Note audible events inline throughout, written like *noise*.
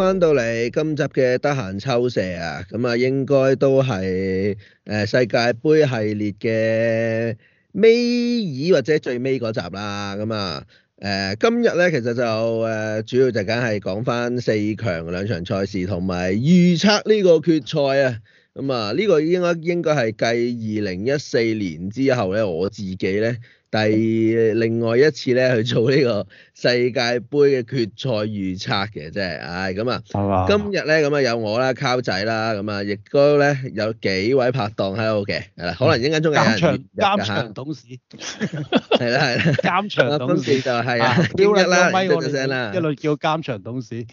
翻到嚟今集嘅得閒抽射啊，咁啊應該都係誒世界杯系列嘅尾爾或者最尾嗰集啦。咁啊誒今日咧其實就誒主要就梗係講翻四強兩場賽事同埋預測呢個決賽啊。咁啊呢個應該應該係繼二零一四年之後咧，我自己咧。第另外一次咧去做呢個世界盃嘅決賽預測嘅，真、哎、係，唉咁啊，今日咧咁啊有我啦，Karl 仔啦，咁啊亦都咧有幾位拍檔喺度嘅，係啦，可能影間中嘅監場、監場董事，係啦係啦，監場董事就係 *laughs* 啊，叫啦，叫我哋，一路叫監場董事，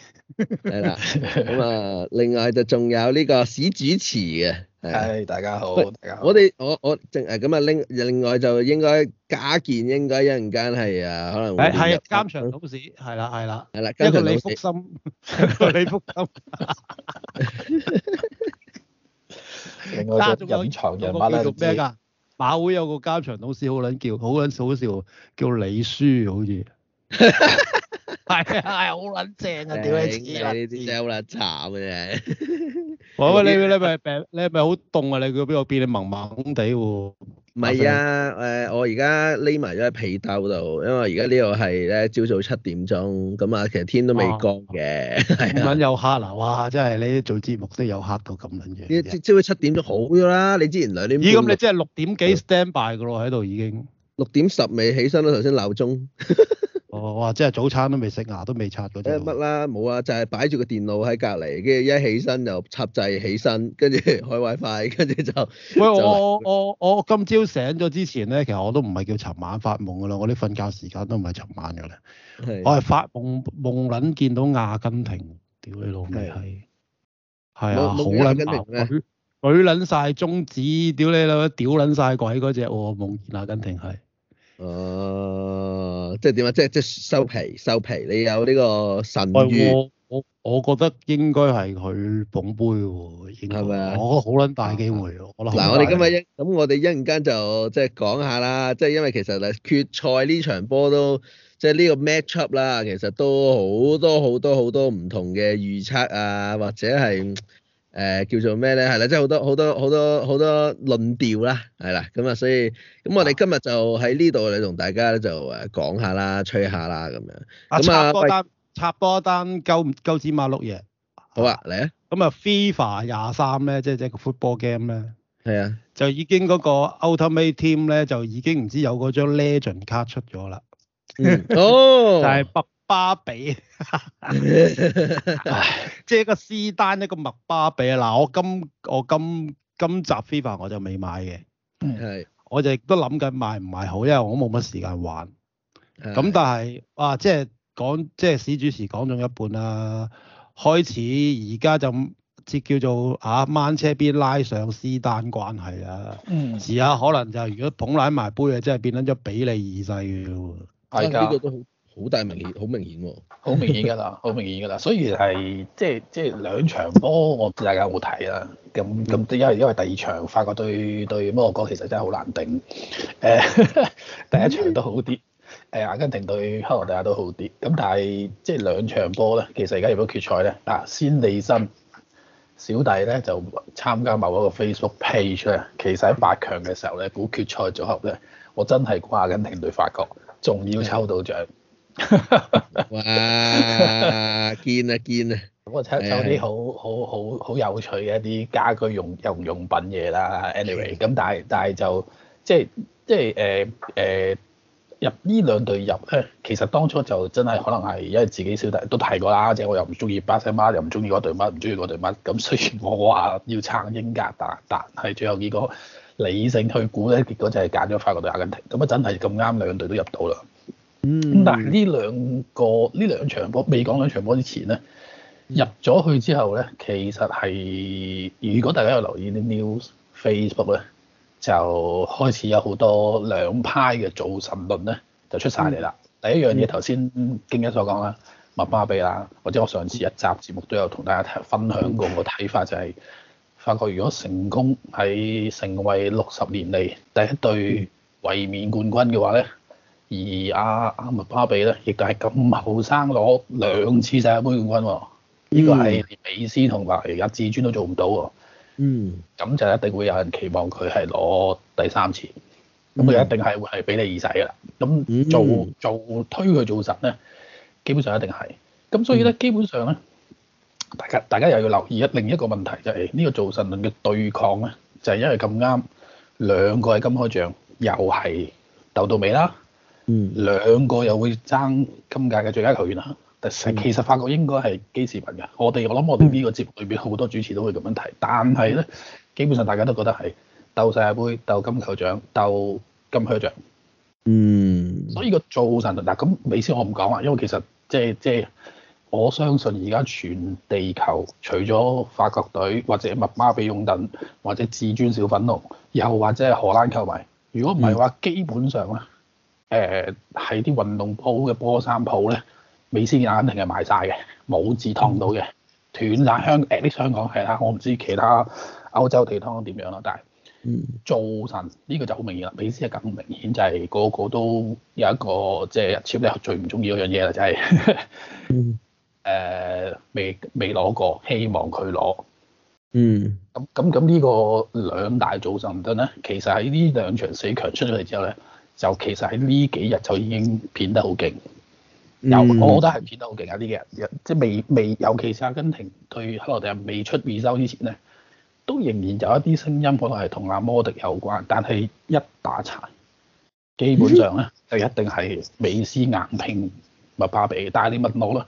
係 *laughs* 啦、啊，咁啊另外就仲有呢、這個史主持嘅。係，大家好，大家好。我哋我我淨係咁啊，另另外就應該家健，應該有陣間係啊，可能會。誒係監場老師，係啦係啦，一個李福心， *laughs* *laughs* 一個李福心。另外仲有長人馬啦，馬會有個監場老師好撚叫好撚好笑，叫李舒好似。 *laughs* 係 *laughs* 啊，係、哎、好撚正啊，屌 *laughs* 你！你呢啲真係好撚慘嘅啫！係。喂喂，你你咪你係咪好凍啊？你嗰邊變到？你蒙蒙地喎。唔係啊，誒、呃，我而家匿埋咗喺被竇度，因為而家呢度係咧朝早七點鐘，咁啊，其實天都未光嘅，晚哇啊，又黑嗱，哇，真係你做節目都有黑到咁樣嘅。朝早七點都好㗎啦，你之前兩點。咦、嗯？咁你真係六點幾 standby 噶咯喺度已經、嗯。六點十未起身啦，頭先鬧鐘。 *laughs* 哦，哇！即係早餐都未食，牙都未刷嗰啲。誒，乜啦？冇啊，就係擺住個電腦喺隔離，跟住一起身又插掣起身，跟住開 WiFi，跟住就。喂，我我我今朝醒咗之前咧，其實我都唔係叫尋晚發夢噶咯，我啲瞓覺時間都唔係尋晚嘅咧。係。我係發夢夢撚見到阿根廷，屌你老味係。係啊，好撚爆嘅。舉撚曬中指，屌你老味，屌撚晒鬼嗰隻我夢見阿根廷係。誒、哦，即係點啊？即係即係收皮，收皮。你有呢個神諭，我我覺得應該係佢捧杯喎。係咪啊？吧我覺得好撚大機會，啊、我嗱，我哋今日一咁，我哋一陣間就即係講下啦。即係因為其實誒，決賽呢場波都即係呢個 matchup 啦，其實都好多好多好多唔同嘅預測啊，或者係。誒、呃、叫做咩咧？係啦，即係好多好多好多好多論調啦，係啦，咁、嗯、啊，所以咁我哋今日就喺呢度嚟同大家咧就誒講下啦，吹下啦咁樣。啊、嗯，插多單，插波一單鳩鳩子馬碌嘢。好啊，嚟啊。咁啊，FIFA 廿三咧，即係即係個 football game 咧。係啊。就已經嗰個 Ultimate Team 咧，就已經唔知有嗰張 legend 卡出咗啦。哦。但係巴比、 *laughs* *laughs* 哎，即係一個私單，一個麥巴比啊！嗱，我今我今今集 FIFA 我就未買嘅，係，是我就亦都諗緊買唔買好，因為我冇乜時間玩。咁但係，哇！即係講即係史主持講咗一半啦、啊，開始而家就即叫做啊，掹車邊拉上私單關係啊。嗯。是啊，可能就如果捧攬埋杯即、嗯、啊，真係變咗一比利二世嘅喎。係好大明顯，好明顯好、哦、明顯㗎啦，好明顯㗎啦，所以係即係即係兩場波，我唔知大家有冇睇啦？咁咁，因為因為第二場法國對對摩洛哥其實真係好難頂。誒、哎、第一場都好啲，誒、啊、阿根廷對克羅地亞都好啲。咁但係即係兩場波咧，其實而家入到決賽咧，嗱，先利申小弟咧就參加某一個 Facebook page 咧，其實喺八強嘅時候咧，估決賽組合咧，我真係估阿根廷對法國仲要抽到獎。嗯。 *laughs* 哇！堅啊堅啊！咁我睇下有啲好好好好有趣嘅一啲家居用用用品嘢啦 Anyway。anyway，咁但係但係就即係即係誒誒入呢兩隊入咧，其實當初就真係可能係因為自己小弟都睇過啦，即、就、係、是、我又唔中意巴西乜，又唔中意嗰隊乜，唔中意嗰隊乜。咁雖然我話要撐英格蘭，但係最後結果理性去估咧，結果就係揀咗法國對阿根廷。咁啊真係咁啱，兩隊都入到啦。咁、嗯、但係呢兩個呢兩場波未講兩場波之前咧，入咗去之後咧，其實係如果大家有留意啲 news Facebook 咧，就開始有好多兩派嘅造神論咧，就出晒嚟啦。嗯、第一樣嘢頭先京一所講啦，麥巴比啦，或者我上次一集節目都有同大家分享過我睇法就係、是，發覺如果成功喺成為六十年嚟第一對衛冕冠，冠軍嘅話咧。而阿阿麥巴比咧，亦都係咁後生攞兩次世界盃冠軍喎、啊。呢、這個係美斯同埋阿志尊都做唔到喎、啊。嗯，咁就一定會有人期望佢係攞第三次。咁佢、嗯、一定係會係俾你二洗啦。咁做、嗯、做,做推佢做神咧，基本上一定係。咁所以咧，基本上咧，嗯、大家大家又要留意一另一個問題就係、是、呢、這個造神論嘅對抗咧，就係、是、因為咁啱兩個係金開獎，又係鬥到尾啦。嗯，兩個又會爭今屆嘅最佳球員啊！其實法國應該係基士文㗎，我哋我諗我哋呢個節目裏邊好多主持都會咁樣提，但係咧基本上大家都覺得係鬥世界杯、鬥金球獎、鬥金靴獎。獎，嗯，所以個造神嗱咁尾先我唔講啦，因為其實即係即係我相信而家全地球除咗法國隊或者麥巴比、擁躉，或者至尊小粉紅，又或者係荷蘭球迷，如果唔係話、嗯、基本上咧。誒喺啲運動鋪嘅波衫鋪咧，美斯啊，肯定係賣晒嘅，冇字熨到嘅，斷曬香誒啲、呃、香港其他，我唔知其他歐洲地攤點樣咯，但係造神呢個就好明顯啦，美斯係更明顯、就是，就係個個都有一個即係一千咧最唔中意嗰樣嘢啦，就係誒未未攞過，希望佢攞。嗯。咁咁咁呢個兩大造神咧，其實喺呢兩場四強出咗嚟之後咧。就其實喺呢幾日就已經片得好勁，有、嗯、我覺得係片得好勁啊！呢幾日即係未未，尤其是阿根廷對克羅地亞未出免收之前咧，都仍然有一啲聲音可能係同阿摩迪有關，但係一打柴，基本上咧就一定係美斯硬拼麥巴比。但係你問我咧，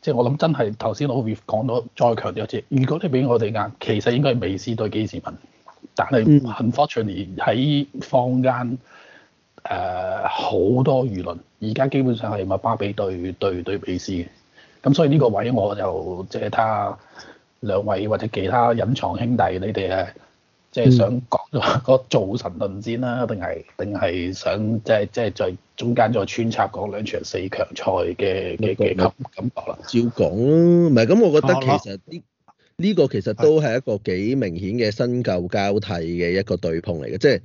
即係我諗真係頭先老會講到再強調一次，如果你俾我哋硬，其實應該係美斯對基士文，但係 unfortunately 喺坊間。誒好、uh，多輿論，而家基本上係麥巴比對對對美斯嘅。咁所以呢個位我就即係睇兩位或者其他隱藏兄弟你，你哋誒即係想講個造神論先啦、啊，定係定係想即係即係在中間再穿插講兩場四強賽嘅嘅嘅感感覺？照講，唔係咁，我覺得其實呢呢個其實都係一個幾明顯嘅新舊交替嘅一個對碰嚟嘅，即係。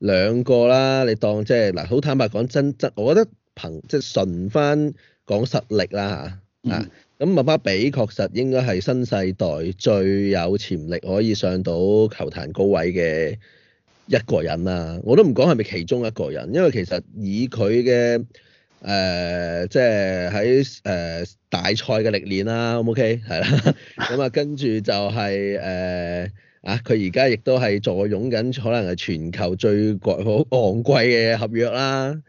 兩個啦，你當即係嗱，好坦白講真真，我覺得憑即係純翻講實力啦嚇、嗯、啊，咁麥巴比確實應該係新世代最有潛力可以上到球壇高位嘅一個人啦、啊。我都唔講係咪其中一個人，因為其實以佢嘅誒即係喺誒大賽嘅歷練啦，O 唔 OK？係啦，咁啊、 *laughs* 嗯、跟住就係、是、誒。呃啊！佢而家亦都係在坐擁緊，可能係全球最貴好昂貴嘅合約啦。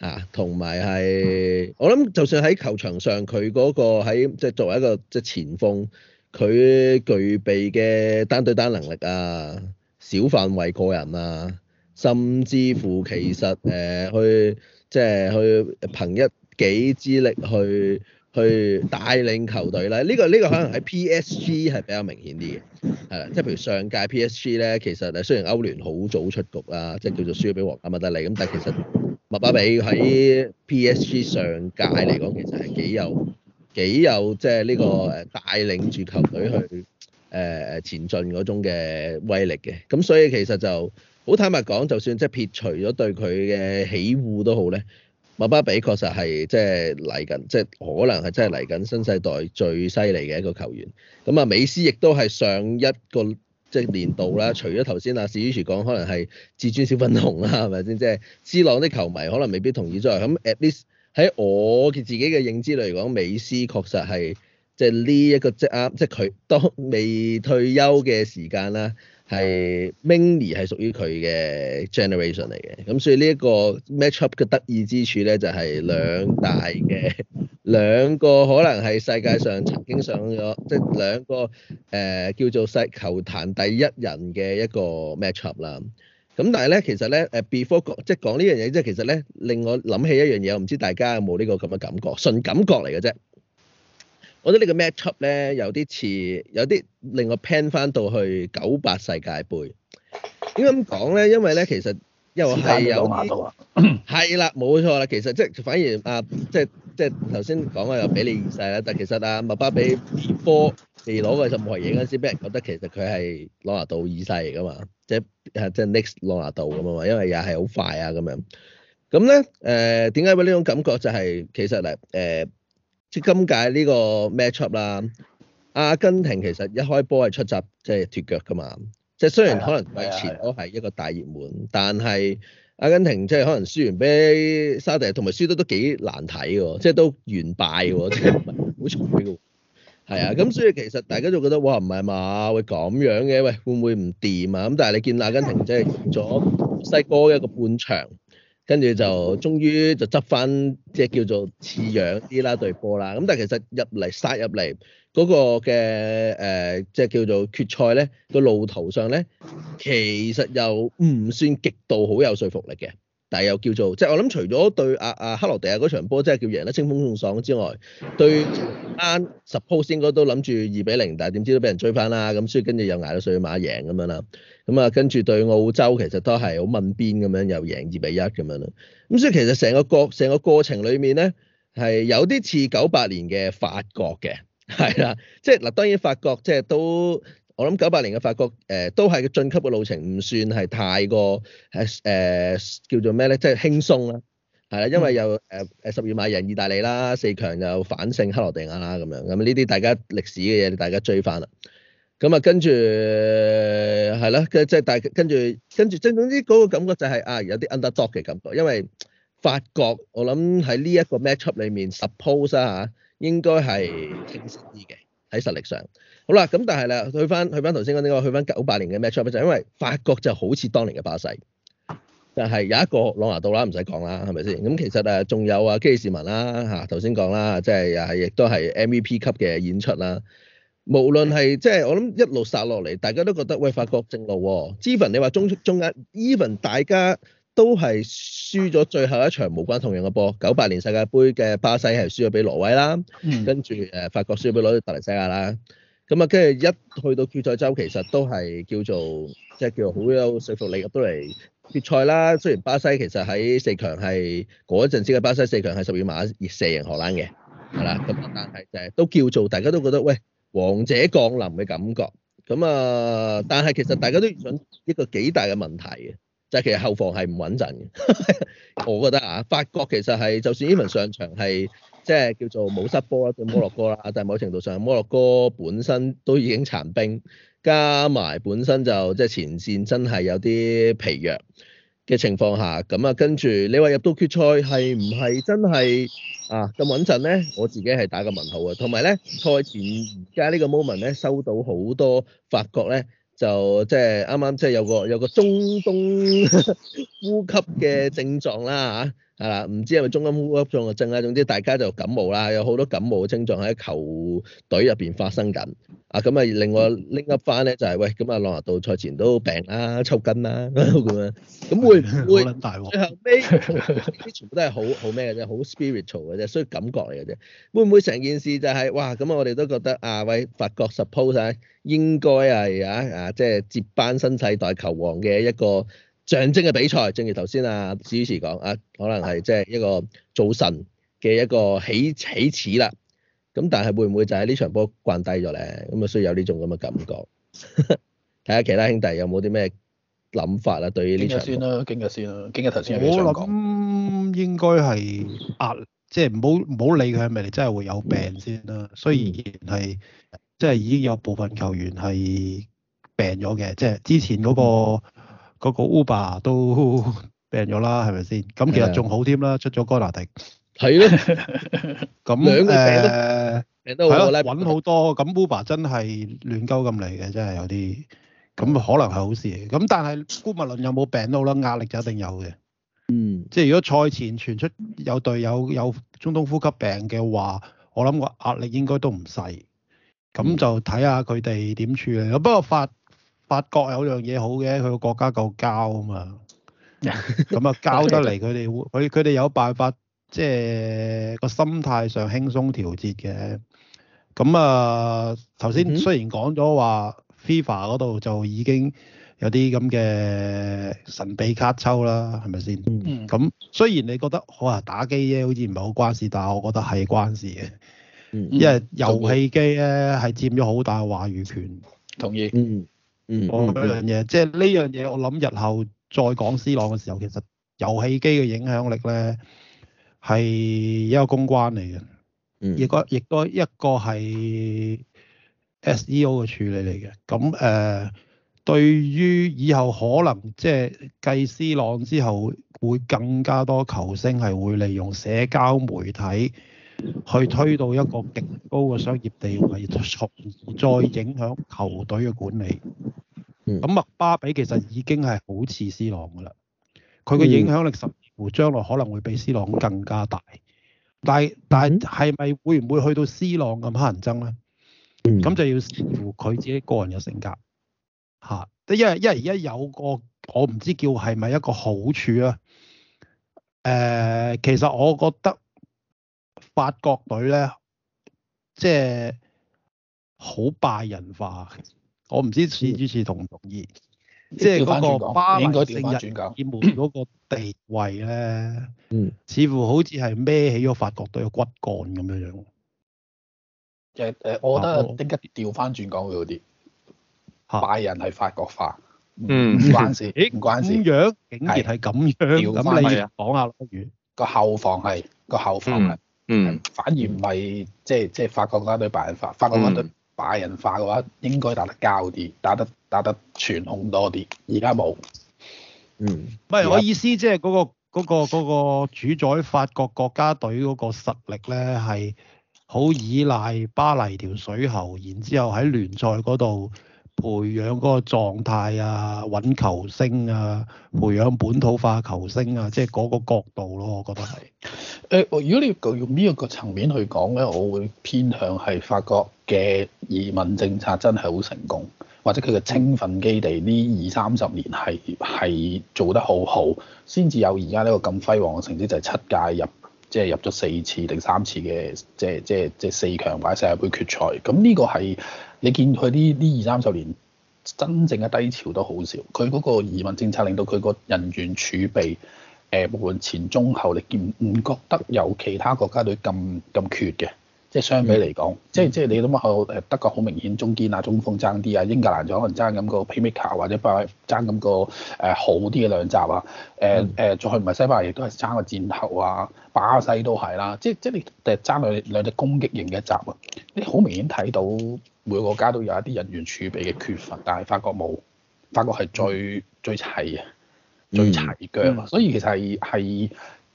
嚇、啊，同埋係我諗，就算喺球場上，佢嗰個喺即係作為一個即、即係、前鋒，佢具備嘅單對單能力啊，小範圍個人啊，甚至乎其實誒去即係去憑一己之力去。去帶領球隊咧，呢個呢個可能喺 P.S.G 係比較明顯啲嘅，係啦，即係譬如上屆 P.S.G 咧，其實誒雖然歐聯好早出局啦，即係叫做輸咗俾皇家馬德里，咁但係其實麥巴比喺 P.S.G 上屆嚟講，其實係幾有幾有即係呢個誒帶領住球隊去誒誒前進嗰種嘅威力嘅，咁所以其實就好坦白講，就算即係撇除咗對佢嘅喜惡都好咧。馬巴比確實係即係嚟緊，即係可能係真係嚟緊新世代最犀利嘅一個球員。咁啊，美斯亦都係上一個即係年度啦。除咗頭先阿史主持講，可能係至尊小粉紅啦是是，係咪先？即係 C 朗啲球迷可能未必同意咗。咁 at least 喺我嘅自己嘅認知嚟講，美斯確實係即係呢一個即係啱，即係佢當未退休嘅時間啦。係 Mingyi 係屬於佢嘅 generation 嚟嘅，咁所以呢一個 matchup 嘅得意之處咧，就係兩大嘅兩個可能係世界上曾經上咗，即係兩個誒叫做世球壇第一人嘅一個 matchup 啦。咁但係咧，其實咧誒 before 講即係講呢樣嘢，即係其實咧令我諗起一樣嘢，我唔知大家有冇呢個咁嘅感覺，純感覺嚟嘅啫。我覺得呢個 matchup 咧有啲似，有啲令我 pan 翻到去九八世界盃。點解咁講咧？因為咧，其實又係有啲係啦，冇錯啦。其實即係反而啊，即係即係頭先講嘅又比你二世啦，但係其實啊，麥巴比、皮波未攞過任何嘢嗰陣時，俾人覺得其實佢係羅納度二世嚟噶嘛，即係啊，即係 next 羅納度咁啊嘛，因為又係好快啊咁樣。咁咧誒，點解會有呢種感覺？就係其實咧誒。即今屆呢個 matchup 啦，阿根廷其實一開波係出閘即係脫腳㗎嘛。即係雖然可能以前都係一個大熱門，但係阿根廷即係可能輸完俾沙特，同埋輸得都幾難睇㗎。即係都完敗㗎， *laughs* 即係唔係冇錯㗎。係啊，咁所以其實大家就覺得哇，唔係嘛？會咁樣嘅，喂會唔會唔掂啊？咁但係你見阿根廷即係贏咗西哥一個半場。跟住就終於就執翻，即係叫做似樣啲啦對波啦。咁但係其實入嚟殺入嚟嗰、那個嘅誒，即、呃、係叫做決賽咧個路途上咧，其實又唔算極度好有說服力嘅。但係又叫做即係我諗、啊，除咗對阿阿克羅地亞嗰場波即係叫贏得清風送爽之外，對安十鋪先嗰都諗住二比零，0，但係點知都俾人追翻啦。咁所以跟住又捱到水馬贏咁樣啦。咁啊，跟住對澳洲其實都係好問邊咁樣，又贏二比一咁樣咯。咁所以其實成個過成個過程裏面咧，係有啲似九八年嘅法國嘅，係啦。即係嗱，當然法國即係都我諗九八年嘅法國誒、呃，都係個晉級嘅路程唔算係太過誒誒、呃、叫做咩咧，即係輕鬆啦。係啦，因為又誒誒十二碼贏意大利啦，四強又反勝克羅地亞啦咁樣。咁呢啲大家歷史嘅嘢，大家追翻啦。咁啊，跟住係啦，跟即係但跟住跟住即係總之嗰個感覺就係、是、啊，有啲 underdog 嘅感覺，因為法國我諗喺呢一個 matchup 裡面，suppose 啊嚇應該係清晰啲嘅喺實力上。好啦，咁但係啦，去翻去翻頭先講呢個，去翻九八年嘅 matchup 就因為法國就好似當年嘅巴西，就係、是、有一個朗拿度啦，唔使講啦，係咪先？咁其實誒仲有啊基爾士文啦嚇，頭先講啦，即係啊亦、就是、都係 MVP 級嘅演出啦。無論係即係我諗一路殺落嚟，大家都覺得喂法國正路喎、哦。Even 你話中中間 Even 大家都係輸咗最後一場無關痛癢嘅波，九八年世界盃嘅巴西係輸咗俾挪威啦，跟住誒法國輸咗俾攞到突尼西亞啦。咁啊跟住一去到決賽週，其實都係叫做即係、就是、叫好有說服力入到嚟決賽啦。雖然巴西其實喺四強係嗰陣時嘅巴西四強係十二碼射贏荷蘭嘅，係啦。咁但係誒、就是、都叫做大家都覺得喂。王者降臨嘅感覺，咁啊！但係其實大家都想一個幾大嘅問題嘅，就係、是、其實後防係唔穩陣嘅。 *laughs* 我覺得啊，法國其實係，就算 Even 上場係即係叫做冇失波啦對、就是、摩洛哥啦，但係某程度上摩洛哥本身都已經殘兵，加埋本身就即係、就是、前線真係有啲疲弱，嘅情況下，咁啊，跟住你話入到決賽係唔係真係啊咁穩陣咧？我自己係打個問號啊。同埋咧，賽前而家呢個 moment 咧，收到好多法國咧，就即係啱啱即係有個有個中東 *laughs* 呼吸嘅症狀啦嚇。係啦，唔知係咪中陰呼吸症嘅症啦，總之大家就感冒啦，有好多感冒嘅症狀喺球隊入邊發生緊。啊，咁啊，另外拎噏翻咧就係、是，喂，咁啊，朗拿度賽前都病啦、啊，抽筋啦咁樣，咁會唔會？大 *laughs* 最後尾 *laughs* 全部都係好好咩嘅啫，好 spiritual 嘅啫，所以感覺嚟嘅啫。會唔會成件事就係、是，哇！咁啊，我哋都覺得啊，喂，法國 suppose、啊、應該係啊啊，即、啊、係、就是、接班新世代球王嘅一個。象徵嘅比賽，正如頭先啊史主持講啊，可能係即係一個造神嘅一個起起始啦。咁但係會唔會就喺呢場波慣低咗咧？咁啊，所以有呢種咁嘅感覺。睇 *laughs* 下其他兄弟有冇啲咩諗法啦？對於呢場，經日先啦，今日先啦，今日頭先我諗應該係壓，即係唔好唔好理佢係咪真係會有病先啦。雖然係即係已經有部分球員係病咗嘅，即係之前嗰個。嗯個 Uber 都病咗啦，係咪先？咁其實仲好添啦，的出咗哥拿迪。係 *laughs* 咯 *laughs* 那。咁嘅？ *laughs* 係咯、嗯，揾好、欸、多。咁 Uber 真係亂鳩咁嚟嘅，真係有啲。咁可能係好事。咁但係姑勿論有冇病到啦，壓力就一定有嘅。嗯。即係如果賽前傳出有隊友有中東呼吸病嘅話，我諗個壓力應該都唔細。咁就睇下佢哋點處理。嗯、不過法。法國有樣嘢好嘅，佢個國家夠交啊嘛，咁啊 *laughs* 交得嚟，佢哋會佢佢哋有辦法，即係個心態上輕鬆調節嘅。咁啊頭先雖然講咗話 FIFA 嗰度就已經有啲咁嘅神秘卡抽啦，係咪先？咁、嗯、雖然你覺得我話打機啫，好似唔係好關事，但係我覺得係關事嘅，因為遊戲機咧係佔咗好大嘅話語權。嗯嗯、同意。嗯。嗯，嗯嗯，我諗一樣嘢，即係呢樣嘢，我諗日後再講 C 朗嘅時候，其實遊戲機嘅影響力咧係一個公關嚟嘅，嗯，亦個亦都一個係 S E O 嘅處理嚟嘅。咁誒、呃，對於以後可能即係繼 C 朗之後，會更加多球星係會利用社交媒體。去推到一個極高嘅商業地位，從而再影響球隊嘅管理。咁麥巴比其實已經係好似 C 朗噶啦，佢嘅影響力甚至乎將來可能會比 C 朗更加大。但係但係係咪會唔會去到 C 朗咁黑人憎咧？咁就要視乎佢自己個人嘅性格嚇。即係因為因為而家有個我唔知叫係咪一個好處啊？誒、呃，其實我覺得。法國隊咧，即係好拜人化。我唔知史主持同唔同意，嗯、即係嗰個巴薩勝日耳門嗰個地位咧，嗯、似乎好似係孭起咗法國隊嘅骨幹咁樣樣。誒誒、嗯，嗯、我覺得即刻調翻轉講佢嗰啲拜人係法國化，唔關事，唔關事。咁、嗯、樣竟然係咁樣，咁你講下不如。個後防係個後防係。嗯嗯，反而唔係即係即係法國國家隊白人化，法國隊白人化嘅話，應該打得交啲，打得打得傳控多啲。而家冇，嗯，唔係現在我意思、嗰個，即係嗰個嗰個、嗰個、主宰法國國家隊嗰個實力咧，係好依賴巴黎條水喉，然之後喺聯賽嗰度。培養嗰個狀態啊，揾球星啊，培養本土化球星啊，即係嗰個角度咯、啊，我覺得係。誒、呃，我如果你用呢一個層面去講咧，我會偏向係法國嘅移民政策真係好成功，或者佢嘅青訓基地呢二三十年係係做得好好，先至有而家呢個咁輝煌嘅成績，就係、是、七屆入，即、就、係、是、入咗四次定三次嘅，即係即係即係四強或者世界盃決賽。咁呢個係。你見佢呢呢二三十年真正嘅低潮都好少，佢嗰個移民政策令到佢個人員儲備誒門、呃、前中後你唔唔覺得有其他國家隊咁咁缺嘅，即係相比嚟講，嗯、即係即係你諗下誒德國好明顯中堅啊中鋒爭啲啊，英格蘭就可能爭咁個皮米卡或者拜爭咁個誒好啲嘅兩集啊，誒、呃、誒、嗯、再唔係西班牙亦都係爭個戰頭啊，巴西都係啦，即係即係你誒爭兩兩隻攻擊型嘅集啊，你好明顯睇到。每個國家都有一啲人員儲備嘅缺乏，但係法國冇，法國係最最齊嘅，最齊腳啊！嗯、所以其實係係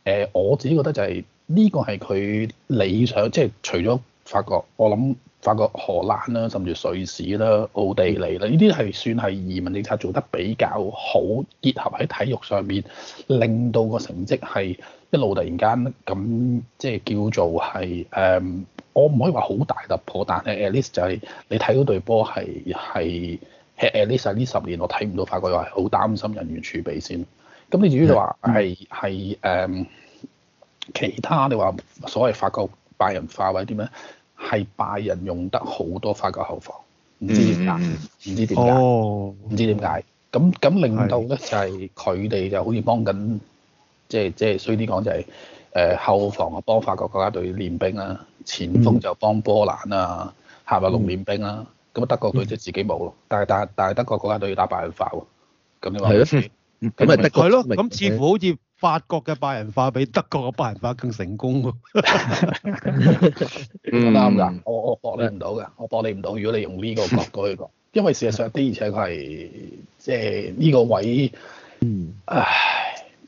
誒，我自己覺得就係呢個係佢理想，即係除咗法國，我諗法國、荷蘭啦，甚至瑞士啦、奧地利啦，呢啲係算係移民政策做得比較好，結合喺體育上面，令到個成績係一路突然間咁，即係叫做係誒。嗯我唔可以話好大突破，但係 at least 就係你睇到隊波係係 hit at least 呢十年，我睇唔到法國又係好擔心人員儲備先。咁你至於話係係誒其他你話所謂法國拜仁化或者點咧，係拜仁用得好多法國後防，唔知點解，唔、嗯哦、知點解，唔知點解。咁咁令到咧就係佢哋就好似幫緊即係即係衰啲講就係、是、誒、呃、後防幫法國國家隊練兵啦。前鋒就幫波蘭啊，下目六練兵啦、啊，咁啊德國隊就自己冇咯，但係但係但係德國國家隊要打拜仁化喎，咁你話係咯，咁咪 *laughs* 德國係咯，咁似乎好似法國嘅拜仁化比德國嘅拜仁化更成功喎，啱 *laughs* 啦、 *laughs* 嗯，我我駁你唔到嘅，我駁你唔到，如果你用呢個角度去講，因為事實上啲，而且佢係即係呢個位，嗯，唉。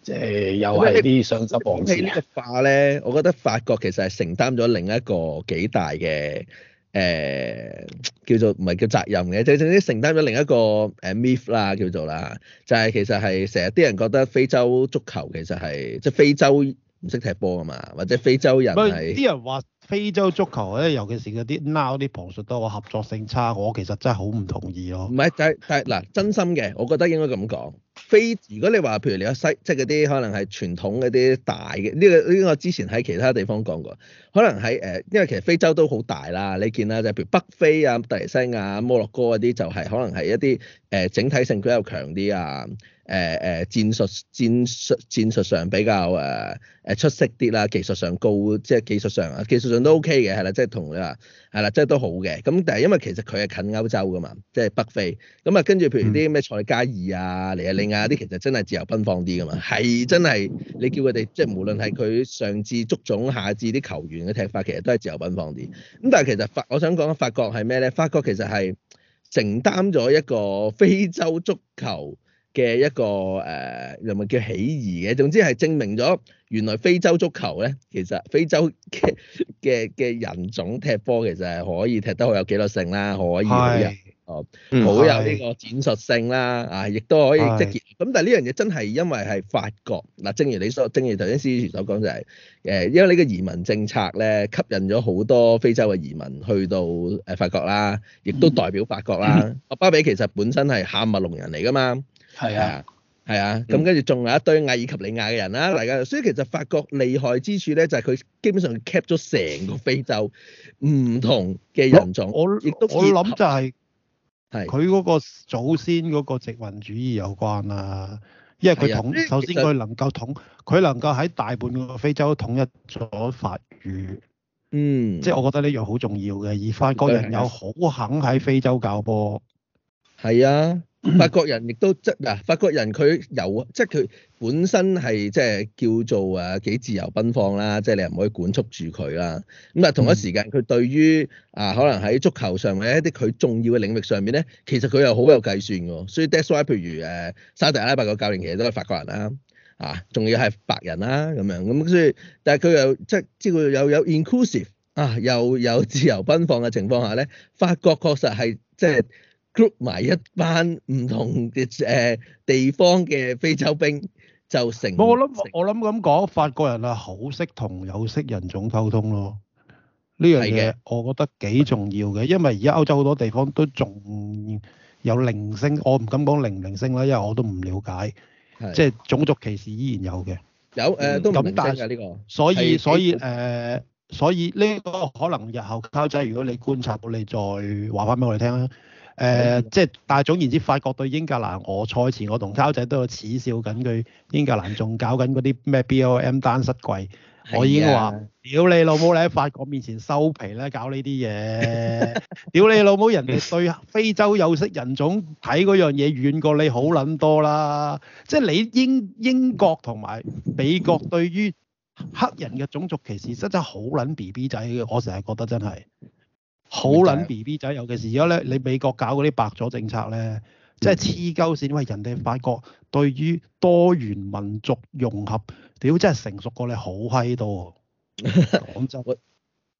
即係又係啲上質王呢啊！化咧， *music* 我覺得法國其實係承擔咗另一個幾大嘅誒、呃、叫做唔係叫責任嘅，就係、是、承擔咗另一個誒 myth 啦，叫做啦，就係、是、其實係成日啲人覺得非洲足球其實係即係非洲唔識踢波啊嘛，或者非洲人係啲人話非洲足球咧，尤其是嗰啲 now 啲旁述多個合作性差，我其實真係好唔同意咯。唔係但係但係嗱，真心嘅，我覺得應該咁講。非如果你話，譬如你話西，即係嗰啲可能係傳統嗰啲大嘅，呢、這個呢、這個我之前喺其他地方講過，可能喺誒、呃，因為其實非洲都好大啦，你見啦，就譬如北非啊、突尼西亞、摩洛哥嗰啲、就是，就係可能係一啲誒、呃、整體成績又強啲啊。誒誒戰術戰術戰術上比較誒誒出色啲啦，技術上高即係技術上技術上都 OK 嘅係啦，即係、就是、同你話係啦，即係都好嘅。咁但係因為其實佢係近歐洲噶嘛，即、就、係、是、北非咁、嗯嗯、啊，跟住譬如啲咩塞加爾啊、尼日利亞啊啲，其實真係自由奔放啲噶嘛，係真係你叫佢哋即係無論係佢上至足總，下至啲球員嘅踢法，其實都係自由奔放啲。咁但係其實法我想講法國係咩咧？法國其實係承擔咗一個非洲足球。嘅一個誒，又咪叫起義嘅。總之係證明咗原來非洲足球咧，其實非洲嘅嘅嘅人種踢波其實係可以踢得好有紀律性啦，可以好有哦，好有呢個戰術性啦。啊，亦都可以積極。咁但係呢樣嘢真係因為係法國嗱，正如你所，正如頭先史主持所講就係誒，因為呢個移民政策咧吸引咗好多非洲嘅移民去到誒法國啦，亦都代表法國啦。阿巴比其實本身係喀麥隆人嚟㗎嘛。係啊，係啊，咁跟住仲有一堆阿爾及利亞嘅人啦，大家，所以其實法國厲害之處咧，就係、是、佢基本上 cap 咗成個非洲唔同嘅人種，我亦都我諗就係係佢嗰個祖先嗰個殖民主義有關啦、啊，啊、因為佢統、啊、首先佢能夠統，佢實能夠喺大半個非洲統一咗法語，嗯，即係我覺得呢樣好重要嘅，而法國人有好肯喺非洲教波，係啊。法國人亦都即嗱，法國人佢有即佢本身係即係叫做誒幾自由奔放啦，即係你又唔可以管束住佢啦。咁啊同一時間，佢對於啊可能喺足球上或者一啲佢重要嘅領域上面咧，其實佢又好有計算嘅。所以 that's why，譬如誒沙特阿拉伯個教練其實都係法國人啦，啊仲要係白人啦咁樣。咁所以但係佢又即知道又有 inclusive 啊，又有自由奔放嘅情況下咧，法國確實係即係。就是 group 埋一班唔同嘅誒地方嘅非洲兵就成。冇，我諗我諗咁講，法國人係好識同有色人種溝通咯。呢樣嘢我覺得幾重要嘅，的因為而家歐洲好多地方都仲有零星，我唔敢講零唔零星啦，因為我都唔了解，即係的種族歧視依然有嘅。有誒、呃，都咁少嘅呢個所。所以的所以誒、呃，所以呢個可能日後 Karl 仔，如果你觀察到，你再話翻俾我哋聽啊。誒，即係、呃，但係總言之，法國對英格蘭，我賽前我同 Karl 仔都有恥笑緊佢，英格蘭仲搞緊嗰啲咩 BOM 單膝跪，我已經話：屌你老母！你喺法國面前收皮啦，搞呢啲嘢！屌你老母！人哋對非洲有色人種睇嗰樣嘢遠過你好撚多啦，即係你英英國同埋美國對於黑人嘅種族歧視，實質好撚 B B 仔嘅，我成日覺得真係。好撚 B B 仔，尤其是而家咧，你美國搞嗰啲白左政策咧，即係黐鳩線，因為人哋法國對於多元民族融合，屌真係成熟過你、哦，好閪多。廣州 *laughs* ，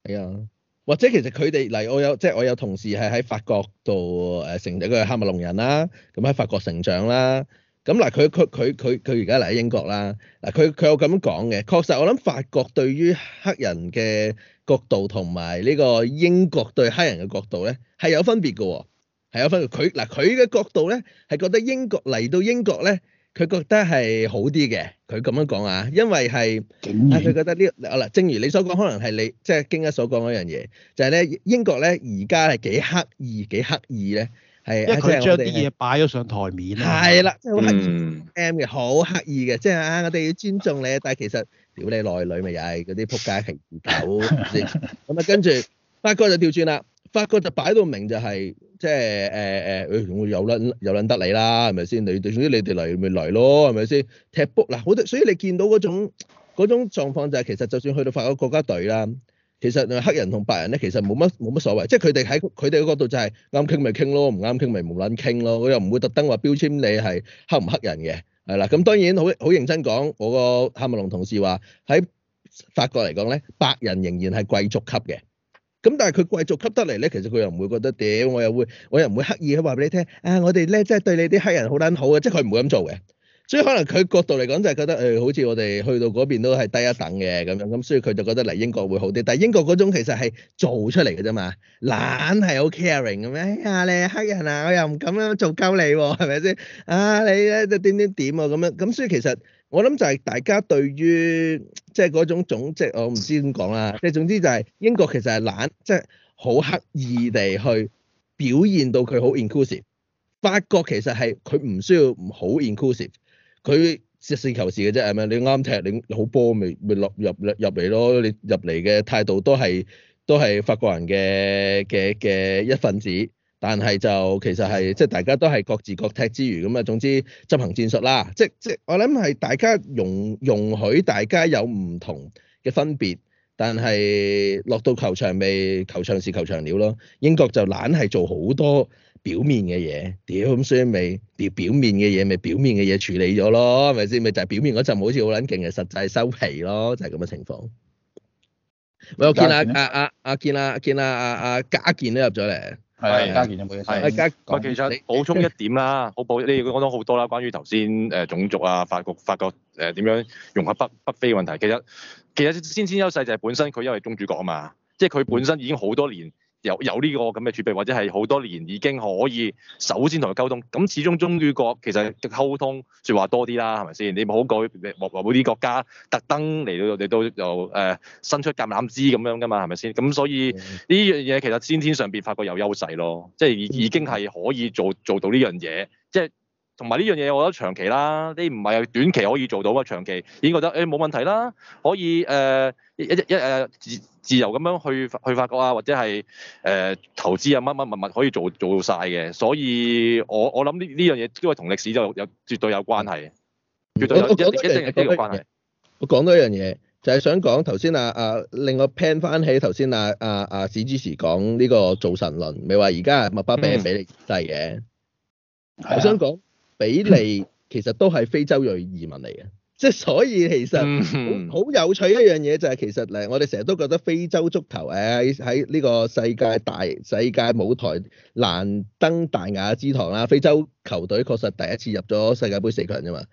係啊，或者其實佢哋嚟，我有即係我有同事係喺法國度誒、呃、成長，佢係喀麥隆人啦，咁、啊、喺、嗯、法國成長啦。啊咁嗱，佢佢佢佢佢而家嚟喺英國啦。嗱，佢佢有咁樣講嘅，確實我諗法國對於黑人嘅角度同埋呢個英國對黑人嘅角度咧係有分別嘅喎，係有分別。佢嗱佢嘅角度咧係覺得英國嚟到英國咧，佢覺得係好啲嘅。佢咁樣講啊，因為係佢然、啊、覺得呢哦正如你所講，可能係你即係京一所講嗰樣嘢，就係咧英國咧而家係幾刻意幾刻意咧。係，因為佢將啲嘢擺咗上台面啦。係啦的、嗯，即係好客 M 嘅，好刻意嘅。即係啊，我哋要尊重你，但係其實屌你內裏咪又係嗰啲撲街型狗先。咁啊， *laughs* 跟住法國就調轉啦，法國就擺到明就係、是，即係誒誒，會、呃呃、有撚有撚得你啦，係咪先？你哋總之你哋嚟咪嚟咯，係咪先？踢 book 嗱好多，所以你見到嗰種嗰種狀況就係、是、其實就算去到法國國家隊啦。其實黑人同白人咧，其實冇乜冇乜所謂，即係佢哋喺佢哋嘅角度就係啱傾咪傾咯，唔啱傾咪冇撚傾咯，我又唔會特登話標籤你係黑唔黑人嘅，係啦。咁當然好好認真講，我個喀麥隆同事話喺法國嚟講咧，白人仍然係貴族級嘅，咁但係佢貴族級得嚟咧，其實佢又唔會覺得屌，我又會我又唔會刻意去話俾你聽啊，我哋咧即係對你啲黑人好撚好嘅，即係佢唔會咁做嘅。所以可能佢角度嚟講就係覺得誒，好似我哋去到嗰邊都係低一等嘅咁樣，咁所以佢就覺得嚟英國會好啲。但係英國嗰種其實係做出嚟嘅啫嘛，懶係好 caring 咁樣。哎呀，你黑人啊，我又唔咁樣做鳩你喎，係咪先？啊，你咧就點點點喎咁樣。咁所以其實我諗就係大家對於即係嗰種總即係我唔知點講啦。即係總之就係英國其實係懶，即係好刻意地去表現到佢好 inclusive。法國其實係佢唔需要唔好 inclusive。佢實事求是嘅啫，係咪？你啱踢，你好波咪咪落入入嚟咯。你入嚟嘅態度都係都係法國人嘅嘅嘅一份子，但係就其實係即係大家都係各自各踢之餘，咁啊總之執行戰術啦。即即我諗係大家容容許大家有唔同嘅分別，但係落到球場未球場是球場料咯。英國就懶係做好多表面嘅嘢，屌咁所以咪屌表面嘅嘢咪表面嘅嘢處理咗咯，係咪先？咪就係、是、表面嗰陣好似好撚勁，其實實際收皮咯，就係咁嘅情況。喂，我見啊啊啊，啊見啊見啊阿的啊家健都入咗嚟，係家的、啊、健有冇嘢？家說，其實補充一點啦，好補你，你講咗好多啦，關於頭先誒種族啊、法國法國誒點樣融合北北非嘅問題。其實其實先先優勢就係本身佢因為宗主國啊、就是、嘛，即係佢本身已經好多年。有有呢個咁嘅儲備，或者係好多年已經可以首先同佢溝通。咁始終中於國其實溝通說話多啲啦，係咪先？你唔好改，每每啲國家特登嚟到，你都又誒、呃、伸出橄欖枝咁樣㗎嘛，係咪先？咁所以呢樣嘢其實先天上邊發覺有優勢咯，即係已已經係可以做做到呢樣嘢。同埋呢樣嘢，我覺得長期啦，啲唔係短期可以做到啊。長期已經覺得誒冇問題啦，可以誒一一一自自由咁樣去去發覺啊，或者係誒投資啊，乜乜物物可以做做晒嘅。所以我我諗呢呢樣嘢都係同歷史就有絕對有關係嘅。我一定有呢個關係。我講多一樣嘢，就係想講頭先啊啊，令我 plan 翻起頭先啊啊啊史主持講呢個造神論，你話而家麥巴比比你低嘅，我想講。比利其實都係非洲裔移民嚟嘅，即係所以其實好有趣一樣嘢就係其實誒，我哋成日都覺得非洲足球誒喺喺呢個世界大世界舞台難登大雅之堂啦。非洲球隊確實第一次入咗世界盃四強啫嘛，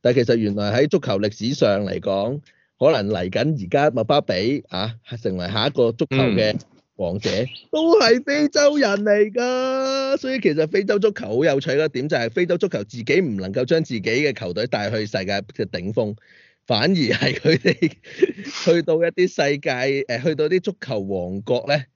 但係其實原來喺足球歷史上嚟講，可能嚟緊而家麥巴比啊成為下一個足球嘅王者都係非洲人嚟㗎，所以其實非洲足球好有趣嘅一點就係非洲足球自己唔能夠將自己嘅球隊帶去世界嘅頂峰，反而係佢哋去到一啲世界誒，去到啲足球王國咧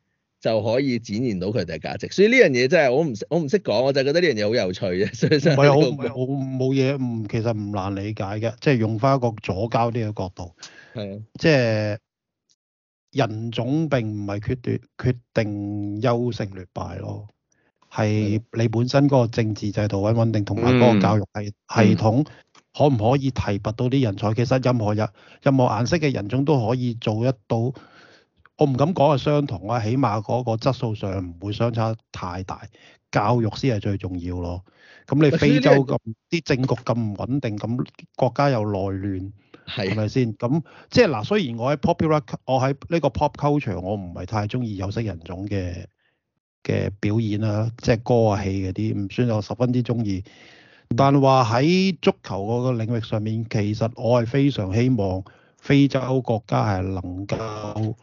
就可以展現到佢哋嘅價值。所以呢樣嘢真係我唔我唔識講，我就係覺得呢樣嘢好有趣啫。唔係我唔係我冇嘢，唔 *laughs* 其實唔難理解嘅，即係用翻一個左膠呢個角度，係啊，即係。人種並唔係決定決定優勝劣敗咯，係你本身嗰個政治制度穩唔穩定，同埋嗰個教育係系統可唔可以提拔到啲人才？其實任何人、任何顏色嘅人種都可以做得到，我唔敢講係相同啊，起碼嗰個質素上唔會相差太大，教育先係最重要咯。咁你非洲咁啲政局咁唔穩定，咁國家又內亂。係咪先咁即係嗱？雖然我喺 popular，我喺呢個 pop culture，我唔係太中意有色人種嘅嘅表演啊，即係歌啊戲嗰啲唔算我十分之中意。但係話喺足球嗰個領域上面，其實我係非常希望非洲國家係能夠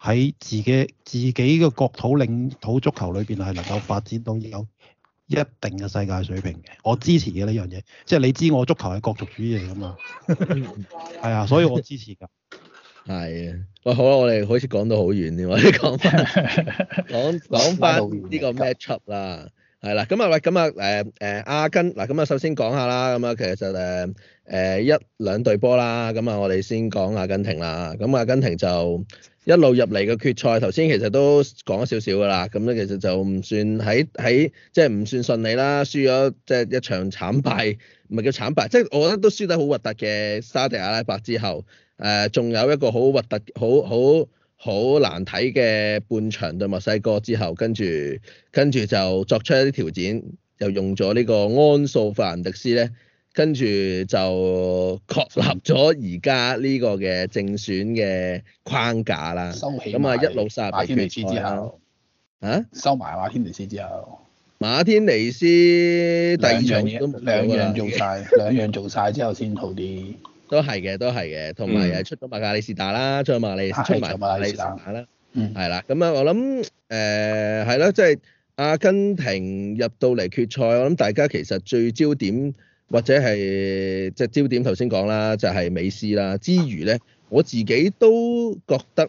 喺自己自己嘅國土、領土足球裏邊係能夠發展到有一定嘅世界水平嘅，我支持嘅呢樣嘢，即係你知我足球係國族主義嚟㗎嘛，係啊， *laughs* 所以我支持㗎。係啊，喂，好啦，我哋好似講到好遠添，我哋講翻講講翻呢個 matchup 啦。係啦，咁啊喂，咁啊誒誒阿根廷嗱，咁啊首先講下啦，咁啊其實就誒一兩對波啦，咁啊我哋先講阿根廷啦，咁阿根廷就一路入嚟嘅決賽，頭先其實都講少少㗎啦，咁咧其實就唔算喺喺即係唔算順利啦，輸咗即係一場慘敗，唔係叫慘敗，即係我覺得都輸得好核突嘅沙地阿拉伯之後，誒仲有一個好核突好好。好難睇嘅半場對墨西哥之後，跟住跟住就作出一啲調整，又用咗呢個安素法蘭迪斯咧，跟住就確立咗而家呢個嘅正選嘅框架啦。收起咁啊，一路收埋馬天尼斯之後，啊？收埋馬天尼斯之後，馬天尼斯第二樣嘢都兩樣做晒。兩樣做晒 *laughs* 之後先好啲。都係嘅、嗯，都係嘅，同埋誒出咗馬加里士達啦，出咗馬加，出埋馬加里士達啦，嗯，係啦，咁啊，我諗誒係咯，即係、就係、阿根廷入到嚟決賽，我諗大家其實最焦點或者係即係焦點頭先講啦，就係、係、美斯啦之餘咧，我自己都覺得誒、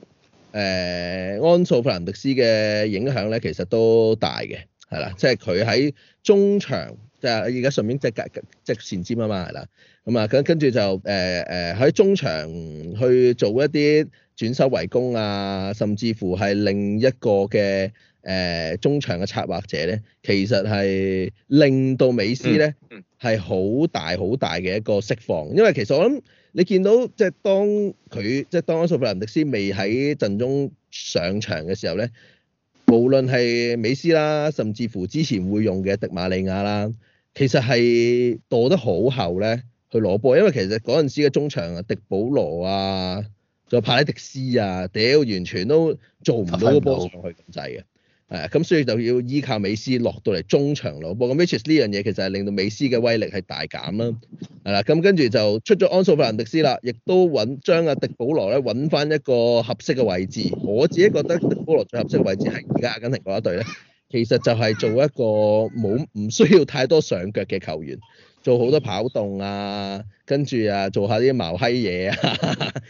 呃、安素弗蘭迪斯嘅影響咧，其實都大嘅，係啦，即係佢喺中場。就係而家順便即係即係前瞻啊嘛，係啦。咁、嗯、啊，跟跟住就誒誒喺中場去做一啲轉守為攻啊，甚至乎係另一個嘅誒、呃、中場嘅策劃者咧，其實係令到美斯咧係好大好大嘅一個釋放，因為其實我諗你見到即係當佢即係當安素費南迪斯未喺陣中上場嘅時候咧，無論係美斯啦，甚至乎之前會用嘅迪馬利亞啦。其實係墮得好後咧，去攞波，因為其實嗰陣時嘅中場啊，迪保羅啊，仲有帕尼迪斯啊，屌完全都做唔到個波場去控制嘅，係啊，咁所以就要依靠美斯落到嚟中場攞波。咁美斯呢樣嘢其實係令到美斯嘅威力係大減啦，係啦，咁跟住就出咗安素法蘭迪斯啦，亦都揾將阿迪保羅咧，揾翻一個合適嘅位置。我自己覺得迪保羅最合適嘅位置係而家阿根廷嗰一隊咧。其實就係做一個冇唔需要太多上腳嘅球員，做好多跑動啊，跟住啊做下啲茅閪嘢啊，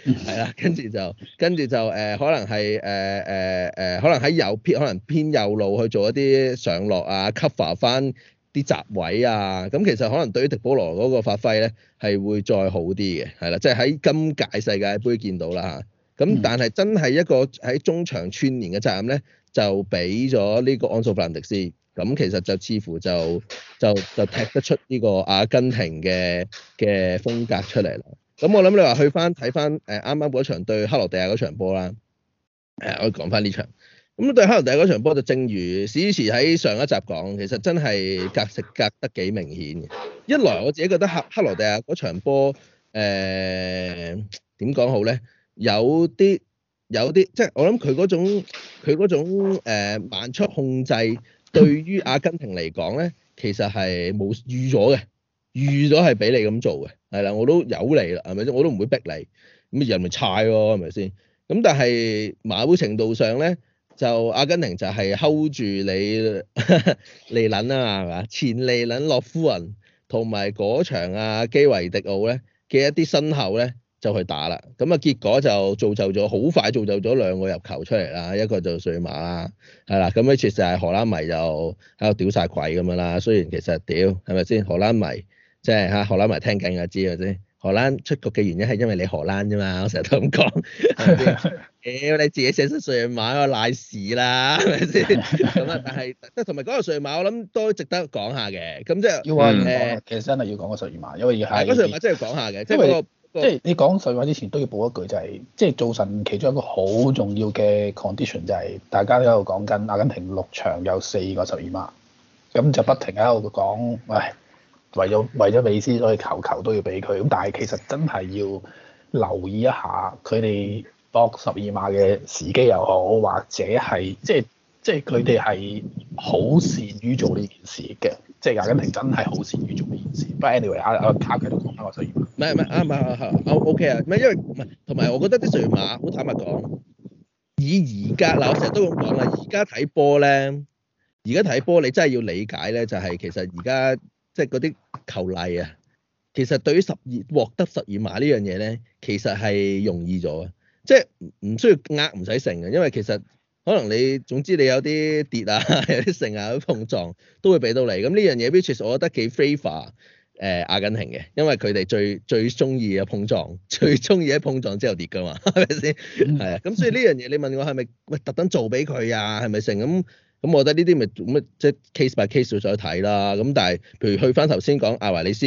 係啦，跟住就跟住就誒可能係誒誒誒可能喺右邊可能偏右路去做一啲上落啊 cover 翻啲閘位啊，咁其實可能對於迪保羅嗰個發揮咧係會再好啲嘅，係啦，即係喺今屆世界盃見到啦嚇，咁但係真係一個喺中場串連嘅責任咧。就俾咗呢個安素弗蘭迪斯，咁其實就似乎就就就，就踢得出呢個阿根廷嘅嘅風格出嚟啦。咁我諗你話去翻睇翻誒啱啱嗰場對克羅地亞嗰場波啦，誒我講翻呢場，咁對克羅地亞嗰場波就正如史主持喺上一集講，其實真係隔食隔得幾明顯嘅。一來我自己覺得克克羅地亞嗰場波誒點講好咧，有啲。有啲即係我諗佢嗰種佢嗰種誒慢速控制對於阿根廷嚟講咧，其實係冇預咗嘅，預咗係俾你咁做嘅，係啦，我都由你啦，係咪先？我都唔會逼你，咁人咪踩喎，係咪先？咁但係某程度上咧，就阿根廷就係 hold 住你利撚啦，係咪啊？前利撚洛夫人同埋嗰場阿基維迪奧咧嘅一啲身後咧。就去打啦，咁啊結果就造就咗好快，造就咗兩個入球出嚟啦，一個就瑞馬啦，係啦，咁其實就係荷蘭迷就喺度屌晒鬼咁樣啦。雖然其實屌係咪先？荷蘭迷即係嚇荷蘭迷聽緊嘅知嘅啫。荷蘭出局嘅原因係因為你荷蘭啫嘛，我成日都咁講。屌、 *laughs* 哎、你自己射出瑞馬，我賴屎啦係咪先？咁啊，但係同埋講下瑞馬，我諗都值得講下嘅。咁即係要話唔講，其實真係要講個瑞馬，因為要瑞馬真係要講下嘅，即、就、係、是那個。即係你講實話之前都要補一句、就是，就係即係造神其中一個好重要嘅 condition 就係、是、大家都喺度講緊阿根廷六場有四個十二碼，咁就不停喺度講，喂，為咗為咗美斯所以球球都要俾佢，咁但係其實真係要留意一下佢哋博十二碼嘅時機又好，或者係即係即係佢哋係好善於做呢件事嘅。即係阿根廷真係好善於做呢件事，不過 anyway，阿阿卡都同阿馬修唔係唔係啱啊，係啊，O K 啊，唔、啊、係、啊 okay、因為唔係，同埋我覺得啲上馬好坦白講，以而家嗱，我成日都咁講啦，而家睇波咧，而家睇波你真係要理解咧，就係其實而家即係嗰啲球例啊，其實對於十二獲得十二碼呢樣嘢咧，其實係容易咗啊，即係唔需要壓唔使成啊，因為其實。可能你總之你有啲跌啊，有啲勝啊，有啲碰撞都會俾到你。咁呢樣嘢，which 我覺得幾 favour 嘅、呃、阿根廷嘅，因為佢哋最最中意嘅碰撞，最中意喺碰撞之後跌噶嘛，係咪先？係啊，咁所以呢樣嘢你問我係咪喂特登做俾佢啊？係咪成？咁咁我覺得呢啲咪乜即係 case by case 再睇啦。咁但係譬如去翻頭先講，艾華利斯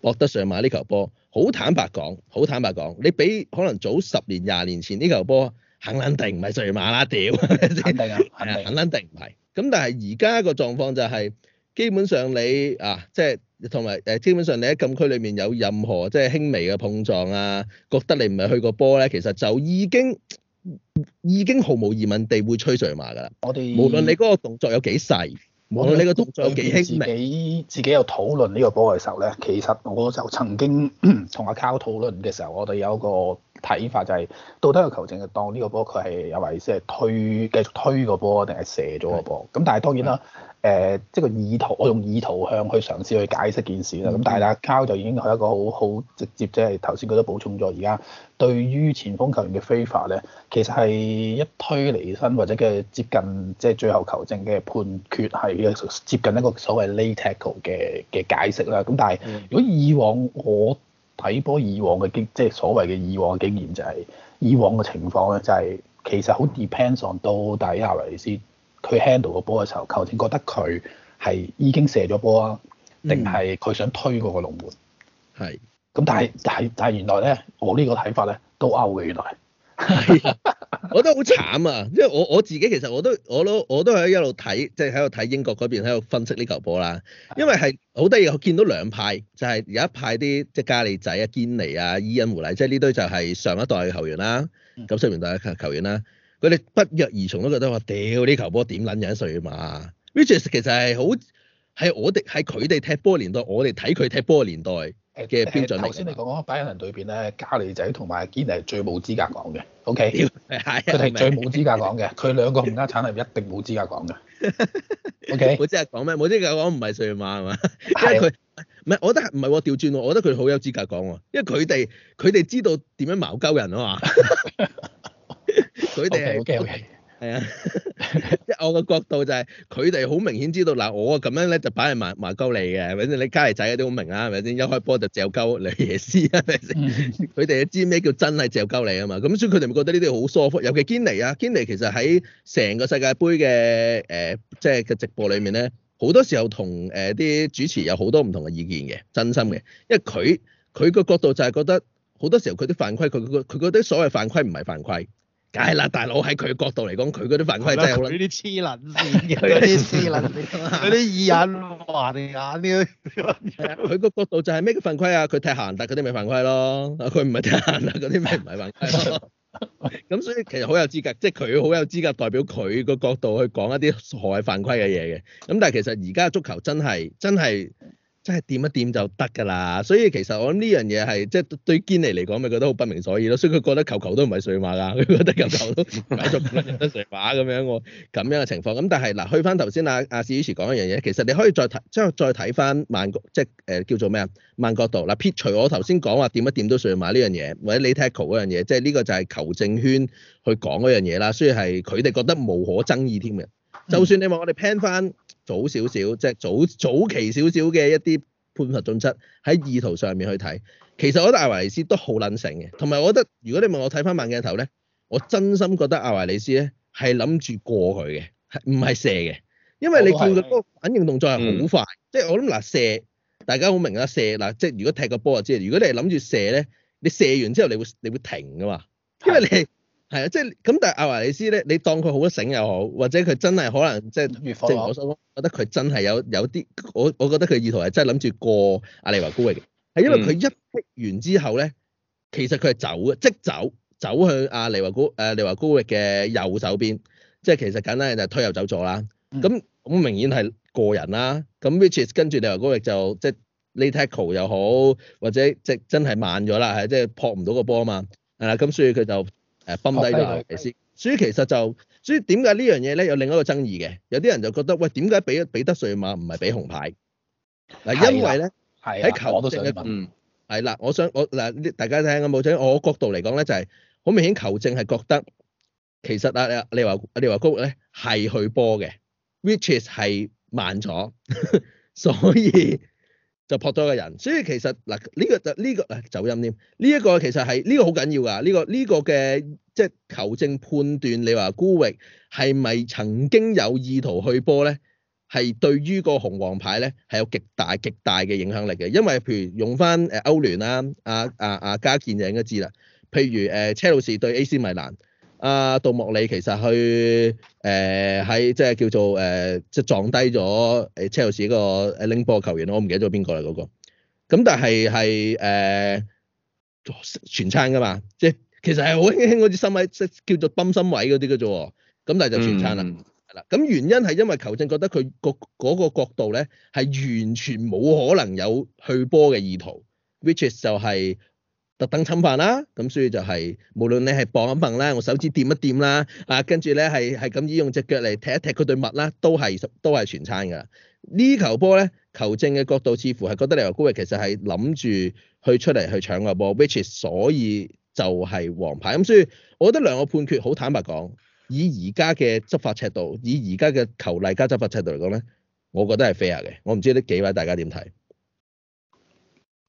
博得上馬呢球波，好坦白講，好坦白講，你俾可能早十年廿年前呢球波。肯定定唔係上馬啦，屌！肯定啊，係 *laughs* 肯定肯定唔係。咁但係而家個狀況就係、是，基本上你啊，即係同埋誒，基本上你喺禁區裏面有任何即係、就是、輕微嘅碰撞啊，覺得你唔係去個波咧，其實就已經已經毫無疑問地會吹上馬㗎啦。我哋們無論你嗰個動作有幾細，們無論你個動作有幾輕微，自己自己有討論呢個波嘅時候咧，其實我就曾經同阿 Karl 討論嘅時候，我哋有個睇法就係，到底球個球證係當呢個波佢係有話意思係推繼續推個波，定係射咗個波？咁但係當然啦，誒是的、呃，即、這、係個意圖，我用意圖向去嘗試去解釋件事啦。咁是的 但係阿交就已經係一個好好直接，即係頭先佢都補充咗，而家對於前鋒球員嘅非法咧，其實係一推離身或者嘅接近，即係最後球證嘅判決係接近一個所謂 late tackle 嘅嘅解釋啦。咁但係如果以往我，我睇波以往嘅經，即係所謂嘅以往嘅經驗、就是，就係以往嘅情況咧、就是，就係其實好 depends on 到底阿維斯佢 handle 個波嘅時候，球證覺得佢係已經射咗波啊，定係佢想推嗰個龍門？係、嗯。咁但係是但係但係原來咧，我個呢個睇法咧都 out 嘅原來。 *laughs* 我覺得好慘啊，因為我我自己其實我都我都我都喺一路睇，即係喺度睇英國嗰邊喺度分析呢球波啦。因為係好得意，我見到兩派，就係、係、有一派啲即係加利仔啊、堅尼啊、伊恩胡禮，即係呢堆就係上一代嘅球員啦，咁上一代嘅球球員啦，佢哋、嗯、不約而同都覺得話：屌呢球波點撚樣衰啊嘛！Richards 其實係好係我哋係佢哋踢波嘅年代，我哋睇佢踢波嘅年代。嘅標準頭先你講啊，擺喺人對面咧，Karl 仔同埋堅尼最冇資格講嘅，OK，佢係最冇資格講嘅，佢兩個冚家產係一定冇資格講嘅，OK。冇資格講咩？冇資格講，唔係碎馬係嘛？因為佢唔係，我覺得唔係喎，調轉喎，我覺得佢好有資格講喎，因為佢哋佢哋知道點樣矛鳩人啊嘛，佢哋係。係啊，即係 *laughs* 我個角度就係佢哋好明顯知道嗱，啊，我咁樣咧就擺係埋埋鳩你嘅，係咪你加尼仔都好明啊，係咪先？一開波就嚼鳩你耶斯，係佢哋知咩叫真係嚼鳩你啊嘛？咁所以佢哋咪覺得呢啲好疏忽，尤其堅尼啊，堅尼其實喺成個世界盃嘅誒，即係嘅直播裡面咧，好多時候同誒啲主持有好多唔同嘅意見嘅，真心嘅，因為佢佢個角度就係覺得好多時候佢啲犯規，佢佢佢覺得所謂犯規唔係犯規。係啦、哎，大佬喺佢角度嚟講，佢嗰啲犯規真係好啦，佢啲黐撚線佢啲黐撚線，佢啲耳眼眼啲，係佢個角度就係咩叫犯規啊？佢踢閑達嗰啲咪犯規咯，佢唔係踢閑達嗰啲咪唔係犯規咯。咁 *laughs* 所以其實好有資格，即係佢好有資格代表佢個角度去講一啲何謂犯規嘅嘢嘅。咁但係其實而家足球真係真係。真係掂一掂就得㗎啦，所以其實我諗呢樣嘢係即係對堅尼嚟講，咪、即係、覺得好不明所以咯。所以佢覺得球球都唔係水馬㗎，佢覺得球球都唔係 *laughs* 得水馬咁樣喎。咁樣嘅情況，咁但係嗱，去翻頭先啊啊史女士講一樣嘢，其實你可以再睇即係再睇翻曼國即係誒叫做咩啊曼國度，嗱撇除我頭先講話掂一掂都水馬呢樣嘢，或者你 technical 嗰樣嘢，即係呢個就係球證圈去講嗰樣嘢啦。所以係佢哋覺得無可爭議添嘅，就算你話我哋 plan 翻。早少少，即係早早期少少嘅一啲判罰進出，喺意圖上面去睇，其實我覺得艾華利斯都好撚醒嘅。同埋我覺得，如果你問我睇翻慢鏡頭咧，我真心覺得艾華利斯咧係諗住過去嘅，係唔係射嘅？因為你見佢嗰反應動作係好快，嗯、即係我諗嗱，射，大家好明啦，射嗱即係如果踢個波就知。如果你係諗住射咧，你射完之後你會你會停噶嘛，因為你。係啊，即係咁，但係艾華利斯咧，你當佢好醒又好，或者佢真係可能即、就、係、是，越係我所覺得佢真係有有啲，我我覺得佢意圖係真係諗住過阿利華高域嘅，係、嗯、因為佢一逼完之後咧，其實佢係走嘅，即走，走向阿利華高誒利華高域嘅右手邊，即係其實簡單嘅就推右走咗啦。咁咁、嗯、明顯係過人啦。咁 which 跟住利華高域就即係 late tackle 又好，或者即真係慢咗啦，係即係撲唔到個波啊嘛。係啦，咁所以佢就。誒崩低呢個嚟先，okay, okay. 所以其實就，所以點解呢樣嘢咧有另一個爭議嘅？有啲人就覺得，喂，點解俾俾得瑞馬唔係俾紅牌？嗱，因為咧喺的球證，嗯，係啦，我想我嗱，大家睇下我冇錯，我角度嚟講咧就係、是、好明顯球證係覺得其實啊，你你話你話高咧係去波嘅，which is 係慢咗， *laughs* 所以。 *laughs* 就撲咗個人，所以其實嗱呢個就呢個啊走音添，呢一個其實係呢個好緊要噶，呢個呢個嘅即係求證判斷，你話孤域係咪曾經有意圖去波咧？係對於個紅黃牌咧係有極大極大嘅影響力嘅，因為譬如用翻誒歐聯啦，阿阿阿家健就應該知啦，譬如誒車路士對 A C 米蘭。啊，杜莫里其實去誒喺、呃、即係叫做誒、呃、即係撞低咗誒車路士嗰個拎波球員，我唔記得咗邊個啦嗰個。咁但係係誒全餐噶嘛，即係其實係好輕輕嗰啲心位，即係叫做泵心位嗰啲嘅啫喎。咁但係就全餐啦，係啦、嗯。咁原因係因為球證覺得佢個嗰個角度咧係完全冇可能有去波嘅意圖，which is 就係、係。特登侵犯啦，咁所以就係、是、無論你係碰一碰啦，我手指掂一掂啦，啊跟住咧係係咁樣用隻腳嚟踢一踢佢對襪啦，都係都係全餐㗎。球球呢球波咧，球證嘅角度似乎係覺得你話高域其實係諗住去出嚟去搶個波，which is, 所以就係黃牌。咁所以我覺得兩個判決好坦白講，以而家嘅執法尺度，以而家嘅球例加執法尺度嚟講咧，我覺得係 fair 嘅。我唔知呢幾位大家點睇？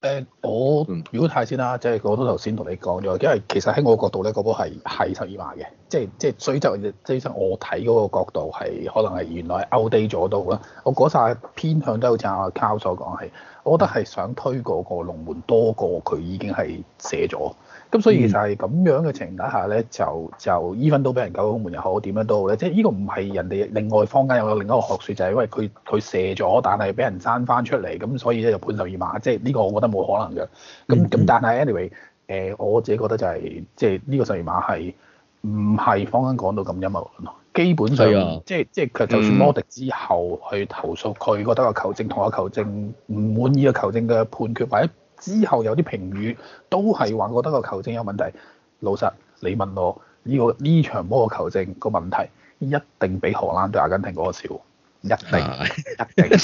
誒，嗯、我表態先啦，即係我都頭先同你講咗，因為其實喺我角度咧，嗰波係係十二碼嘅，即係即係，所以就即係我睇嗰個角度係可能係原來 outdate 咗都啦，我嗰陣偏向都好似阿 Karl 所講係，我覺得係想推過個龍門多過佢已經係射咗。咁、嗯、所以其實就係咁樣嘅情態下咧，就就依分都俾人救門又好，點樣都好咧，即係呢個唔係人哋另外坊間有另一個學説，就係、是、因為佢佢射咗，但係俾人爭翻出嚟，咁所以咧就判十二碼，即係呢個我覺得冇可能嘅。咁咁但係 anyway，誒、呃、我自己覺得就係、是、即係呢個十二碼係唔係坊間講到咁陰謀？基本上、啊嗯、即係即係佢就算摩迪之後去投訴，佢覺得個球證同個球證唔滿意個球證嘅判決，或者。之後有啲評語都係話覺得個球證有問題。老實，你問我呢、呢個呢場波個球證個問題，一定比荷蘭對阿根廷嗰個少，一定一定。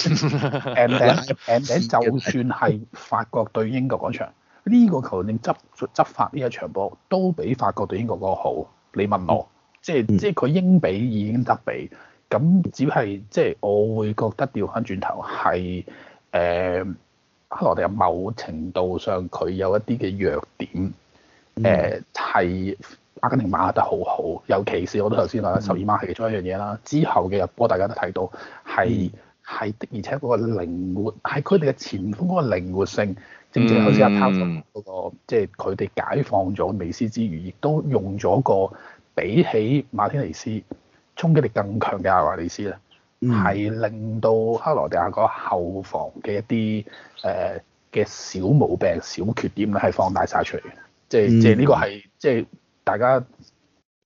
And then, and then, 就算係法國對英國嗰場，呢、呢個球證執執法呢一場波都比法國對英國個好。你問我，嗯、即係即係佢英比已經得比，咁只係即係我會覺得掉翻轉頭係誒。喺我哋某程度上，佢有一啲嘅弱點，誒係阿根廷把握得好好，尤其是我哋頭先話啦，十二碼係其中一樣嘢啦。之後嘅入波大家都睇到，係，係的，而且嗰個靈活喺佢哋嘅前鋒嗰個靈活性，正正好似阿卡森嗰個，即係佢哋解放咗美斯之餘亦都用咗個比起馬天尼斯衝擊力更強嘅阿華利斯咧。係令到克羅地亞個後防嘅一啲誒嘅小毛病、小缺點咧，係放大晒出嚟。即係即係呢個係即係大家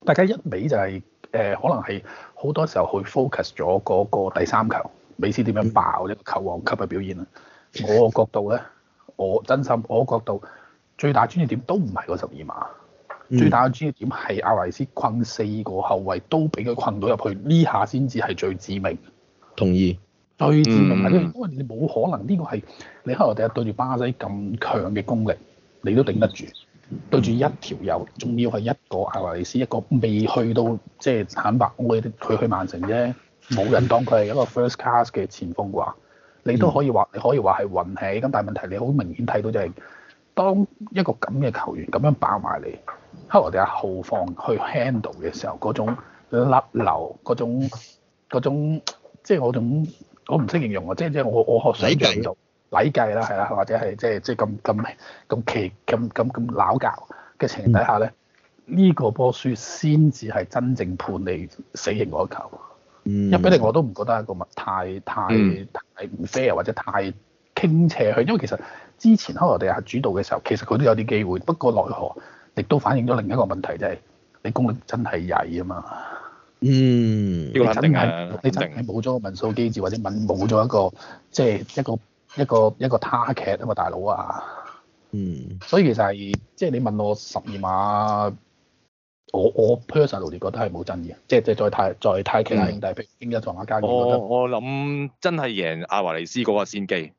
大家一比就係、是、誒、呃，可能係好多時候去 focus 咗嗰個第三球，美斯點樣爆一個球王級嘅表現啦。我嘅角度咧，我真心我嘅角度最大爭議點都唔係嗰十二碼。最大嘅注意點係阿維斯困四個後衞都俾佢困到入去，呢下先至係最致命。同意。最致命係、嗯、因為你冇可能呢、呢個係你喺我哋對住巴西咁強嘅功力，你都頂得住。對住一條友，仲要係一個阿維斯，一個未去到即係、就是、坦白，我覺得佢去曼城啫，冇人當佢係一個 first class 嘅前鋒啩，你都可以話，你可以話係運氣，咁但係問題你好明顯睇到就係、是。當一個咁嘅球員咁樣爆埋你，黑我哋阿後防去 handle 嘅時候，嗰種甩流、嗰種即係我種，我唔識形容啊！即係即係我我學上嚟做，抵計啦，係、就、啦、是，或者係即係即係咁咁咁奇咁咁咁撈教嘅情底下咧，呢、mm hmm. 個波輸先至係真正判你死刑嗰球。嗯、mm。入、hmm. 俾你我都唔覺得係個乜太太太唔 fair 或者太傾斜去，因為其實。之前克羅地亞係主導嘅時候，其實佢都有啲機會，不過奈何亦都反映咗另一個問題，就係、是、你功力真係曳啊嘛。嗯，呢個肯定啊。你真係冇咗個民訴機制，定或者冇冇咗一個即係、就是、一個一個一個他劇啊嘛，大佬啊。嗯。所以其實係即係你問我十二碼，我我 personally 嚟講都係冇爭議啊。即係即係在泰在泰劇兄弟兵兵一同一間，我我諗真係贏艾華利斯嗰個先機。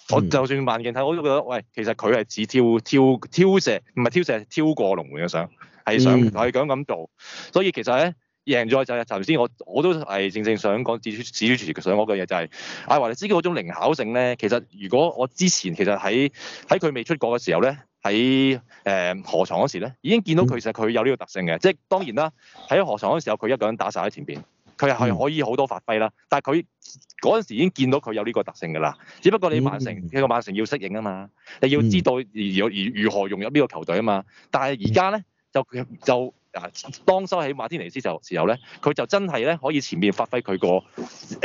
*music* 我就算慢鏡睇，我都覺得，喂，其實佢係只挑挑挑射，唔係挑射，係挑過龍門嘅相，係想係咁咁做。所以其實咧，贏咗就係頭先，我我都係正正想講，史主史主主持上句嘢就係、是，艾華利斯嘅嗰種靈巧性咧，其實如果我之前其實喺喺佢未出國嘅時候咧，喺誒、呃、河床嗰時咧，已經見到佢其實佢有呢個特性嘅，即係、嗯、當然啦，喺河床嗰陣時有佢一個人打晒喺前邊。佢係可以好多發揮啦，但係佢嗰陣時已經見到佢有呢個特性㗎啦。只不過你曼城，呢個、嗯、曼城要適應啊嘛，你要知道而如何融入呢個球隊啊嘛。但係而家咧就就啊當收起馬天尼斯時候時候咧，佢就真係咧可以前面發揮佢個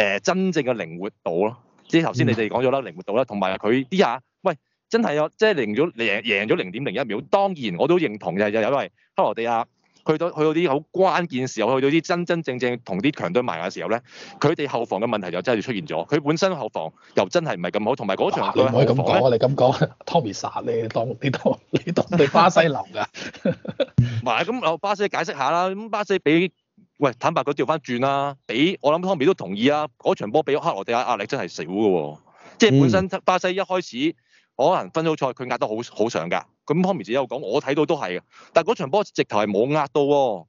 誒真正嘅靈活度咯。即係頭先你哋講咗啦，靈活度啦，同埋佢啲啊，喂，真係有即係零咗贏贏咗零點零一秒，當然我都認同就係有因為克羅地亞。去到去到啲好關鍵時候，去到啲真真正正同啲強隊埋嘅時候咧，佢哋後防嘅問題就真係出現咗。佢本身後防又真係唔係咁好，同埋嗰場你唔可以咁講我哋咁講，Tommy 殺你當你當你當你，當你，當你，當你，當你當巴西流㗎。唔係咁，我巴西解釋下啦。咁巴西俾喂坦白佢掉翻轉啦，俾我諗 Tommy 都同意啊。嗰場波俾克羅地亞壓力真係少嘅喎，即係本身巴西一開始。嗯可能分組賽佢壓得好好上㗎，咁 Pomis 自己有講，我睇到都係嘅。但係嗰場波直頭係冇壓到，係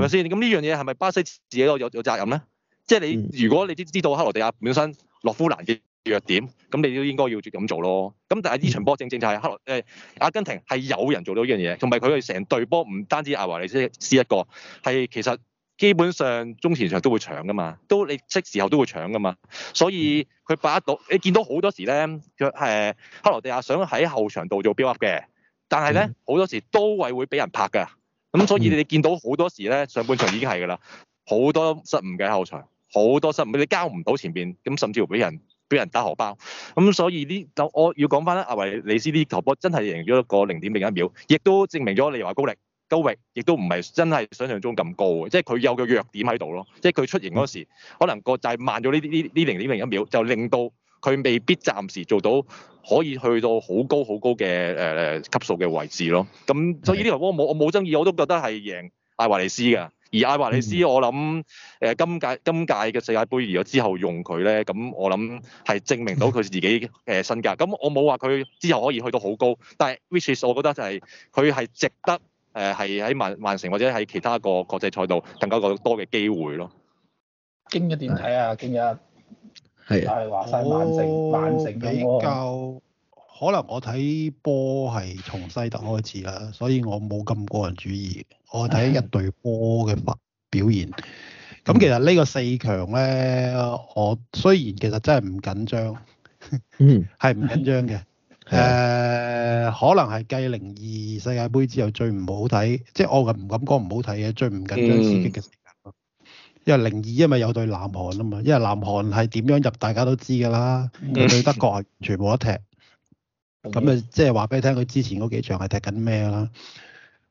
咪先？咁呢樣嘢係咪巴西自己都有有責任咧？嗯、即係你如果你知知道克羅地亞本身洛夫蘭嘅弱點，咁你都應該要咁做咯。咁但係呢場波正正就係克羅誒、呃、阿根廷係有人做到呢樣嘢，同埋佢哋成隊波唔單止艾華利斯斯一個，係其實。基本上中前場都會搶噶嘛，都你即時候都會搶噶嘛，所以佢把握到，你見到好多時咧，佢係克羅地亞想喺後場度做 build up 嘅，但係咧好多時都係會俾人拍㗎，咁所以你哋見到好多時咧上半場已經係㗎啦，好多失誤嘅後場，好多失誤你交唔到前邊，咁甚至乎俾人俾人打荷包，咁所以呢就我要講翻咧，艾華利斯呢球波真係贏咗一個零點零一秒，亦都證明咗你話高力。高域亦都唔係真係想像中咁高，即係佢有個弱點喺度咯。即係佢出現嗰時，可能個就係慢咗呢啲呢啲零點零一秒，就令到佢未必暫時做到可以去到好高好高嘅誒誒級數嘅位置咯。咁所以呢條波冇我冇爭議，我都覺得係贏艾華利斯嘅。而艾華利斯，嗯、我諗誒、呃、今屆今屆嘅世界盃，而我之後用佢咧，咁我諗係證明到佢自己嘅身價。咁 *laughs* 我冇話佢之後可以去到好高，但係 Which is 我覺得就係佢係值得。誒係喺曼曼城或者喺其他個國際賽度更加個多嘅機會咯。今一點睇啊？今日係華盛曼城，哦、曼城比較可能我睇波係從西特開始啦，所以我冇咁個人主義。我睇一隊波嘅發表現。咁其實呢個四強咧，我雖然其實真係唔緊張，嗯，係唔緊張嘅。誒、uh，可能係繼零二世界盃之後最唔好睇，即係我唔敢講唔好睇嘅，最唔緊張刺激嘅時間、嗯、因為零二因為有對南韓啊嘛，因為南韓係點樣入大家都知㗎啦。佢、嗯、對德國全部一踢，咁啊、嗯、即係話俾你聽佢之前嗰幾場係踢緊咩啦。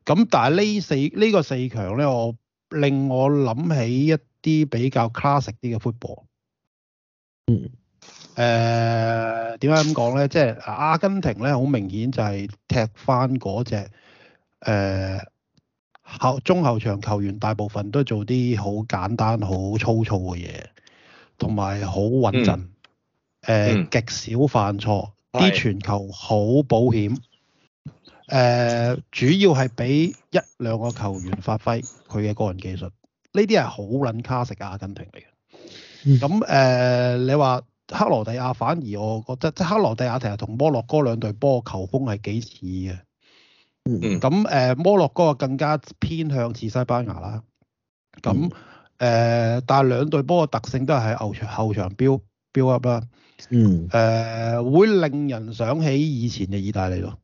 咁但係呢四呢、呢個四強咧，我令我諗起一啲比較 classic 啲嘅 football。嗯。誒點解咁講咧？即係、呃就是、阿根廷咧，好明顯就係踢翻嗰隻誒、呃、中後場球員，大部分都做啲好簡單、好粗糙嘅嘢，同埋好穩陣，誒、嗯呃、極少犯錯，啲、嗯、傳球好保險，誒的、呃、主要係俾一兩個球員發揮佢嘅個人技術。呢啲係好撚卡食嘅阿根廷嚟嘅。咁誒、呃，你話？克羅地亞反而我覺得，即係克羅地亞其實同摩洛哥兩隊波球，球風係幾似嘅，嗯，咁誒、呃、摩洛哥更加偏向似西班牙啦，咁誒、呃、但係兩隊波嘅特性都係喺後場後場 build build up 啦，嗯，誒會令人想起以前嘅意大利咯，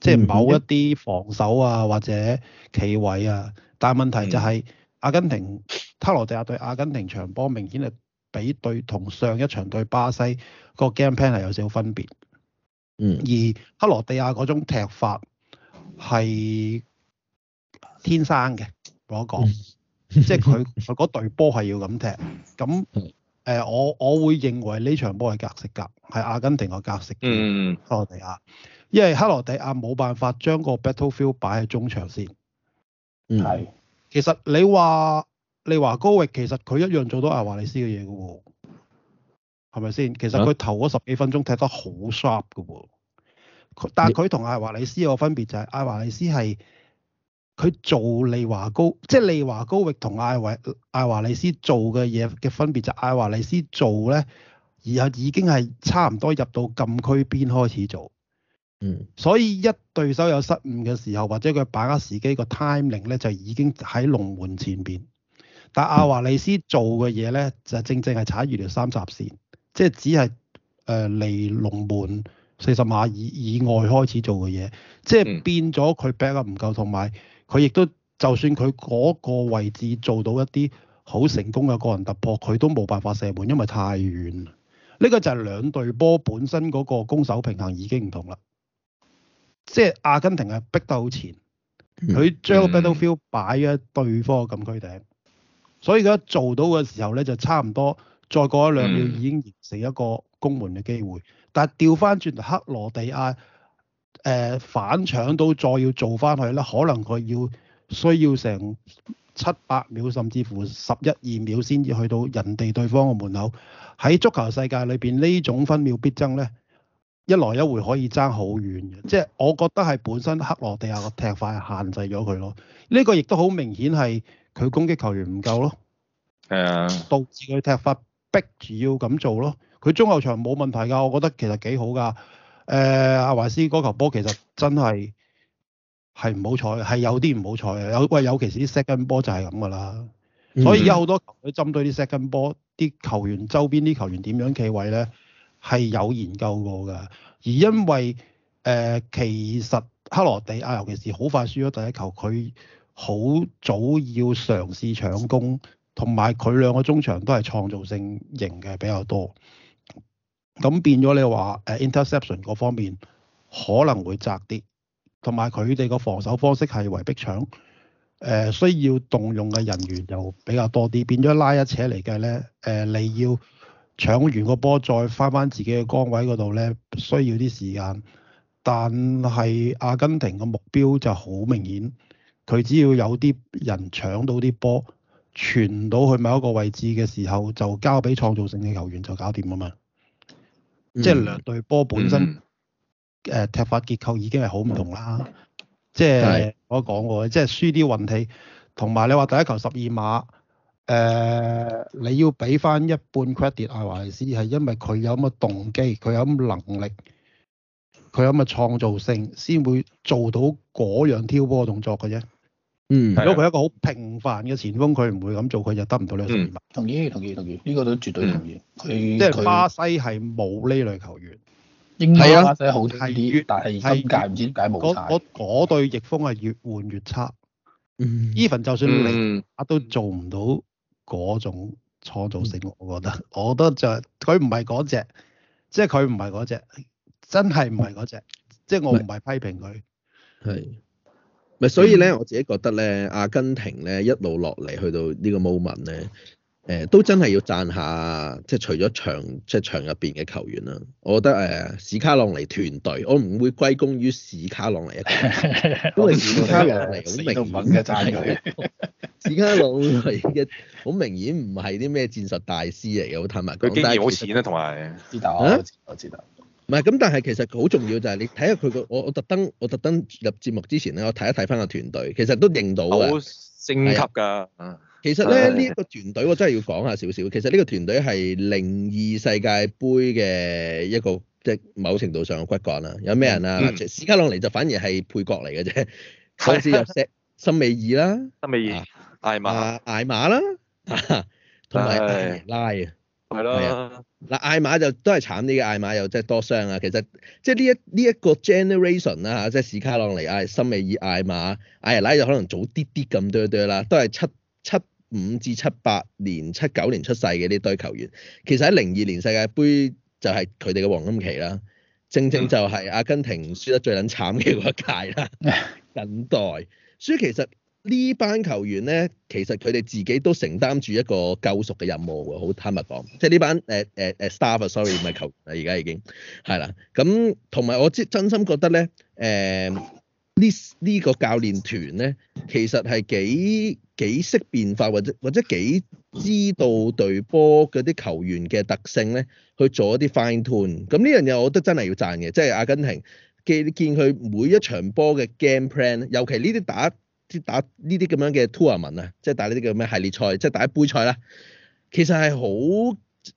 即、就、係、是、某一啲防守啊或者企位啊，但係問題就係、是、阿根廷克羅地亞對阿根廷場波明顯係。比對同上一場對巴西個 game plan 係有少少分別，嗯，而克羅地亞嗰種踢法係天生嘅，我講，即係佢佢嗰隊波係要咁踢，咁誒我我會認為呢場波係格食格，係阿根廷個格食格。嗯，克羅地亞，因為克羅地亞冇辦法將個 battle field 擺喺中場先，嗯，嗯，其實你話。利華高域其實佢一樣做到艾華利斯嘅嘢嘅喎，係咪先？其實佢頭嗰十幾分鐘踢得好 sharp 嘅喎，但係佢同艾華利斯個分別就係艾華利斯係佢做利華高，即係利華高域同艾華艾華利斯做嘅嘢嘅分別就係艾華利斯做咧，而後已經係差唔多入到禁區邊開始做，嗯，所以一對手有失誤嘅時候，或者佢把握時機個 timing 咧，就已經喺龍門前邊。但阿華利斯做嘅嘢咧，就正正係踩越條三閘線，即係只係誒、呃、離龍門四十碼以以外開始做嘅嘢，即係變咗佢 back up 唔夠，同埋佢亦都就算佢嗰個位置做到一啲好成功嘅個人突破，佢都冇辦法射門，因為太遠呢、呢個就係兩隊波本身嗰個攻守平衡已經唔同啦。即係阿根廷係逼得好前，佢將 battle field 擺喺對方嘅禁區頂。所以佢做到嘅時候咧，就差唔多再過一兩秒已經形成一個攻門嘅機會。但係調翻轉嚟，克羅地亞誒、呃、反搶到再要做翻去咧，可能佢要需要成七八秒，甚至乎十一二秒先至去到人哋對方嘅門口。喺足球世界裏邊，呢種分秒必爭咧，一來一回可以爭好遠嘅。即、就、係、是、我覺得係本身克羅地亞嘅踢法限制咗佢咯。呢、這個亦都好明顯係。佢攻擊球員唔夠咯，係啊，導致佢踢法逼住要咁做咯。佢中後場冇問題㗎，我覺得其實幾好㗎。誒、呃，阿、啊、華斯嗰球波其實真係係唔好彩，係有啲唔好彩嘅。有喂，尤其是啲 second 波就係咁㗎啦。所以有好多球隊針對啲 second 波，啲球員周邊啲球員點樣企位咧，係有研究過㗎。而因為誒、呃，其實克羅地亞尤其是好快輸咗第一球，佢，好早要嘗試搶攻，同埋佢兩個中場都係創造性型嘅比較多，咁變咗你話誒 interception 嗰方面可能會窄啲，同埋佢哋個防守方式係圍逼搶，誒、呃、需要動用嘅人員又比較多啲，變咗拉一扯嚟嘅咧，誒、呃、你要搶完個波再返返自己嘅崗位嗰度咧，需要啲時間，但係阿根廷嘅目標就好明顯。佢只要有啲人搶到啲波，傳到去某一個位置嘅時候，就交俾創造性嘅球員就搞掂啊嘛！嗯、即係兩隊波本身誒、嗯呃、踢法結構已經係好唔同啦。即係我講過，即係輸啲運氣，同埋你話第一球十二碼誒，你要俾翻一半 credit 艾華利斯係因為佢有咁嘅動機，佢有咁嘅能力，佢有咁嘅創造性，先會做到嗰樣挑波動作嘅啫。嗯，如果佢係一個好平凡嘅前鋒，佢唔會咁做，佢就得唔到呢個獎牌。同意、yeah, kind of really I mean，同意，同意，呢個都絕對同意。佢即係巴西係冇呢類球員，應該巴西好啲，但係係界唔知點解冇晒。我我嗰對翼鋒係越換越差。伊凡就算零打都做唔到嗰種創造性，我覺得，我覺得就係佢唔係嗰隻，即係佢唔係嗰隻，真係唔係嗰隻，即係我唔係批評佢。係。咪所以咧，我自己覺得咧，阿根廷咧一路落嚟去到個呢個 moment 咧，誒、呃、都真係要讚下，即係除咗場，即係場入邊嘅球員啦。我覺得誒、呃，史卡洛尼團隊，我唔會歸功於史卡洛尼一個。都係 *laughs* 史卡洛尼好明顯嘅差佢。是 *laughs* 史卡洛尼嘅好明顯唔係啲咩戰術大師嚟嘅，好坦白講。佢經營好錢有啊，同埋。知道，我知道。唔係咁，但係其實好重要就係你睇下佢個我我特登我特登入節目之前咧，我睇一睇返個團隊，其實都認到啊，升級㗎。其實咧呢一個團隊我真係要講下少少。其實呢個團隊係零二世界盃嘅一個即係、就是、某程度上嘅骨幹啦。有咩人啊？嗯、史卡朗尼就反而係配角嚟嘅啫。開始入 set，森美爾啦，啊、森美爾，艾馬艾馬啦，同埋拉。係咯，嗱，艾瑪就都係慘啲嘅，艾瑪又即係多傷啊。其實即係呢一呢一個 generation 啦，即係史卡朗尼亞、森美爾、艾瑪、艾伊拉就可能早啲啲咁多啲啦，都係七七五至七八年、七九年出世嘅呢堆球員。其實喺零二年世界盃就係佢哋嘅黃金期啦，正正就係阿根廷輸得最撚慘嘅嗰屆啦。近代。 *laughs* 所以其實。呢班球員咧，其實佢哋自己都承擔住一個救贖嘅任務喎，好坦白講。即係呢班誒誒誒 staff 啊，sorry 唔係球，而家已經係啦。咁同埋我即係真心覺得咧，誒呢呢個教練團咧，其實係幾幾識變化或者或者幾知道隊波嗰啲球員嘅特性咧，去做一啲 fine tune，嗯。咁呢樣嘢我覺得真係要讚嘅，即係阿根廷見見佢每一場波嘅 game plan，尤其呢啲打。啲打呢啲咁樣嘅 tournament 啊，即係打呢啲叫咩系列賽，即係打杯賽啦。其實係好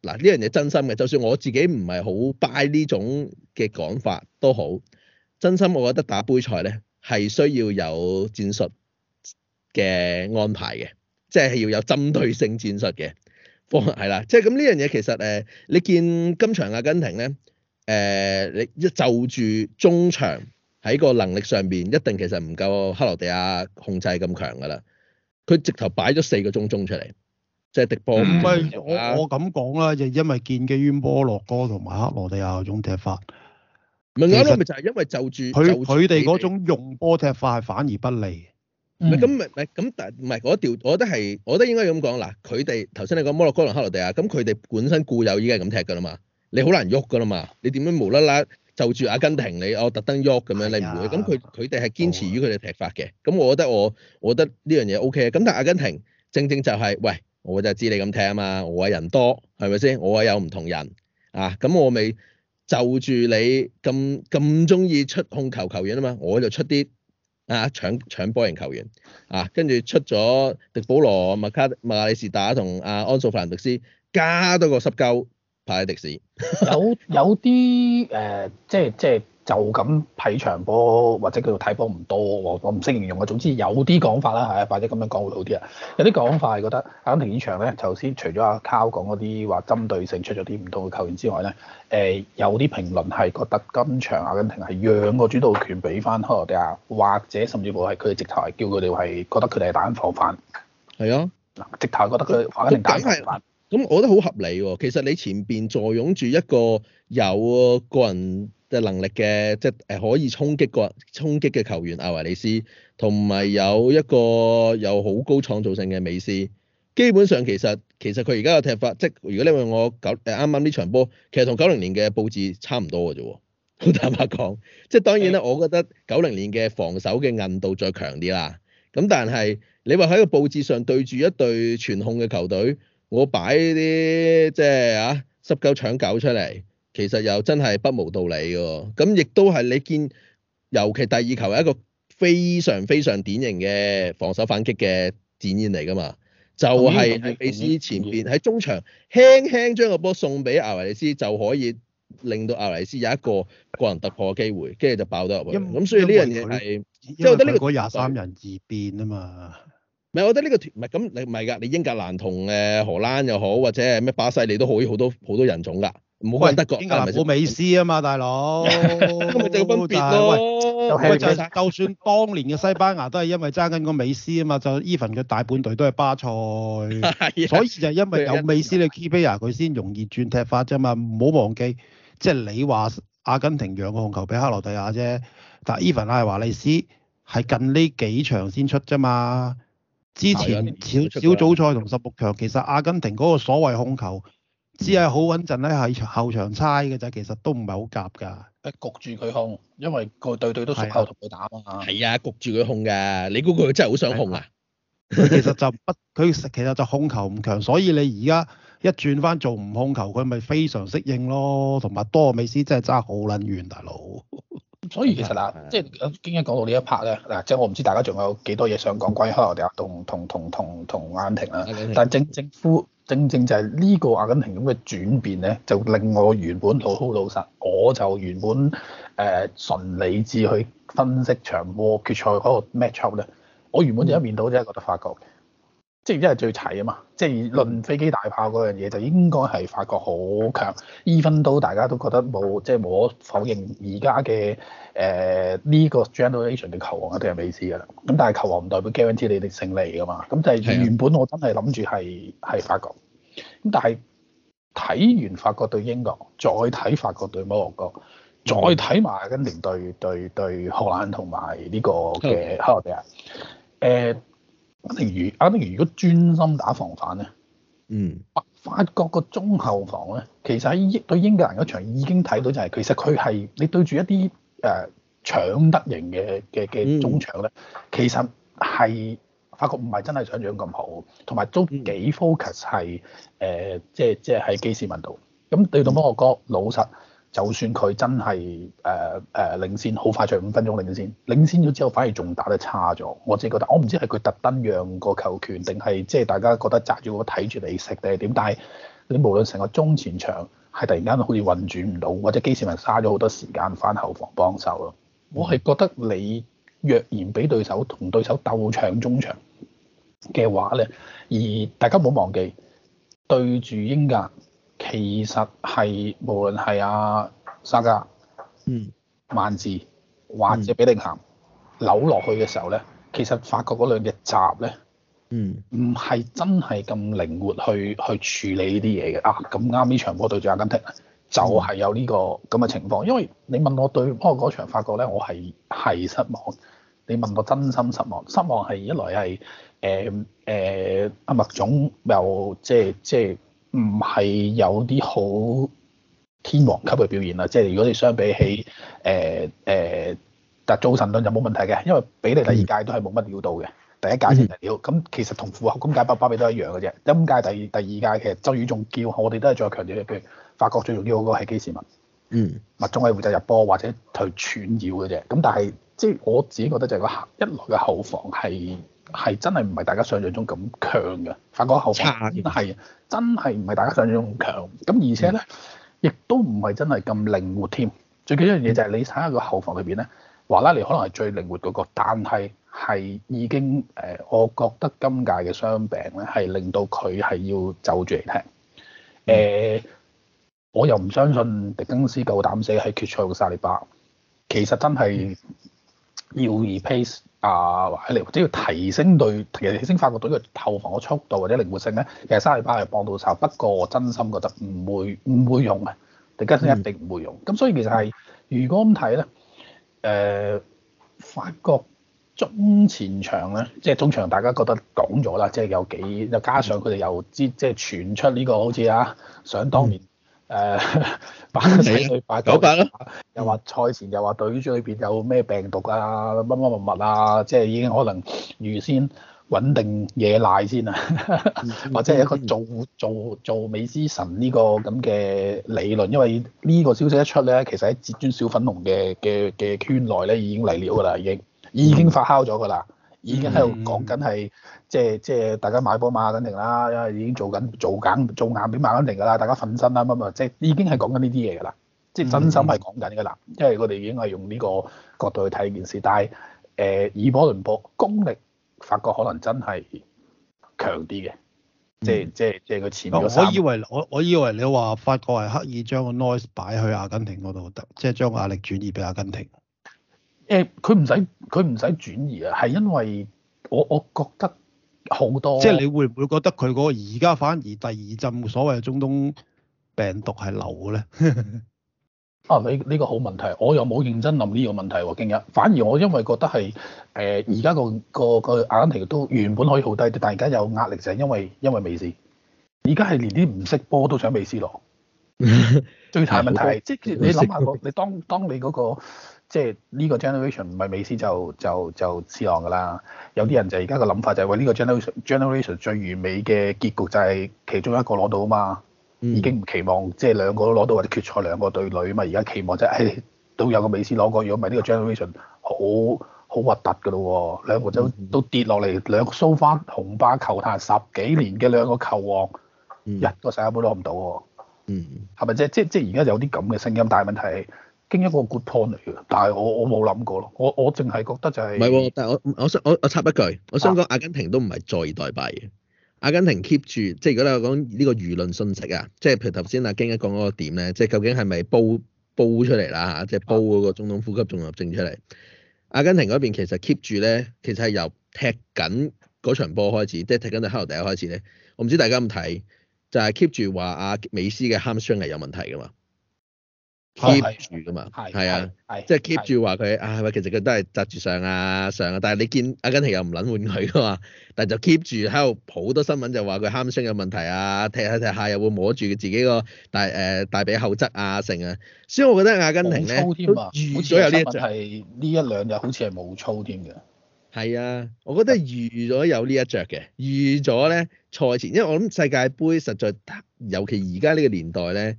嗱呢樣嘢真心嘅，就算我自己唔係好 buy 呢種嘅講法都好。真心我覺得打杯賽咧，係需要有戰術嘅安排嘅，即係要有針對性戰術嘅方係啦。即係咁呢樣嘢其實誒，你見今場阿根廷咧誒、呃，你一就住中場。喺個能力上面，一定其實唔夠克羅地亞控制咁強噶啦，佢直頭擺咗四個中中出嚟，即係迪，迪波。唔係、嗯、我我咁講啦，就因為建基於摩洛哥同埋克羅地亞嗰種踢法。明係，咪就係因為就住佢佢哋嗰種用波踢法係反而不利。咁係咁但咪唔係嗰條，我覺得係，我覺得應該咁講嗱，佢哋頭先你講摩洛哥同克羅地亞，咁佢哋本身固有已經係咁踢噶啦嘛，你好難喐噶啦嘛，你點樣無啦啦？就住阿根廷你，我特登喐咁樣，你唔會咁佢佢哋係堅持於佢哋踢法嘅，咁、哦、我覺得我我覺得呢樣嘢 O K 啊，咁但阿根廷正正就係、是，喂，我就知你咁踢啊嘛，我啊人多係咪先，我啊有唔同人啊，咁我咪就住你咁咁中意出控球球員啊嘛，我就出啲啊搶搶波型球員，球員啊，跟住出咗迪保羅、麥卡麥亞利士達同阿安素法蘭迪斯，加多個濕鳩。派迪斯有有啲誒、呃，即係即係就咁睇場波，或者叫做睇波唔多，我我唔識形容啊。總之有啲講法啦，係、啊、或者咁樣講會好啲啊。有啲講法係覺得阿根廷呢場咧，頭先除咗阿 Karl 講嗰啲話針對性出咗啲唔同嘅球員之外咧，誒、呃、有啲評論係覺得今場阿根廷係讓個主導權俾翻克羅地亞，或者甚至乎係佢哋直頭係叫佢哋係覺得佢哋係打緊防反。係是啊，嗱，直頭係覺得佢阿根廷打緊防反。是啊啊啊啊。咁我覺得好合理喎、哦。其實你前邊坐擁住一個有個人嘅能力嘅，即係誒可以衝擊個衝擊嘅球員艾華利斯，同埋有一個有好高創造性嘅美斯。基本上其實其實佢而家嘅踢法，即係如果你問我九誒啱啱呢場波，其實同九零年嘅佈置差唔多嘅啫。好坦白講， *laughs* 即係當然咧， *laughs* 我覺得九零年嘅防守嘅硬度再強啲啦。咁但係你話喺個佈置上對住一隊全控嘅球隊。我擺啲即係嚇濕鳩搶狗出嚟，其實又真係不無道理嘅。咁亦都係你見，尤其第二球係一個非常非常典型嘅防守反擊嘅展現嚟㗎嘛。就係喺美斯前邊喺中場輕輕將個波送俾艾華利斯，就可以令到艾華利斯有一個個人突破嘅機會，跟住就爆得入去。咁所以呢樣嘢係，因為呢個廿三人自變啊嘛。唔係，我覺得呢個團唔係咁，你唔係㗎，你英格蘭同誒荷蘭又好，或者係咩巴西，你都可以好多好多人種㗎，唔可能德國。英格蘭冇美斯啊嘛，大佬。咁咪就分別咯。就算當年嘅西班牙都係因為爭緊個美斯啊嘛，就伊凡嘅大半隊都係巴塞。所以就係因為有美斯你 key player 佢先容易轉踢法啫嘛，唔好忘記，即係你話阿根廷讓個控球畀克羅地亞啫，但伊凡拉艾華利斯係近呢幾場先出啫嘛。之前小小組賽同十六強，其實阿根廷嗰個所謂控球，只係好穩陣咧，係後場差嘅啫，其實都唔係好夾噶。誒，焗住佢控，因為個隊隊都想靠後同佢打啊嘛。係啊，焗住佢控噶。你估佢真係好想控啊，啊？其實就不，佢其實就控球唔強，所以你而家一轉翻做唔控球，佢咪非常適應咯。同埋多美斯真係爭好撚遠，大佬。所以其實嗱，即係阿京一講到呢一 part 咧，嗱，即係我唔知大家仲有幾多嘢想講關於黑鵝隊同同同同同阿根廷啦。但係正正正正就係呢個阿根廷咁嘅轉變咧，就令我原本好好老實，我就原本誒純、呃、理智去分析場波決賽嗰個 matchup 咧，match up，我原本就一面倒啫，覺得發覺。即係，因為最齊啊嘛！即係論飛機大炮嗰樣嘢，就應該係法國好強。even 都大家都覺得冇，即係冇可否認而家嘅誒呢個 generation 嘅球王一定係美斯噶啦。咁但係球王唔代表 guarantee 你哋勝利噶嘛。咁就係原本我真係諗住係係法國。咁但係睇完法國對英國，再睇法國對摩洛哥，再睇埋阿根廷對對對,對荷蘭同埋呢個嘅克羅地亞，誒、嗯。例如，啱啱如，如果專心打防範咧，嗯，法國個中後防咧，其實喺英對英格蘭嗰場已經睇到，就係其實佢係你對住一啲誒搶得型嘅嘅嘅中場咧，其實係、嗯、法國唔係真係想像咁好，同埋都幾 focus 係誒，即係即係喺基士文度，咁對到摩洛哥，嗯、老實。就算佢真係誒誒領先，好快就五分鐘領先，領先咗之後反而仲打得差咗，我自己覺得。我唔知係佢特登讓個球權，定係即係大家覺得住咗睇住你食定係點？但係你無論成個中前場係突然間好似運轉唔到，或者基斯文嘥咗好多時間翻後防幫手咯。我係覺得你若然俾對手同對手鬥搶中場嘅話咧，而大家冇忘記對住英格。其實係無論係阿沙加、嗯、萬字或者比凌行、嗯、扭落去嘅時候咧，其實法國嗰兩隻閘咧，嗯，唔係真係咁靈活去去處理呢啲嘢嘅。啊，咁啱呢場波對住阿根廷，就係、是、有呢、這個咁嘅情況。因為你問我對波嗰場法國咧，我係係失望。你問我真心失望，失望係一來係誒誒阿麥總又即係即係。即即即唔係有啲好天王級嘅表現啦，即係如果你相比起誒誒、欸欸，但係造神論就冇問題嘅，因為比嚟第二屆都係冇乜料到嘅，嗯、第一屆先嚟料。咁其實同副後、那個、今屆八包尾都一樣嘅啫，陰屆第第二屆其實周宇仲叫，我哋都係再強啲嘅，譬如法國最重要嗰個係基斯文，嗯，麥總係負責入波或者去串繞嘅啫。咁但係即係我自己覺得就係嗰一來嘅後防係。係真係唔係大家想像中咁強嘅，反觀後防係真係唔係大家想像中咁強。咁而且咧，亦都唔係真係咁靈活添。最緊要一樣嘢就係你睇下個後防裏邊咧，華拉尼可能係最靈活嗰個，但係係已經誒，我覺得今屆嘅傷病咧係令到佢係要走住嚟踢。誒、呃，我又唔相信迪更斯夠膽死喺決賽換薩利巴。其實真係要而 pace。啊，或者你只要提升對其實提升法國隊嘅投防嘅速度或者靈活性咧，其實三倍巴係幫到手。不過我真心覺得唔會，唔會用啊，迪吉斯一定唔會用。咁、嗯、所以其實係如果咁睇咧，誒、呃、法國中前場咧，即係中場大家覺得講咗啦，即係有幾又加上佢哋又知即係傳出呢、這個好似啊，想當年。嗯嗯誒擺死佢，擺九百咯！嗯、又話賽前又話隊裏邊有咩病毒啊，乜乜物物啊，即係已經可能預先穩定嘢賴先啊， *laughs* 或者係一個做做做，做美之神呢個咁嘅理論，因為呢個消息一出咧，其實喺至尊小粉紅嘅嘅嘅圈內咧已經嚟了㗎啦，已經已經發酵咗㗎啦，嗯、已經喺度講緊係。即係即係大家買波馬阿根廷啦，因為已經做緊做緊做硬俾馬阿根廷噶啦，大家瞓身啦咁啊，即係已經係講緊呢啲嘢噶啦，即係真心係講緊噶啦，因為我哋已經係用呢個角度去睇呢件事，但係誒、呃、以波倫博功力，法國可能真係強啲嘅，即係即係即係佢前咗我以為我我以為你話法國係刻意將個 noise 擺去阿根廷嗰度，即、就、係、是、將個壓力轉移俾阿根廷。誒、呃，佢唔使佢唔使轉移啊，係因為我我，我覺得。好多，即係你會唔會覺得佢嗰個而家反而第二陣所謂嘅中東病毒係流嘅咧？ *laughs* 啊，呢呢、這個好問題，我又冇認真諗呢個問題喎、啊，京一。反而我因為覺得係誒而家個、嗰個、嗰個壓力都原本可以好低，但係而家有壓力就係因為因為美斯。而家係連啲唔識波都想美斯落， *laughs* 最大問題係即係你諗下多 *laughs* 你當當，當你嗰、嗰個。即係呢個 generation 唔係美斯就就就 C 朗㗎啦，有啲人就而家個諗法就係，喂，呢個 generation generation 最完美嘅結局就係其中一個攞到啊嘛，已經唔期望即係兩個都攞到或者決賽兩個對壘啊嘛，而家期望就係、哎、都有個美斯攞，如果唔係呢個 generation 好好核突㗎咯喎，兩個都都跌落嚟，兩個蘇翻、so、紅巴球壇十幾年嘅兩個球王，一個世界盃都攞唔到，嗯，係咪即係即即係而家有啲咁嘅聲音，但係問題京一個 good point 嚟嘅，但係我我冇諗過咯，我我淨係覺得就係唔係喎？但係我我想我我插一句，我想講阿根廷都唔係坐以待斃嘅。阿根廷 keep 住，即係如果你講呢個輿論信息啊，即係譬如頭先阿京一講嗰個點咧，即係究竟係咪煲煲出嚟啦嚇？即係煲嗰個中東呼吸綜合症出嚟。啊、阿根廷嗰邊其實 keep 住咧，其實係由踢緊嗰場波開，就是、開始，即係踢緊對克羅地亞開始咧。我唔知大家咁睇，就係、是、keep 住話阿美斯嘅 hamstring 唔係有問題㗎嘛？keep 住噶嘛，係、哦、啊，即係 keep 住話佢啊，喂，其實佢都係紮住上啊上啊，但係你見阿根廷又唔捻換佢噶嘛，但係就 keep 住喺度好多新聞就話佢 hamstring 有問題啊，踢下踢下又會摸住佢自己個大誒、呃、大髀後側啊成啊，所以我覺得阿根廷咧，預咗有呢一隻係呢一兩日好似係冇操添嘅，係啊，我覺得預咗有一預呢一隻嘅，預咗咧賽前，因為我諗世界杯實在，尤其而家呢個年代咧。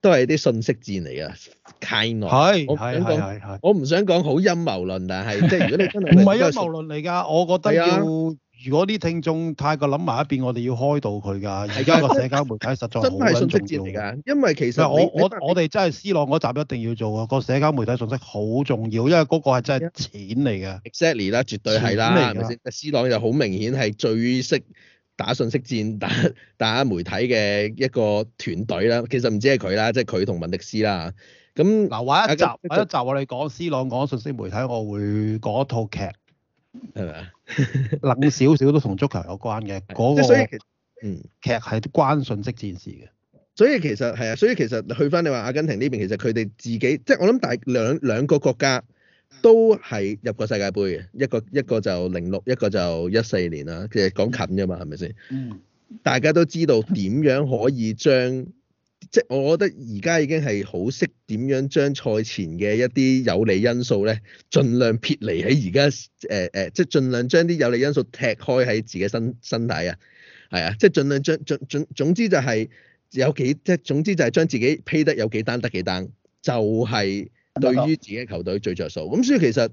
都係啲信息戰嚟噶，太惡。係係係係，我唔想講好陰謀論，但係即係如果你真係唔係陰謀論嚟㗎，我覺得要如果啲聽眾太過諗埋一邊，我哋要開導佢㗎。而家個社交媒體實在好緊要。真係信息戰嚟㗎，因為其實我我我哋真係思朗嗰集一定要做啊！個社交媒體信息好重要，因為嗰個係真係錢嚟㗎。exactly 啦，絕對係啦，思朗就好明顯係最識。打信息戰打打媒體嘅一個團隊啦，其實唔知係佢啦，即係佢同文迪斯啦。咁嗱，玩一集、啊、一集我哋講 C 朗講信息媒體，我會講一套劇係咪啊？吧冷少少都同足球有關嘅，所以嗯，劇係 *laughs* 關信息戰事嘅。所以其實係啊，所以其實去翻你話阿根廷呢邊，其實佢哋自己即係我諗大兩兩個國家。都係入過世界盃嘅，一個一個就零六，一個就 06, 一四年啦。其實講近啫嘛，係咪先？嗯。大家都知道點樣可以將，即係我覺得而家已經係好識點樣將賽前嘅一啲有利因素咧，盡量撇離喺而家誒誒，即係盡量將啲有利因素踢開喺自己身身體啊。係啊，即係盡量將總總總之就係有幾即係總之就係將自己披得有幾單得幾單，就係。對於自己嘅球隊最着數，咁所以其實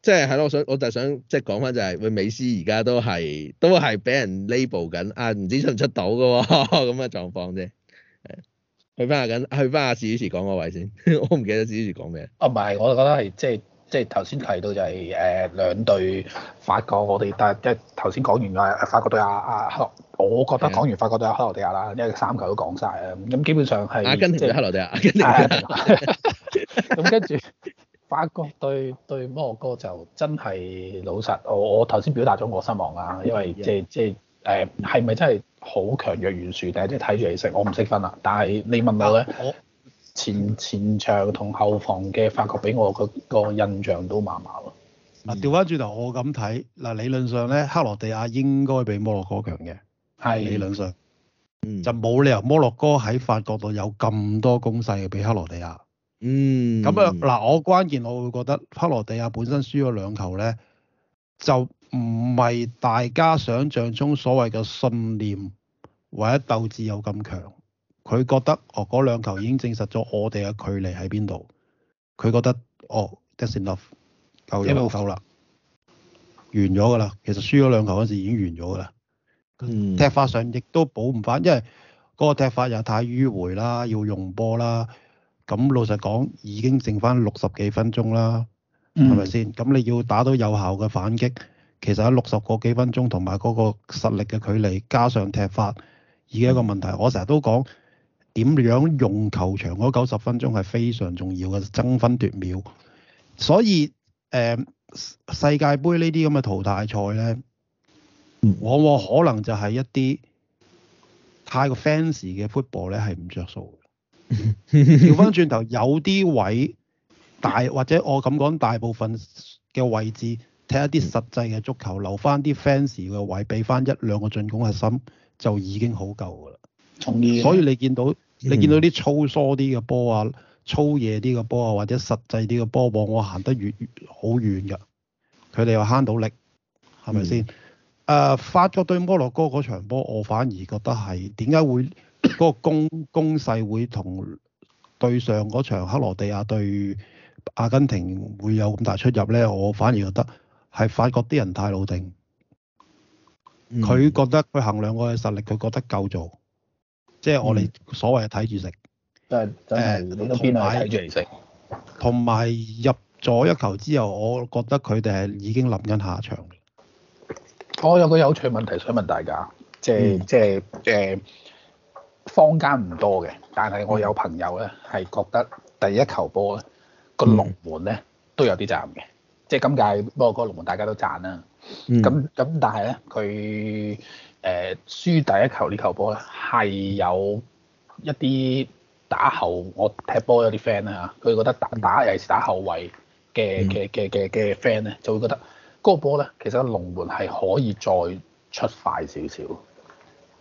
即係係咯，我想我就想即係、就係、講翻就係、係，喂，美斯而家都係都係俾人 label 緊啊，唔知出唔出到嘅喎咁嘅狀況啫。係去翻下緊，去翻下史主持講嗰位先、 *laughs* 啊，我唔記得史主持講咩啊。唔係，我就覺得係即係即係頭先提到就係、係、誒、呃、兩隊法國，我哋但係即係頭先講完啊，法國對阿阿克。啊啊啊啊啊啊啊啊我覺得講完法國對克羅地亞啦，因為三球都講晒，啦、嗯，咁基本上係啊，跟住克羅地亞，跟住咁跟住法國對對摩洛哥就真係老實，我我頭先表達咗我失望啊，因為即即誒係咪真係好強弱懸殊定係即睇住嚟食？我唔識分啦，但係你問我咧、啊，前前場同後防嘅法國俾我個印象都麻麻咯。嗱、嗯，調翻轉頭我咁睇嗱，理論上咧克羅地亞應該比摩洛哥強嘅。係理論上，嗯、就冇理由摩洛哥喺法國度有咁多攻勢嘅俾克羅地亞。嗯，咁啊嗱，我關鍵我會覺得克羅地亞本身輸咗兩球咧，就唔係大家想像中所謂嘅信念或者鬥志有咁強。佢覺得哦，嗰兩球已經證實咗我哋嘅距離喺邊度。佢覺得哦，that's enough 夠啦夠啦，完咗㗎啦。其實輸咗兩球嗰陣時已經完咗㗎啦。踢法上亦都補唔翻，因為嗰個踢法又太迂迴啦，要用波啦。咁老實講，已經剩翻六十幾分鐘啦，係咪先？咁你要打到有效嘅反擊，其實喺六十個幾分鐘同埋嗰個實力嘅距離，加上踢法而家一個問題。嗯，我成日都講點樣用球場嗰九十分鐘係非常重要嘅爭分奪秒。所以誒，呃，世界盃呢啲咁嘅淘汰賽咧。往往可能就係一啲太過 fancy 嘅 football 咧，係唔着數嘅。調翻轉頭，有啲位大或者我咁講，大部分嘅位置踢一啲實際嘅足球，留翻啲 fancy 嘅位，俾翻一兩個進攻嘅心，就已經好夠噶啦。同意。所以你見到、嗯、你見到啲粗疏啲嘅波啊，粗野啲嘅波啊，或者實際啲嘅波，往往行得越越好遠㗎。佢哋又慳到力，係咪先？嗯誒、呃、法國對摩洛哥嗰場波，我反而覺得係點解會嗰、嗰個攻攻勢會同對上嗰場克羅地亞對阿根廷會有咁大出入呢？我反而覺得係法國啲人太老定，佢、嗯、覺得佢衡量我嘅實力，佢覺得夠做，即係我哋所謂睇住食，即係誒同埋睇住嚟食，同埋入咗一球之後，我覺得佢哋係已經諗緊下一場。我有個有趣問題想問大家，即係即係誒坊間唔多嘅，但係我有朋友咧係覺得第一球波咧個龍門咧、嗯、都有啲責任嘅，即係今屆不過個龍門大家都讚啦、啊，咁咁、嗯、但係咧佢誒輸第一球呢球波咧係有一啲打後我踢波有啲 friend 咧，佢覺得打打尤其是打後衞嘅嘅嘅嘅嘅 friend 咧就會覺得。嗰波咧，其實龍門係可以再出快少少，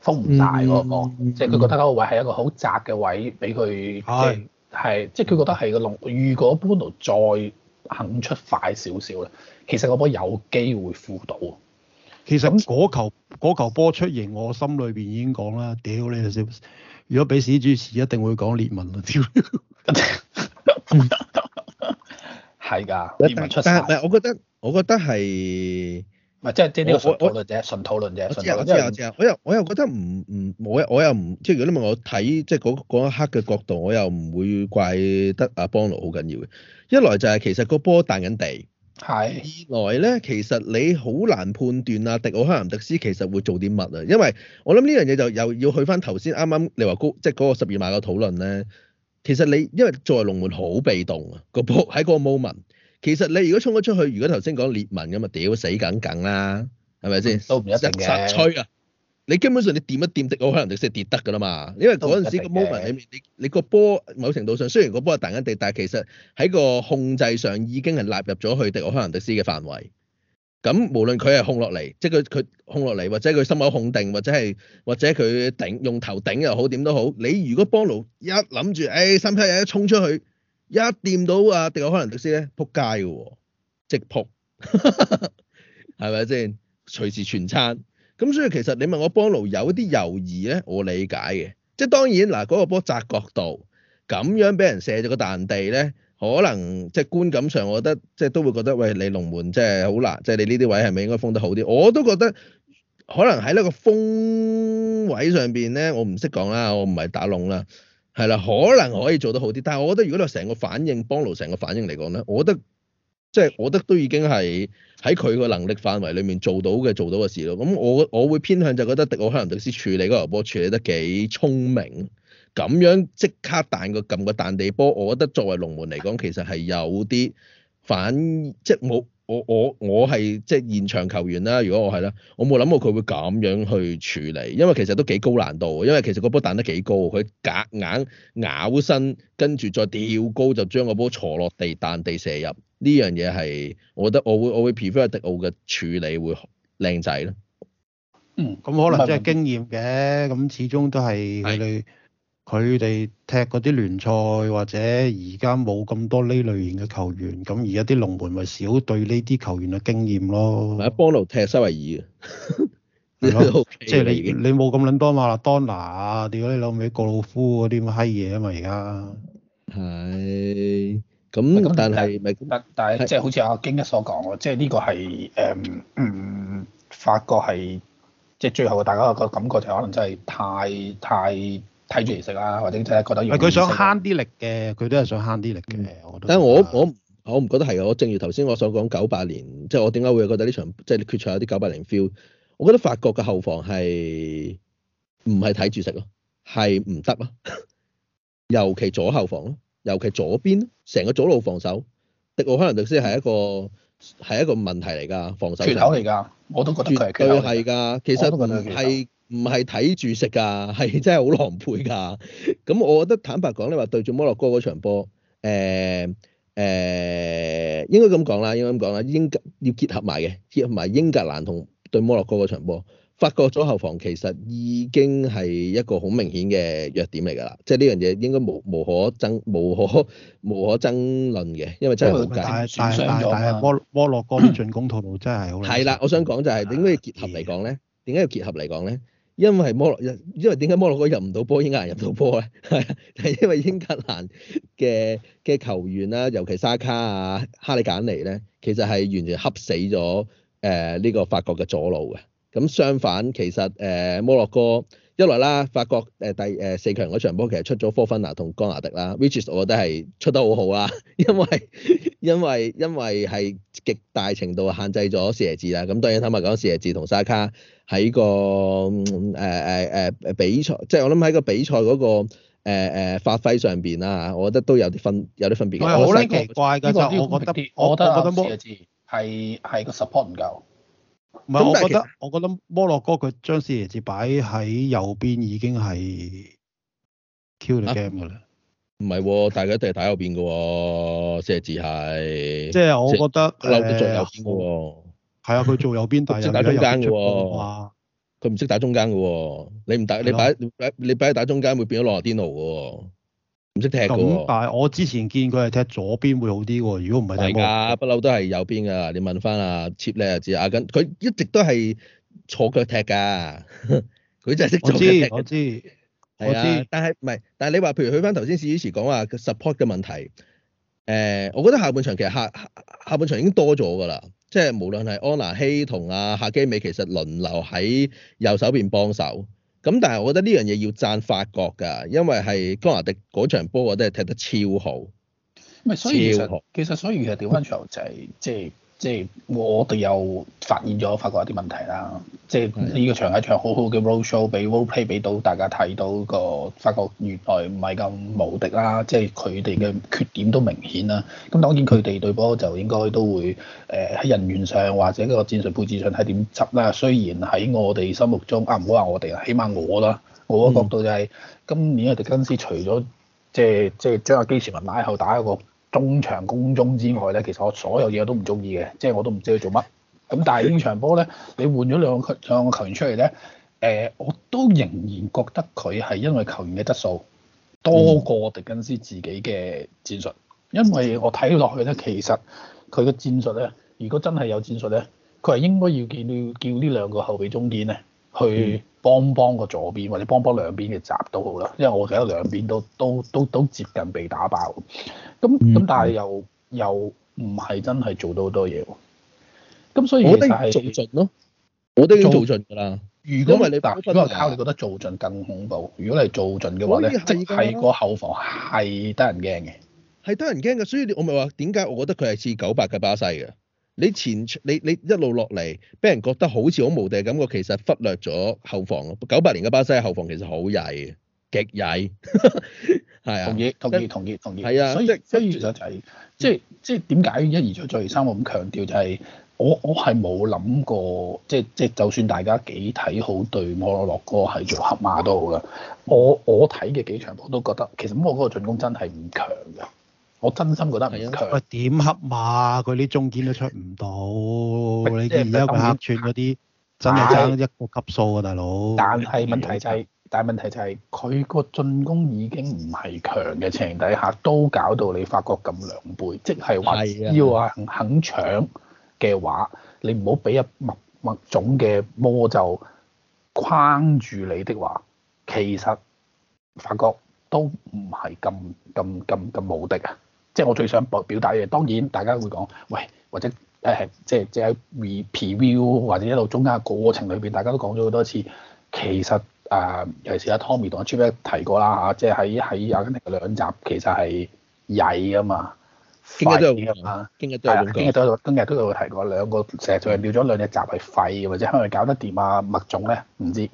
風唔大嗰、嗰個，嗯嗯、即係佢覺得嗰個位係一個好窄嘅位，俾佢係即係佢覺得係個龍。如果般奴再肯出快少少咧，其實個波有機會附到。其實嗰球嗰就球波出現，我心裏邊已經講啦。屌你啊小，如果俾史主持，一定會講列文啊。 *laughs* *laughs* *laughs* 係㗎，連埋但出但係我覺得，我覺得係唔即係即係呢個純討論啫，純討論啫。我知我又我又覺得唔唔，我又我又唔即係，如果你問我睇即係嗰、那個、一刻嘅角度，我又唔會怪得阿邦奴好緊要嘅。一來就係其實個波彈緊地，係的。二來咧，其實你好難判斷阿、啊、迪奧克南特斯其實會做啲乜啊，因為我諗呢樣嘢就又要去翻頭先啱啱你話高，即係嗰個十二碼嘅討論咧。其實你因為作為龍門好被動啊，個波喺嗰個 moment，其實你如果衝咗出去，如果頭先講裂紋咁啊，屌死梗梗啦，係咪先？都唔一定嘅，實吹啊！你根本上你掂一掂迪奧克蘭迪斯係跌得噶啦嘛，因為嗰陣時個 moment 喺面，你你個波某程度上雖然個波係突然跌，但係其實喺個控制上已經係納入咗去迪奧克蘭迪斯嘅範圍。咁無論佢係控落嚟，即係佢佢控落嚟，或者佢心口控定，或者係或者佢頂用頭頂又好點都好，你如果邦奴一諗住，誒、哎、三匹人一衝出去，一掂到啊迪亞科倫迪斯咧，撲街嘅喎，即撲，係咪先？隨時全餐。咁所以其實你問我邦奴有啲猶豫咧，我理解嘅。即係當然嗱，嗰、那個波窄角度咁樣俾人射咗個彈地咧。可能即係、就是、觀感上，我覺得即係、就是、都會覺得，餵你龍門即係好難，即、就、係、是、你呢啲位係咪應該封得好啲？我都覺得可能喺呢個封位上邊咧，我唔識講啦，我唔係打龍啦，係啦，可能可以做得好啲。但係我，我覺得，如果你話成個反應幫到成個反應嚟講咧，我覺得即係我覺得都已經係喺佢個能力範圍裡面做到嘅做到嘅事咯。咁我我會偏向就覺得，艾華利斯處理嗰個波處理得幾聰明。咁樣即刻彈個撳個彈地波，我覺得作為龍門嚟講，其實係有啲反，即係我我我我係即係現場球員啦。如果我係啦，我冇諗過佢會咁樣去處理，因為其實都幾高難度。因為其實個波彈得幾高，佢夾硬，硬咬身，跟住再吊高就將個波坐落地彈地射入。呢樣嘢係我覺得我會我會 prefer 迪奧嘅處理會靚仔咯。嗯，咁可能真係經驗嘅，咁是始終都係佢哋。佢哋踢嗰啲聯賽，或者而家冇咁多呢類型嘅球員，咁而家啲龍門咪少對呢啲球員嘅經驗咯。係波幫路踢西維爾、 *laughs* 嗯、即係你你冇咁撚多馬勒當拿，啊，屌你老味告魯夫嗰啲咁嘅嗨嘢啊嘛，而家係咁，但係咪是但係即係好似阿京一所講咯，即係呢個係誒、嗯，嗯，法國係即係最後大家個感覺就可能真係太太。太太睇住嚟食啊，或者即係覺得要食啊。係佢想慳啲力嘅，佢都係想慳啲力嘅。但係我我我唔覺得係嘅。我正如頭先我所講，九八年即係我點解會覺得呢場即係、你、決賽有啲九八年 feel。我覺得法國嘅後防係唔係睇住食咯，係唔得咯。尤其左後防尤其左邊，成個左路防守，迪奧軒南迪斯係一個係一個問題嚟㗎，防守。缺口嚟㗎，我都覺得佢係。絕對係㗎。其實係。唔係睇住食㗎，係真係好狼狽㗎。咁、 *laughs* 嗯、我覺得坦白講，你話對住摩洛哥嗰場波，誒誒應該咁講啦，應該咁講啦，英格要結合埋嘅，結合埋英格蘭同對摩洛哥嗰場波。法國左後防其實已經係一個好明顯嘅弱點嚟㗎啦，即係呢樣嘢應該無無可爭無可無可，無可爭論嘅，因為真係好勁。但係摩摩洛哥啲進攻套路 *laughs* 真係好。係啦，我想講就係點解要結合嚟講咧？點解要結合嚟講咧？因為摩洛日，因為點解摩洛哥入唔到波，英格蘭入到波咧？係 *laughs* 係因為英格蘭嘅嘅球員啦，尤其沙卡啊、哈利簡尼咧，其實係完全恰死咗誒呢個法國嘅左路嘅。咁相反，其實誒、呃、摩洛哥。一來啦，法國誒第誒四強嗰場波其實出咗科芬娜同江亞迪啦 Richard 我覺得係出得好好啊，因為因為因為係極大程度限制咗蛇字啦。咁當然坦白講，蛇字同沙卡喺個誒誒誒比賽，即係我諗喺個比賽嗰個誒誒發揮上邊啦，我覺得都有啲分有啲分別。係好呢奇怪㗎，因為我覺得我，我覺得我覺得蛇字係係個 support 唔夠。唔係，不我覺得實我覺得摩洛哥佢將四隻字擺喺右邊已經係 kill the game 㗎啦。唔係喎，大家一定係打右邊嘅喎、哦，四隻字係。即係我覺得佢做右邊誒、哦。係、呃、啊，佢做右邊，但係，打中間嘅喎。佢唔識打中間嘅喎、哦，你唔打，的你擺你擺你擺喺打中間會變咗羅亞天奴嘅喎。唔識踢咁、啊、但係我之前見佢係踢左邊會好啲喎，如果唔係大波，不嬲都係右邊噶。你問翻阿 Chip 咧，阿阿根佢一直都係左腳踢噶，佢 *laughs* 就係識左腳踢我。我知的我知但，但係唔係，但係你話譬如佢翻頭先，史主持講話 support 嘅問題，誒、呃，我覺得下半場其實下下下半場已經多咗噶啦，即、就、係、是、無論係安娜希同阿夏基美，其實輪流喺右手邊幫手。咁但係我覺得呢樣嘢要讚法國㗎，因為係哥拿迪嗰場波，我都係踢得超好。咪、嗯、所以其實，好其實所以其實調翻轉就係即係。就是即係我哋又發現咗，法國一啲問題啦。即係呢個場係一場好好嘅 roadshow，俾 roadplay 俾到大家睇到個發覺，法國原來唔係咁無敵啦。即係佢哋嘅缺點都明顯啦。咁當然佢哋對波就應該都會誒喺人員上或者個戰術配置上睇點執啦。雖然喺我哋心目中，啊唔好話我哋啊，起碼我啦，我嘅角度就係、是嗯、今年啊，迪金斯除咗即係即係將阿基士文拉後打一個。中場攻中之外咧，其實我所有嘢我都唔中意嘅，即係我都唔知佢做乜。咁但係呢場波咧，你換咗兩個區兩個球員出嚟咧，誒、呃，我都仍然覺得佢係因為球員嘅質素多過迪根斯自己嘅戰術，嗯、因為我睇落去咧，其實佢嘅戰術咧，如果真係有戰術咧，佢係應該要叫要叫呢兩個後備中堅咧。去幫幫個左邊或者幫幫兩邊嘅閘都好啦，因為我睇到兩邊都都都都接近被打爆，咁咁但係又又唔係真係做到好多嘢喎。咁所以我都得做盡咯，我都要做，做盡㗎啦。如果唔係你白分差，你覺得做盡更恐怖。如果你係做盡嘅話咧，即係個後防係得人驚嘅，係得人驚嘅。所以我咪話點解我覺得佢係似九八嘅巴西嘅。你前你你一路落嚟，俾人覺得好似好無敵嘅感覺，其實忽略咗後防。九八年嘅巴西後防其實好曳，極曳。係 *laughs* 啊，同意，同意，同意。同意。係啊，所以所以其實就係即係即係點解一而再再而三我咁強調就係、是、我我係冇諗過，即係即係就算大家幾睇好對摩洛哥係做黑馬都好啦，我我睇嘅幾場我都覺得其實摩洛哥個進攻真係唔強㗎。我真心覺得唔係因為點黑馬，佢啲中堅都出唔到。嗯嗯、你見而家佢黑傳嗰啲真係爭一個級數啊，大佬。但係問題就係、是，嗯、但係問題就係佢個進攻已經唔係強嘅情底下，都搞到你發覺咁狼狽，即係話要話肯，肯搶嘅話，你唔好俾一物物種嘅魔咒框住你的話，其實發覺都唔係咁咁咁咁冇敵啊！即係我最想表表達嘅，當然大家會講，喂，或者誒，即係即係 review 或者一路中間過程裏邊，大家都講咗好多次，其實誒、呃，尤其是阿 Tommy 同阿 Chubby 提過啦嚇，即係喺喺阿根廷嘅兩集其實係曳啊嘛，嘛啊今日都有會提過，兩個成日就係掉咗兩隻閘係廢，或者係咪搞得掂啊麥總咧唔知，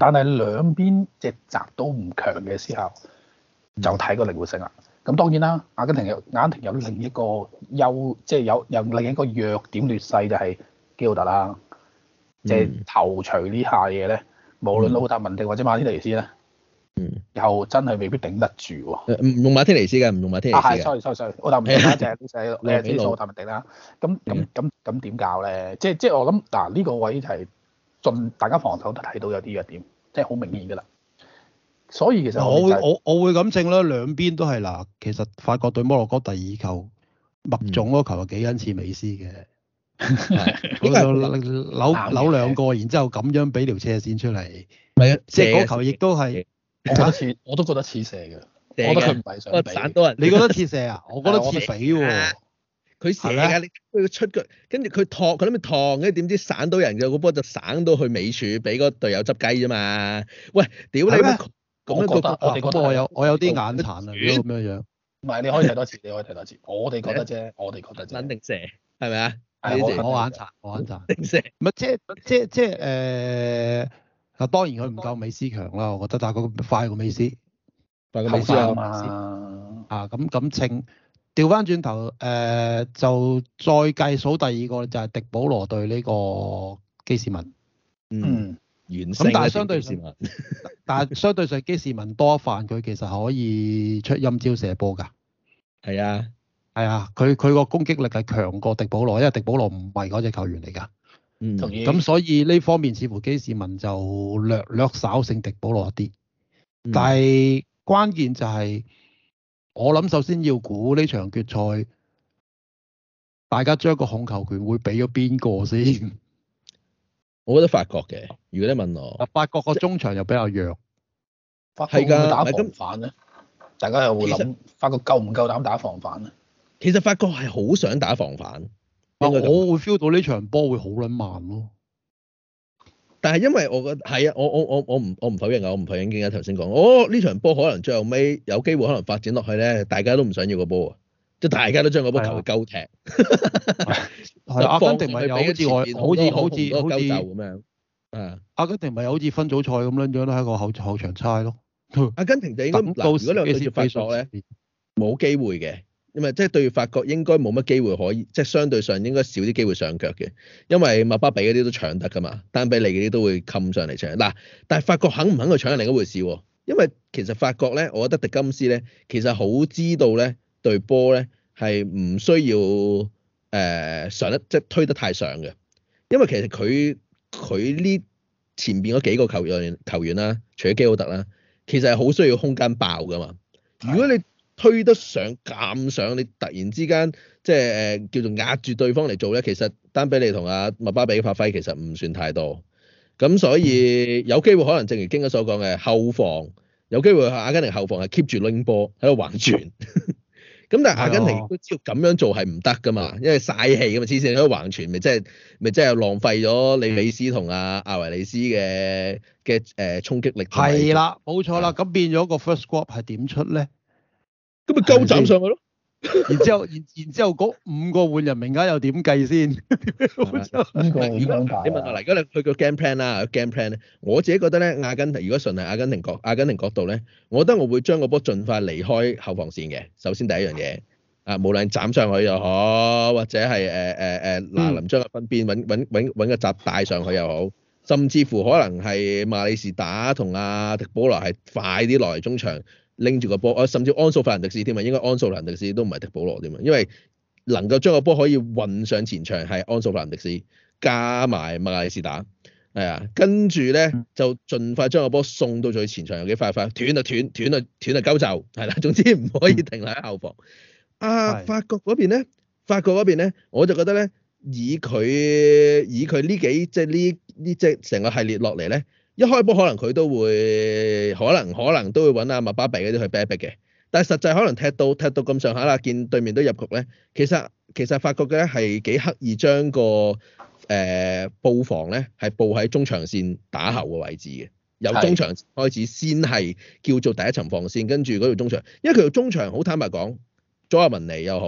但係兩邊隻閘都唔強嘅時候，就睇個靈活性啦。嗯咁當然啦，阿根廷有阿根廷有另一個優，即係、就是、有有另一個弱點劣勢就係基奧達啦，嗯、即係頭鎚呢下嘢咧，無論奧達文迪或者馬天尼斯咧，嗯，又真係未必頂得住喎、啊。唔用馬天尼斯嘅，唔用馬天尼斯。啊，sorry sorry sorry，我答唔到你係你係指奧達文迪啦。咁咁咁咁點搞咧？即即係我諗嗱，呢、啊這個位就係盡大家防守都睇到有啲弱點，即係好明顯噶啦。所以其實我會我我，我會咁證啦，兩邊都係嗱，其實法國對摩洛哥第二球麥總嗰球又幾恩似美斯嘅，係 *laughs* 扭扭兩個，然之後咁樣俾條車線出嚟，係是啊，即係嗰球亦都係好似我都覺得似射嘅，射嘅、啊，我，覺得我散到人，你覺得似射啊？我覺得似飛喎，佢 *laughs* 射嘅、啊 *laughs* 啊啊，你佢出腳，跟住佢托，佢諗住托？跟住點知散到人嘅嗰波就散到，就到去尾處，俾嗰隊友執雞啫嘛，喂，屌你！咁我覺得，我有 *noise* 我有啲眼殘啊，如果咁樣樣。唔係，你可以睇多次，你可以睇多次。我哋覺得啫，我哋覺得啫。蚊定蛇？係咪啊？係蛇。我眼殘，我眼殘。定蛇？唔係，即係即係即係誒啊！當然佢唔夠美斯強啦，我覺得，但係佢快過美斯，但美斯，個美斯嘛啊嘛啊咁咁，請調翻轉頭誒，就再計數第二個、呃、就係、係、迪保羅對呢個基士文。嗯。完成咁，啊、但係相， *laughs* 相對上，但係相對上基士文多一犯，佢其實可以出陰招射波㗎。係啊，係啊，佢佢個攻擊力係強過迪保羅，因為迪保羅唔係嗰隻球員嚟㗎。嗯，同意。咁所以呢方面似乎基士文就略略稍勝迪保羅一啲，但係關鍵就係、是嗯、我諗，首先要估呢場決賽，大家將個控球權會俾咗邊個先？我覺得法國嘅，如果你問我，法國個中場又比較弱，法國會唔會打防反咧？其實，大家又會諗法國夠唔夠膽打防反咧？其實法國係好想打防反，就是、我會 feel 到呢場波會好撚慢咯。但係因為我覺得係啊，我我我我唔我唔否認啊，我唔否認點解頭先講，哦呢場波可能最後尾有機會可能發展落去咧，大家都唔想要個波啊。即係大家都將嗰波球去鳩踢的， *laughs* 阿根廷咪有好似我好似好似像好似咁樣誒？阿根廷咪有好似分組賽咁樣樣咯，喺個後後場猜咯。阿根廷就應該嗱，到時時如果兩件事要發索咧，冇機會嘅，因為即係對於法國應該冇乜機會可以，即係相對上應該少啲機會上腳嘅，因為麥巴比嗰啲都搶得㗎嘛，丹比利嗰啲都會冚上嚟搶嗱。但係法國肯唔肯去搶係另一回事喎，因為其實法國咧，我覺得迪金斯咧，其實好知道咧。對波咧係唔需要誒、呃、上得，即係推得太上嘅，因為其實佢佢呢前邊嗰幾個球員球員啦、啊，除咗基奧特啦、啊，其實係好需要空間爆㗎嘛。如果你推得上咁上，你突然之間即係誒、呃、叫做壓住對方嚟做咧，其實丹比利同阿、啊、麥巴比嘅發揮其實唔算太多。咁所以，有機會可能正如京哥所講嘅，後防有機會阿阿根廷後防係 keep 住拎波喺度橫傳。 *laughs* 咁但係阿根尼都知道咁樣做係唔得噶嘛，因為曬氣噶嘛，黐線咁樣橫傳咪即係咪即係浪費咗美斯同阿阿維里斯嘅嘅誒衝擊力係啦，冇錯啦，咁變咗個 first squad 係點出咧？咁咪夠站上去咯。然之後，然然之後嗰五個換人名額又點計先？五個好想解。你問下，嗱，如果你去個 game plan 啦，game plan 咧，我自己覺得咧，阿根廷如果順利，阿根廷角，阿根廷角度咧，我覺得我會將嗰波盡快離開後防線嘅。首先第一樣嘢啊，無論斬上去又好，或者係誒誒誒嗱林張嘅分邊揾揾揾揾個閘帶上去又好，甚至乎可能係馬里士打同阿迪保羅係快啲落嚟中場。拎住個波，誒，甚至安素法蘭迪斯添啊，應該安素法蘭迪斯都唔係迪保羅添啊，因為能夠將個波可以運上前場係安素法蘭迪斯加埋麥亞利士打，係啊，跟住咧就盡快將個波送到在前場，有幾快快斷就斷，斷就斷，斷就斷就救就係啦，總之唔可以停喺後防。啊，法國嗰邊咧，法國嗰邊咧，我就覺得咧，以佢以佢呢幾即係呢呢即成個系列落嚟咧。一開波可能佢都會可能可能都會揾阿麥巴比嗰啲去 b a b a 嘅，但係實際可能踢到踢到咁上下啦，見對面都入局咧，其實其實發覺咧係幾刻意將個誒、呃、布防咧係布喺中場線打後嘅位置嘅。的由中場開始先係叫做第一層防線，跟住嗰條中場，因為佢條中場好坦白講祖阿文尼又好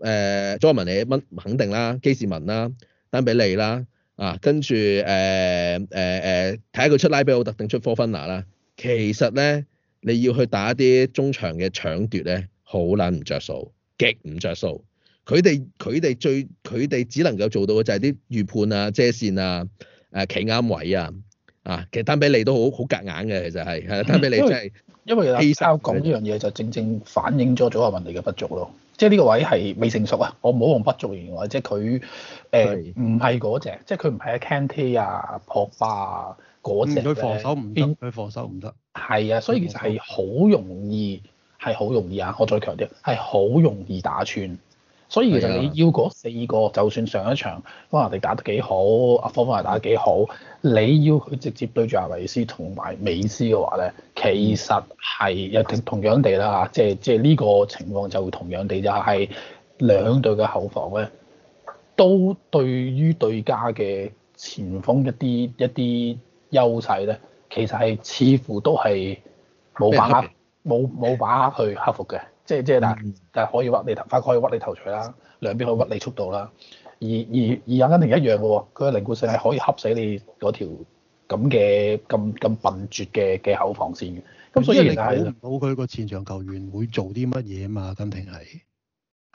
誒祖阿文尼乜肯定啦，基士文啦，丹比利啦。啊，跟住誒誒誒，睇下佢出拉比奧特定出科芬納啦。其實咧，你要去打啲中場嘅搶奪咧，好撚唔着數，極唔着數。佢哋佢哋最佢哋只能夠做到嘅就係啲預判啊、遮線啊、誒企啱位啊。啊，其實丹比利都好好夾硬嘅，其實係係丹比利真、就、係、是嗯。因為阿氣沙講呢樣嘢就正正反映咗組合問題嘅不足咯。即係呢個位係未成熟啊。我唔好用不足嚟話，即佢。誒唔係嗰隻，即係佢唔係阿 Canty 啊、博巴啊嗰、啊、隻。佢防守唔得，佢防守唔得。係啊，所以其實係好容易，係好容易啊！我再強調，係好容易打穿。所以其實你要嗰四個，的就算上一場科芬尼打得幾好，阿科芬尼打得幾好，你要佢直接對住阿維斯同埋美斯嘅話咧，其實係又同同樣地啦，即係即係呢個情況就會同樣地就係、是、兩隊嘅後防咧。都對於對家嘅前鋒一啲一啲優勢呢，其實係似乎都係冇把握，冇冇麼把握去克服嘅，即係即係但係但係可以屈你，你頭，反可以屈你頭槌啦，兩邊可以屈你速度啦。而而而阿根廷一樣嘅喎，佢嘅靈活性係可以恰死你嗰條咁嘅咁咁笨拙嘅嘅後防線嘅。咁所以原來、就是、你睇唔到佢個前場球員會做啲乜嘢啊嘛？阿根廷係。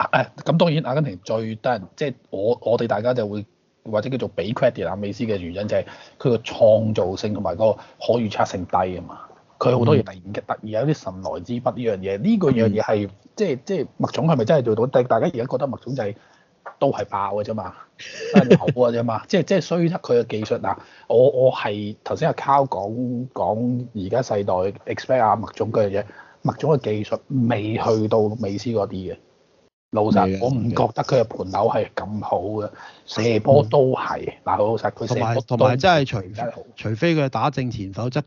誒咁、啊、當然，阿根廷最得人，即、就、係、是、我我哋大家就會或者叫做俾 credit 阿美斯嘅原因，就係佢個創造性同埋個可預測性低啊嘛。佢好多嘢突然嘅，突然有啲神來之筆呢樣嘢。呢、嗯、個樣嘢係即係即係麥總係咪真係做到？但大家而家覺得麥總就係、是、都係爆嘅啫嘛，好嘅啫嘛。即係即係衰得佢嘅技術啊！我我係頭先係 Karl 講講，而家世代 expect 阿麥總嗰樣嘢，麥總嘅技術未去到美斯嗰啲嘅。老實，我唔覺得佢嘅盤球係咁好嘅，射波都係嗱，嗯、老實佢射波都係真係除，除非除非佢打正前否則，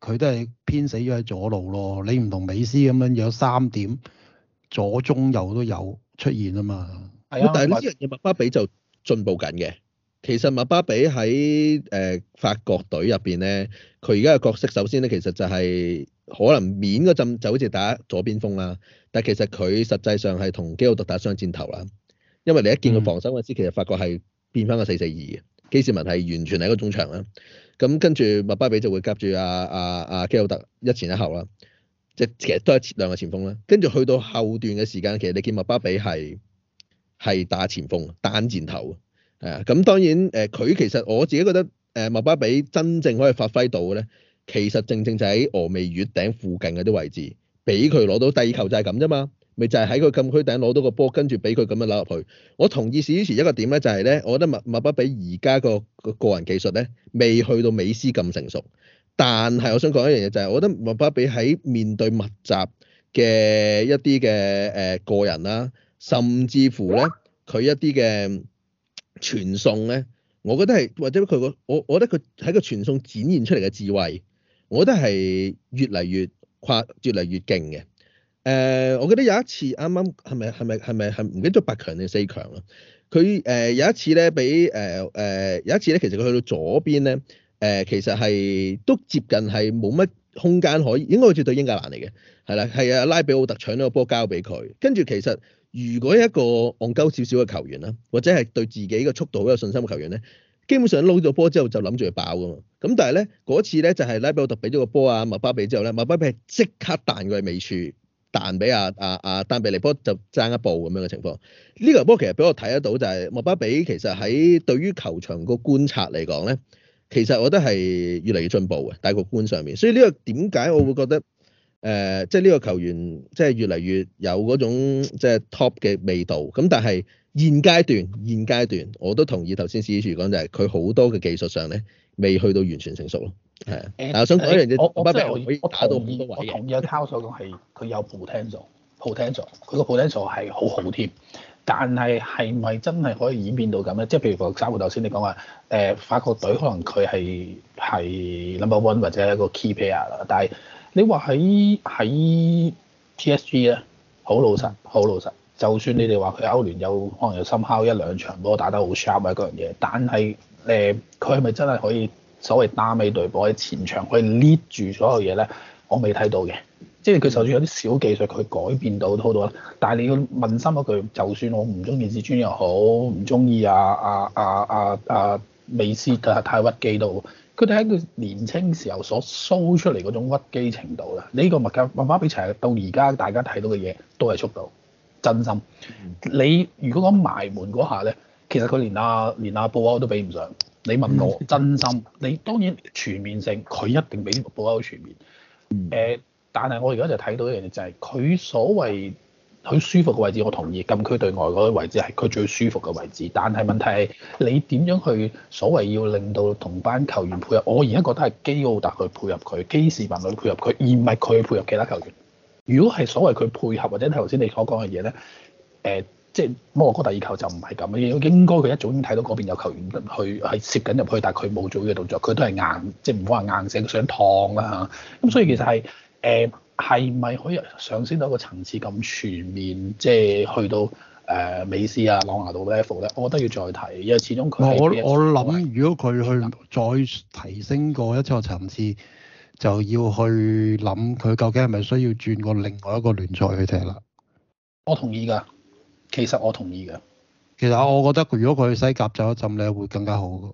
佢都係偏死咗喺左路咯。你唔同美斯咁樣有三點左中右都有出現啊嘛。係啊，但係呢樣嘢麥巴比就進步緊嘅。其實麥巴比喺誒、呃、法國隊入邊咧，佢而家嘅角色首先咧，其實就係可能面嗰陣就好似打左邊鋒啦。但其實佢實際上係同基奧特打雙箭頭啦，因為你一見佢防守嗰時，嗯、其實發覺係變翻個四四二嘅，基士文係完全係一個中場啦。咁跟住麥巴比就會夾住阿阿阿基奧特一前一後啦，即係其實都係兩個前鋒啦。跟住去到後段嘅時間，其實你見麥巴比係係打前鋒、單箭頭啊。咁當然誒，佢、呃、其實我自己覺得誒、呃、麥巴比真正可以發揮到嘅咧，其實正正就喺峨眉月頂附近嗰啲位置。俾佢攞到第二球就係咁啫嘛，咪就係喺佢禁區頂攞到個波，跟住俾佢咁樣攞入去。我同意史之前一個點咧，就係咧，我覺得麥麥巴比而家個個人技術咧，未去到美斯咁成熟。但係我想講一樣嘢就係，我覺得麥巴比喺面對密集嘅一啲嘅誒個人啦，甚至乎咧佢一啲嘅傳送咧，我覺得係或者佢個我我覺得佢喺個傳送展現出嚟嘅智慧，我覺得係越嚟越。跨越嚟越勁嘅，誒、呃，我記得有一次剛剛，啱啱係咪係咪係咪係唔記得咗八強定四強啊。佢誒、呃、有一次咧，俾誒誒有一次咧，其實佢去到左邊咧，誒、呃、其實係都接近係冇乜空間可以，應該好似對英格蘭嚟嘅，係啦，係啊，拉比奧特搶咗個波交俾佢，跟住其實如果一個戇鳩少少嘅球員啦，或者係對自己嘅速度好有信心嘅球員咧。基本上撈咗波之後就諗住去爆噶嘛，咁但係咧，嗰次咧就係、是、拉比奧特俾咗個波啊，麥巴比之後咧麥巴比即刻彈佢去尾處，彈俾阿阿阿丹比尼波就爭一步咁樣嘅情況。呢、這個波其實俾我睇得到就係、是、麥巴比其實喺對於球場個觀察嚟講咧，其實我覺得係越嚟越進步嘅大局觀上面。所以呢、這個點解我會覺得誒，即係呢個球員即係越嚟越有嗰種即係 top 嘅味道。咁但係。現階段，現階段，我都同意頭先史處講就係佢好多嘅技術上咧，未去到完全成熟咯，係啊。但我想講一樣嘢，我我我同意，我同意阿 c o 所講係佢有 potential，potential，佢個 potential 係好好添。但係係咪真係可以演變到咁咧？即係譬如講三個頭先你講話，誒法國隊可能佢係係 number one 或者一個 key player，但係你話喺喺 t s g 咧，好老實，好老實。就算你哋話佢歐聯有可能有深敲一兩場波打得好 sharp 啊，各樣嘢，但係誒佢係咪真係可以所謂打尾隊波喺前場可以攣住所有嘢咧？我未睇到嘅，即係佢就算有啲小技術佢改變到都好多，但係你要問心一句，就算我唔中意志尊又好，唔中意阿阿阿阿阿美斯太屈機都好，佢哋喺佢年青時候所 show 出嚟嗰種屈機程度啦。呢、呢個物價物化俾齊，到而家大家睇到嘅嘢都係速度。真心，你如果講埋門嗰下咧，其實佢連阿、啊、連阿、啊、布歐都比唔上。你問我真心，你當然全面性，佢一定比布歐全面。誒、呃，但係我而家就睇到一樣嘢就係，佢所謂佢舒服嘅位置，我同意，禁區對外嗰啲位置係佢最舒服嘅位置。但係問題係，你點樣去所謂要令到同班球員配合？我而家覺得係基奧達去配合佢，基士文去配合佢，而唔係佢配合其他球員。如果係所謂佢配合或者頭先你所講嘅嘢咧，誒、呃，即係摩洛哥第二球就唔係咁，應應該佢一早已經睇到嗰邊有球員去係攝緊入去，但係佢冇做呢個動作，佢都係硬，即係唔好話硬整，想燙啦嚇。咁、啊、所以其實係誒係咪可以上升到一個層次咁全面，即係去到誒、呃、美斯啊、朗拿度 level 咧？我覺得要再睇，因為始終佢我我諗，如果佢去再提升過一個層次。就要去諗佢究竟係咪需要轉過另外一個聯賽去踢啦？我同意㗎，其實我同意㗎。其實我覺得如果佢去西甲走一浸，咧，會更加好㗎。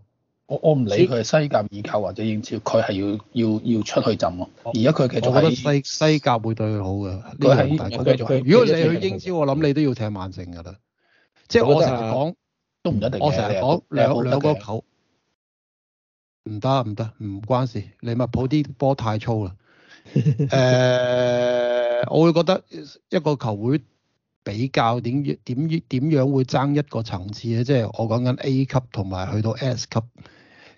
我我唔理佢係西甲二級或者英超，佢係要要要出去浸咯。而家佢其實我，我覺得西西甲會對佢好嘅，呢個係大家繼續。如果你去英超 t ut ain，我諗你都要踢曼城㗎啦。即係我成日講都唔一定嘅。我成日講兩兩個球。唔得唔得，唔關事。利物浦啲波太粗啦。誒， *laughs* uh, 我會覺得一個球會比較點點點樣會爭一個層次咧，即係我講緊 A 級同埋去到 S 級，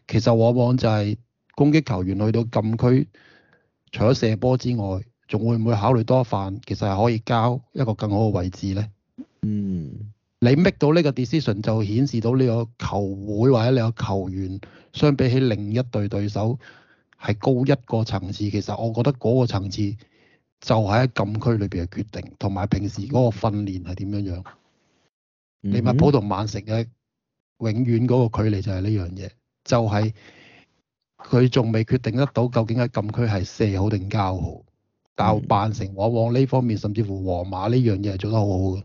其實往往就係攻擊球員去到禁區，除咗射波之外，仲會唔會考慮多一份？其實係可以交一個更好嘅位置咧。嗯。你搳到呢個 decision 就顯示到你個球會或者你個球員相比起另一隊對,對手係高一個層次。其實我覺得嗰個層次就喺禁區裏邊嘅決定，同埋平時嗰個訓練係點樣利物、mm hmm. 浦同曼城嘅永遠嗰個距離就係呢樣嘢，就係佢仲未決定得到究竟喺禁區係射好定交好。但係曼城往往呢方面甚至乎皇馬呢樣嘢係做得好好嘅。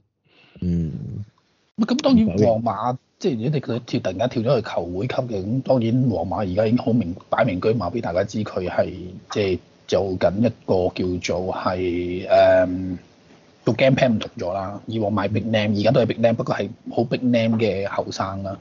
嗯、mm。Hmm. 咁當然，皇馬即係你哋佢跳突然間跳咗去球會級嘅，咁當然皇馬而家已經好明擺明車馬俾大家知，佢係即係做緊一個叫做係誒個 game plan 唔同咗啦。以往買 big name，而家都係 big name，不過係好 big name 嘅後生啦。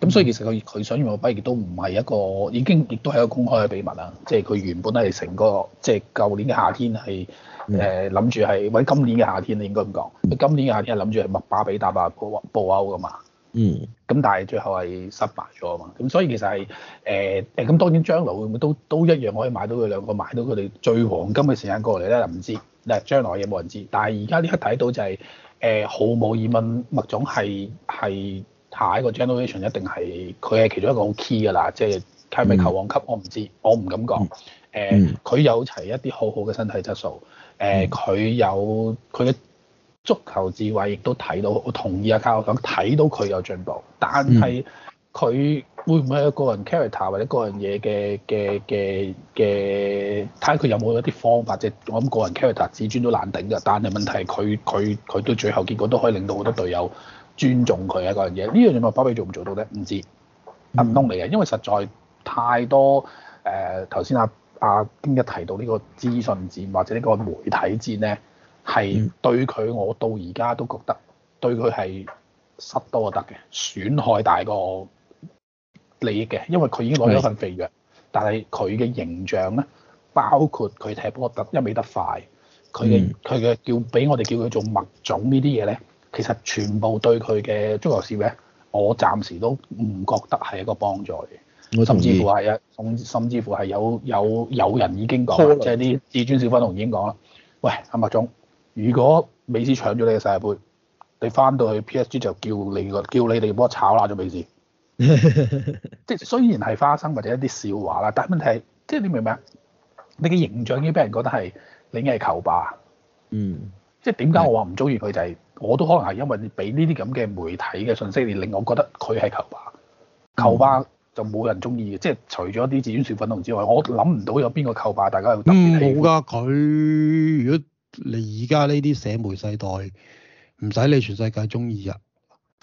咁所以其實佢佢想要嘅 budget 都唔係一個，已經亦都係一個公開嘅秘密啦。即係佢原本係成個即係舊年嘅夏天係。誒諗住係喎，嗯、今年嘅夏天你應該咁講，今年嘅夏天係諗住係麥巴比達啊，布破歐噶嘛。嗯。咁但係最後係失敗咗啊嘛。咁所以其實係誒誒，咁、呃、當然將來會唔會都都一樣，可以買到佢兩個，買到佢哋最黃金嘅時間過嚟咧，唔知嗱，將來有冇人知？但係而家呢刻睇到就係、是、誒、呃，毫無疑問，麥總係係下一個 generation 一定係佢係其中一個好 key 噶啦，即係係咪球王級我唔知，我唔敢講。誒、呃，佢、嗯嗯、有齊一啲好好嘅身體質素。誒佢、呃、有佢嘅足球智慧，亦都睇到，我同意阿卡樂講，睇到佢有進步。但係佢會唔會有個人 character 或者個人嘢嘅嘅嘅嘅？睇下佢有冇一啲方法，即、就是、我諗個人 character，自尊都難頂㗎。但係問題係佢佢佢到最後結果都可以令到好多隊友尊重佢啊嗰樣嘢。呢樣嘢麥巴比做唔做到咧？唔知，唔通嚟嘅，因為實在太多誒，頭先阿。啊！京一提到呢個資訊戰或者呢個媒體戰咧，係對佢，我到而家都覺得對佢係失多得嘅，損害大過利益嘅，因為佢已經攞咗份肥約，是的 但係佢嘅形象咧，包括佢踢波得一味得快，佢嘅佢嘅叫俾我哋叫佢做物種呢啲嘢咧，其實全部對佢嘅足球事業，我暫時都唔覺得係一個幫助嘅。甚至乎係一，甚至乎係有有有人已經講，的即係啲至尊小分龍已經講啦。喂，阿麥總，如果美斯搶咗你嘅世界盃，你翻到去 PSG 就叫你個叫你哋幫我炒爛咗美斯。 *laughs* 即係雖然係花生或者一啲笑話啦，但問題係，即係你明唔明啊？你嘅形象已經俾人覺得係你係球霸。嗯。即係點解我話唔中意佢就係，的我都可能係因為你俾呢啲咁嘅媒體嘅信息，而令我覺得佢係球霸。球霸。就冇人中意嘅，即係除咗啲自願少運動之外，我諗唔到有邊個扣霸大家會特別冇㗎，佢、嗯啊、如果你而家呢啲社媒世代，唔使你全世界中意啊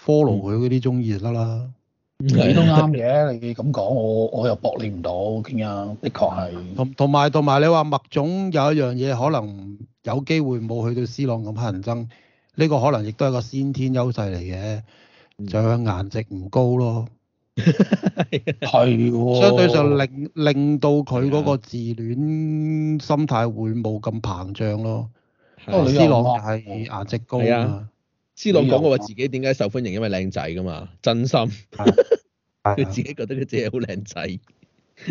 ，follow 佢嗰啲中意就得啦。你都啱嘅， *laughs* 你咁講，我我又駁你唔到，傾啊，的確係。同埋同埋，你話麥總有一樣嘢，可能有機會冇去到斯朗咁乞人憎，呢、這個可能亦都係個先天優勢嚟嘅，就係顏值唔高咯。係，喎。 *laughs* 相對上令令到佢嗰個自戀心態會冇咁膨脹咯。阿的、哦、斯諾就係顏值高。啊的，斯諾講過話自己點解受歡迎，因為靚仔㗎嘛，真心。係。佢自己覺得佢自己好靚仔。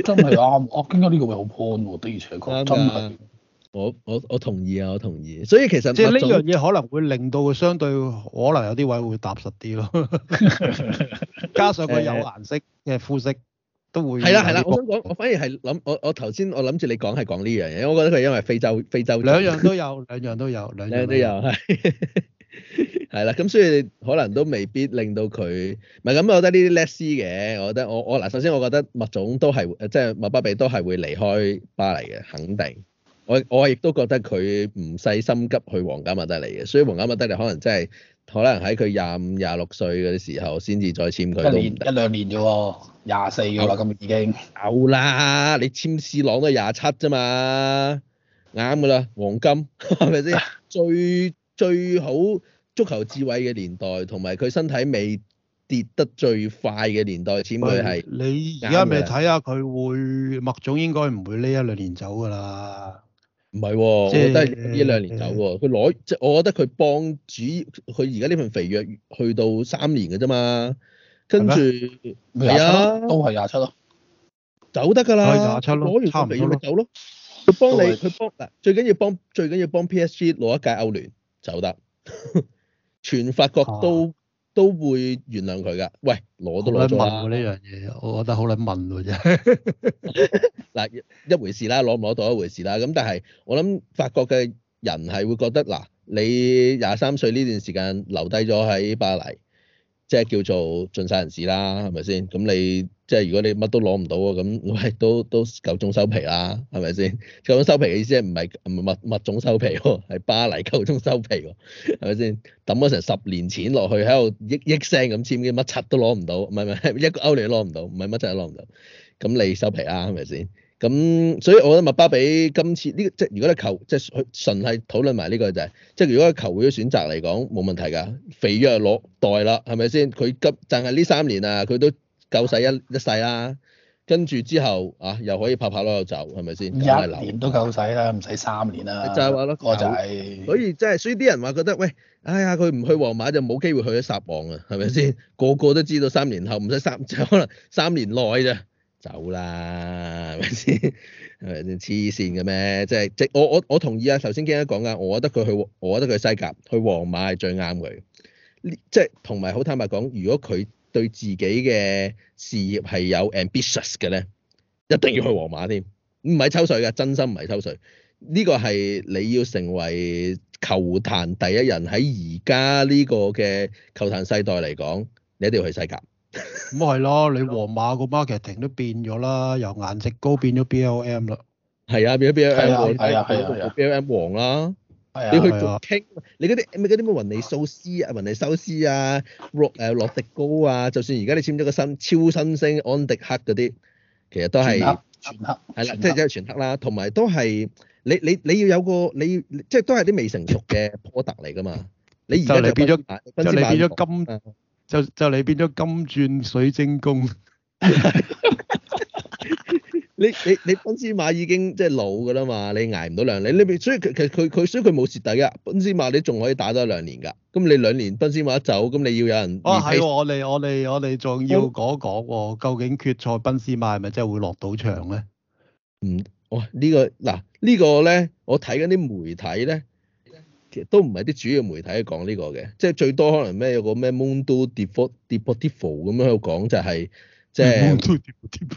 真係啱。我 k i 呢個位好看喎，啊， *laughs* 的而且確真係。我我我同意啊！我同意、啊，所以其實即係呢樣嘢可能會令到佢相對可能有啲位會踏實啲咯。加上佢有顏色嘅膚色都會係啦係啦。我想講，我反而係諗我我頭先我諗住你講係講呢樣嘢，我覺得佢因為非洲非洲兩樣都有，兩樣都有，兩樣都有係係啦。咁所以可能都未必令到佢唔係咁。我覺得呢啲叻師嘅，我覺得我我嗱，我首先我覺得麥總都係即係麥巴比都係會離開巴黎嘅，肯定。我我亦都覺得佢唔使心急去皇家馬德里嘅，所以皇家馬德里可能真係，可能喺佢廿五、廿六歲嗰啲時候先至再簽佢。一年一兩年啫喎、哦，廿四嘅話咁已經有啦。你簽 C 朗都廿七啫嘛，啱嘅啦。黃金係咪先最最好足球智慧嘅年代，同埋佢身體未跌得最快嘅年代簽佢係。你而家咪睇下佢會麥總應該唔會呢一兩年走㗎啦。唔係，我覺得係一兩年走喎。佢攞即係我覺得佢幫主，佢而家呢份肥約去到三年嘅啫嘛。跟住係啊，都係廿七咯，走得㗎啦。係廿七咯，攞完份肥約咪走咯。佢幫你，佢幫嗱，最緊要幫最緊要幫 PSG 攞一屆歐聯走得，全法國都、啊。都會原諒佢噶。喂，攞都攞咗喎呢樣嘢，我覺得好難問喎真。嗱，一回事啦，攞唔攞到一回事啦。咁但係我諗法國嘅人係會覺得嗱，你廿三歲呢段時間留低咗喺巴黎，即係叫做盡晒人士啦，係咪先？咁你。即係如果你乜都攞唔到喎，咁喂，都都夠鐘收皮啦，係咪先？夠鐘收皮嘅意思係唔係物物種收皮喎？係巴黎夠鐘收皮喎，係咪先？抌咗成十年錢落去喺度，億億聲咁簽，乜柒都攞唔到，唔係咪？一個歐你都攞唔到，唔係乜柒都攞唔到。咁你收皮啦，係咪先？咁所以，我覺得麥巴比今次呢，即係如果你球即係純係討論埋呢個就係、是，即係如果球會嘅選擇嚟講冇問題㗎。肥約攞袋啦，係咪先？佢今但係呢三年啊，佢都。夠使一一世啦，跟住之後啊，又可以拍拍攞走，係咪先？一年都夠使啦，唔使三年啦。就係咯，我就係、是，所以即係，所以啲人話覺得喂，哎呀，佢唔去皇馬就冇機會去咗殺王啊，係咪先？個個都知道三年後唔使三，就可能三年內啫，走啦，係咪先？係咪先黐線嘅咩？即係即我我我同意啊，頭先京一講噶，我覺得佢去，我覺得佢西甲去皇馬係最啱佢，即係同埋好坦白講，如果佢。對自己嘅事業係有 ambitious 嘅咧，一定要去皇馬添，唔係抽水嘅，真心唔係抽水。呢個係你要成為球壇第一人喺而家呢個嘅球壇世代嚟講，你一定要去西甲。咁係咯，你皇馬個 marketing 都變咗啦，由顏值高變咗 B L M 啦。係啊，變咗 B L M 啦，啊，係啊，啊，啊，B L M 王啦。你去做 King 你嗰啲咩嗰啲咩雲尼修斯,斯啊、雲尼修斯啊、洛洛迪高啊，就算而家你簽咗個新超新星安迪克嗰啲，其實都係全黑，全黑，係啦，即係即係全黑啦。同埋都係你你你要有個你，即、就、係、係、都係啲未成熟嘅波特嚟噶嘛。你就嚟 *laughs* 變咗， *laughs* 就嚟變咗金，就就嚟變咗金鑽水晶宮。 *laughs* 你你你奔斯馬已經即係老㗎啦嘛，你捱唔到兩年，你邊所以其實佢佢所以佢冇蝕底噶，奔斯馬你仲可以打多兩年噶。咁你兩年奔斯馬一走，咁你要有人。哦，係喎，我哋我哋我哋仲要講講究竟決賽奔斯馬係咪真係會落到場咧？嗯，哇、哦，呢個啊呢個、呢個嗱呢個咧，我睇緊啲媒體咧，其實都唔係啲主要媒體講呢個嘅，即、就、係、是、最多可能咩有個咩 Mundo Deportivo, Deportivo, Deportivo 咁樣喺度講就係即係。就是嗯嗯嗯嗯嗯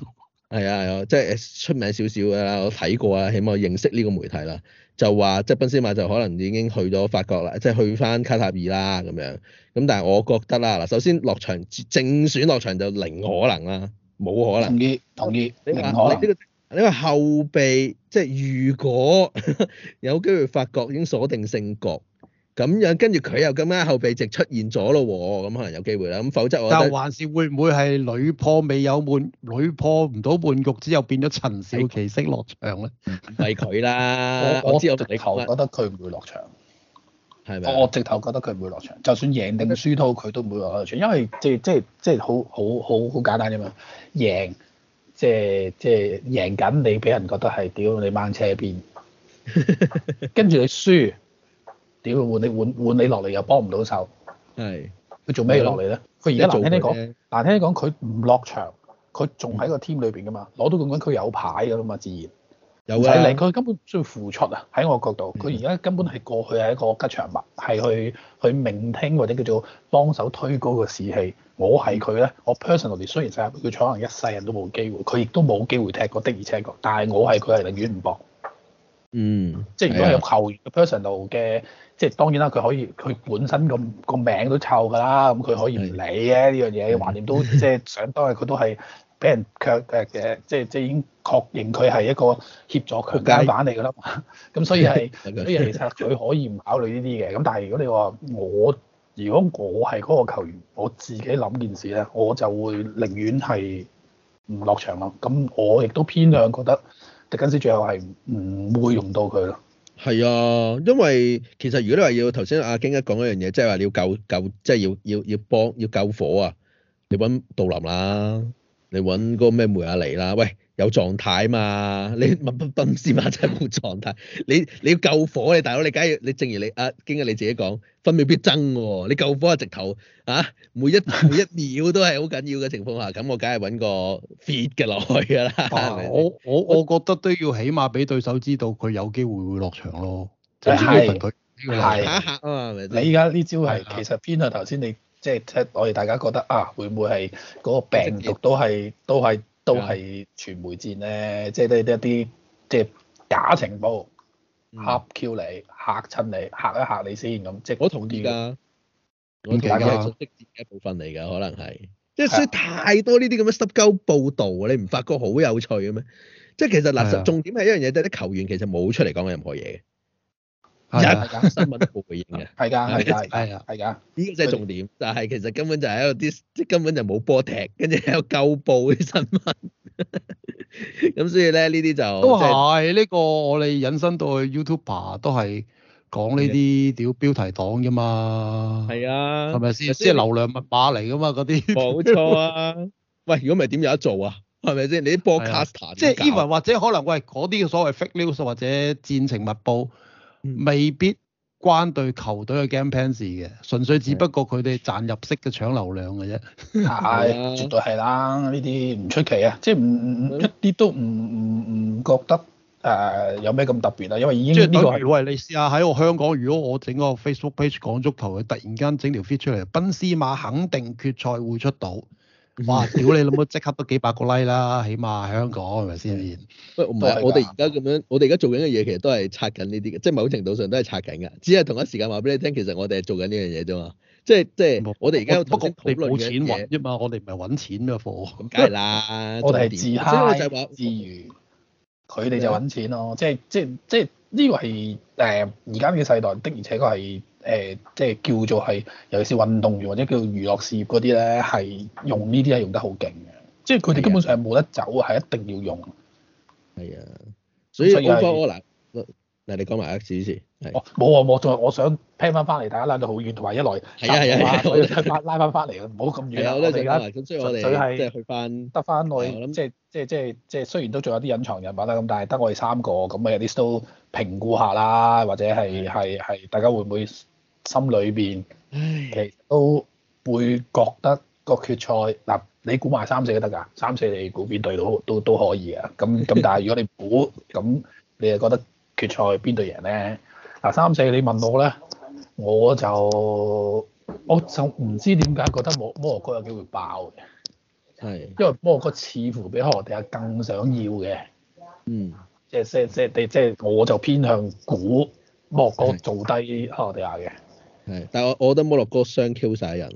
係啊，係啊，即係、啊、出名少少嘅啦，我睇過啊，起碼認識呢個媒體啦，就話即係賓斯馬就可能已經去咗法國啦，即、就、係、是、去返卡塔爾啦咁樣。咁但係我覺得啦，嗱，首先落場正選落場就零可能啦，冇可能。同意同意，你零可能。因為後備即係、就是、如果 *laughs* 有機會法國已經鎖定勝局。咁樣，跟住佢又咁樣後備席出現咗咯喎，咁可能有機會啦。咁否則我但係還是會唔會係鋁破未有半鋁破唔到半局之後變咗陳少奇式落場咧？唔係 *laughs* 佢啦。我我，知我，我直頭覺得佢唔會落場，係咪吧？我直頭覺得佢唔會落場，就算贏定輸都，佢都唔會落場，因為即係即係即係好好好好簡單啫嘛。贏即係即係贏緊，你俾人覺得係屌你掹車邊， *laughs* 跟住你輸。點換你換換你落嚟又幫唔到手，係佢做咩要落嚟咧？佢而家難聽啲講，難聽啲講，佢唔落場，佢仲喺個 team 裏邊噶嘛，攞到冠軍佢有牌噶啦嘛，自然有嘅。佢根本需要付出啊！喺我角度，佢而家根本係過去係一個吉祥物，係去去聆聽或者叫做幫手推高個士氣。我係佢咧，我 personally 雖然成日佢可能一世人都冇機會，佢亦都冇機會踢過的而且確，但係我係佢係寧願唔搏。嗯，即係如果係有球員嘅 personal 嘅，即係當然啦，佢可以佢本身個個名都臭㗎啦，咁佢可以唔理啊呢樣嘢，橫掂都即係想，當佢都係俾人卻嘅，即係即係已經確認佢係一個協助強姦犯嚟㗎啦，咁的 *laughs* 所以係所以其實佢可以唔考慮呢啲嘅，咁但係如果你話我如果我係嗰個球員，我自己諗件事咧，我就會寧願係唔落場咯，咁我亦都偏向覺得。特金斯最後係唔會用到佢咯。係啊，因為其實如果你話要頭先阿京一講一樣嘢，即係話你要救救，即係要要要幫要救火啊！你揾杜林啦，你揾嗰個咩梅亞尼啦，喂。有狀態嘛？你密不密先嘛？真係冇狀態。你你要救火你大佬，你梗係你正如你啊，今日你自己講分秒必爭嘅、啊、喎，你救火啊，直頭啊，每一每一秒都係好緊要嘅情況下，咁我梗係揾個 fit 嘅落去㗎啦。啊、係係我我我覺得都要起碼俾對手知道佢有機會會落場咯，即係要認佢。係是啊，係係你而家呢招係、啊、其實邊啊？頭先你即係我哋大家覺得啊，會唔會係嗰個病毒都係都係？都都係傳媒戰咧，即係一啲一啲即係假情報，嚇 Q 你嚇親你，嚇，你嚇一嚇你先咁。即係我同意㗎，我同意㗎，係一部分嚟㗎，可能係。即係所以太多呢啲咁嘅濕鳩報導，你唔發覺好有趣嘅咩？即係其實嗱，重點係一樣嘢，就係啲球員其實冇出嚟講緊任何嘢。係啊， *music* 新聞都冇回應嘅，係噶， *laughs* 係 *noise* 噶樂，係啊，係噶。呢個就係重點，但係其實根本就喺度啲，即根本就冇波踢，跟住喺度鳩報啲新聞。咁 *laughs* 所以咧，呢啲就都係是呢、這個，我哋引申到去 YouTube 都係講呢啲屌標題黨啫嘛。係啊的，係咪先？即的流量密碼嚟噶嘛，嗰啲冇錯啊。 *laughs* 喂，如果唔係點有得做啊？係咪先？你啲波卡 a 即係 even 或者可能喂嗰啲嘅所謂 fake news 或者戰情密報。未必關對球隊嘅 game plan 事嘅，純粹只不過佢哋賺入息嘅搶流量嘅啫。係、 *laughs* 哎，絕對係啦，呢啲唔出奇啊，即係唔唔一啲都唔唔唔覺得誒、呃、有咩咁特別啊，因為已經個即係例如喂，你試下喺我香港，如果我整個 Facebook page 講足球，佢突然間整條 fit 出嚟，賓斯馬肯定決賽會出到。 *laughs* 哇！屌你老母，即刻得幾百個 like 啦，起碼香港係咪先？喂，唔係 *laughs* 我哋而家咁樣，我哋而家做緊嘅嘢其實都係拆緊呢啲嘅，即係某程度上都係拆緊㗎。只係同一時間話俾你聽，其實我哋係做緊呢樣嘢啫嘛。即係即係，我哋而家不過你冇錢揾，一嘛我哋唔係揾錢嘅貨，咁梗係啦。我哋係自嗨，自娛。佢哋就揾錢咯，即係即係即係呢個係誒而家嘅世代的，而且確係。誒，即係叫做係，尤其是運動員或者叫做娛樂事業嗰啲咧，係用呢啲係用得好勁嘅，即係佢哋根本上係冇得走，係一定要用。係啊，所以嗱，你講埋啊，一次先。我冇啊，我仲我想聽翻翻嚟，大家拉到好遠同埋一來，係啊係啊，拉翻拉翻嚟，唔好咁遠，即係去翻得翻我，即係即係即係即係雖然都仲有啲隱藏人物啦，咁但係得我哋三個咁啊，有啲都評估下啦，或者係係係大家會唔會？心裏邊，其實都會覺得個決賽嗱，你估埋三四都得㗎，三四你估邊隊都都都可以啊。咁咁，但係如果你估咁，你又覺得決賽邊隊贏咧？嗱，三四你問我咧，我就我就唔知點解覺得摩摩洛哥有機會爆嘅，係的因為摩洛哥似乎比克羅地亞更想要嘅，嗯的，即係即係即係即係我就偏向估摩洛哥做低克羅地亞嘅。係，但係我我覺得摩洛哥雙 q 晒 l l 曬人，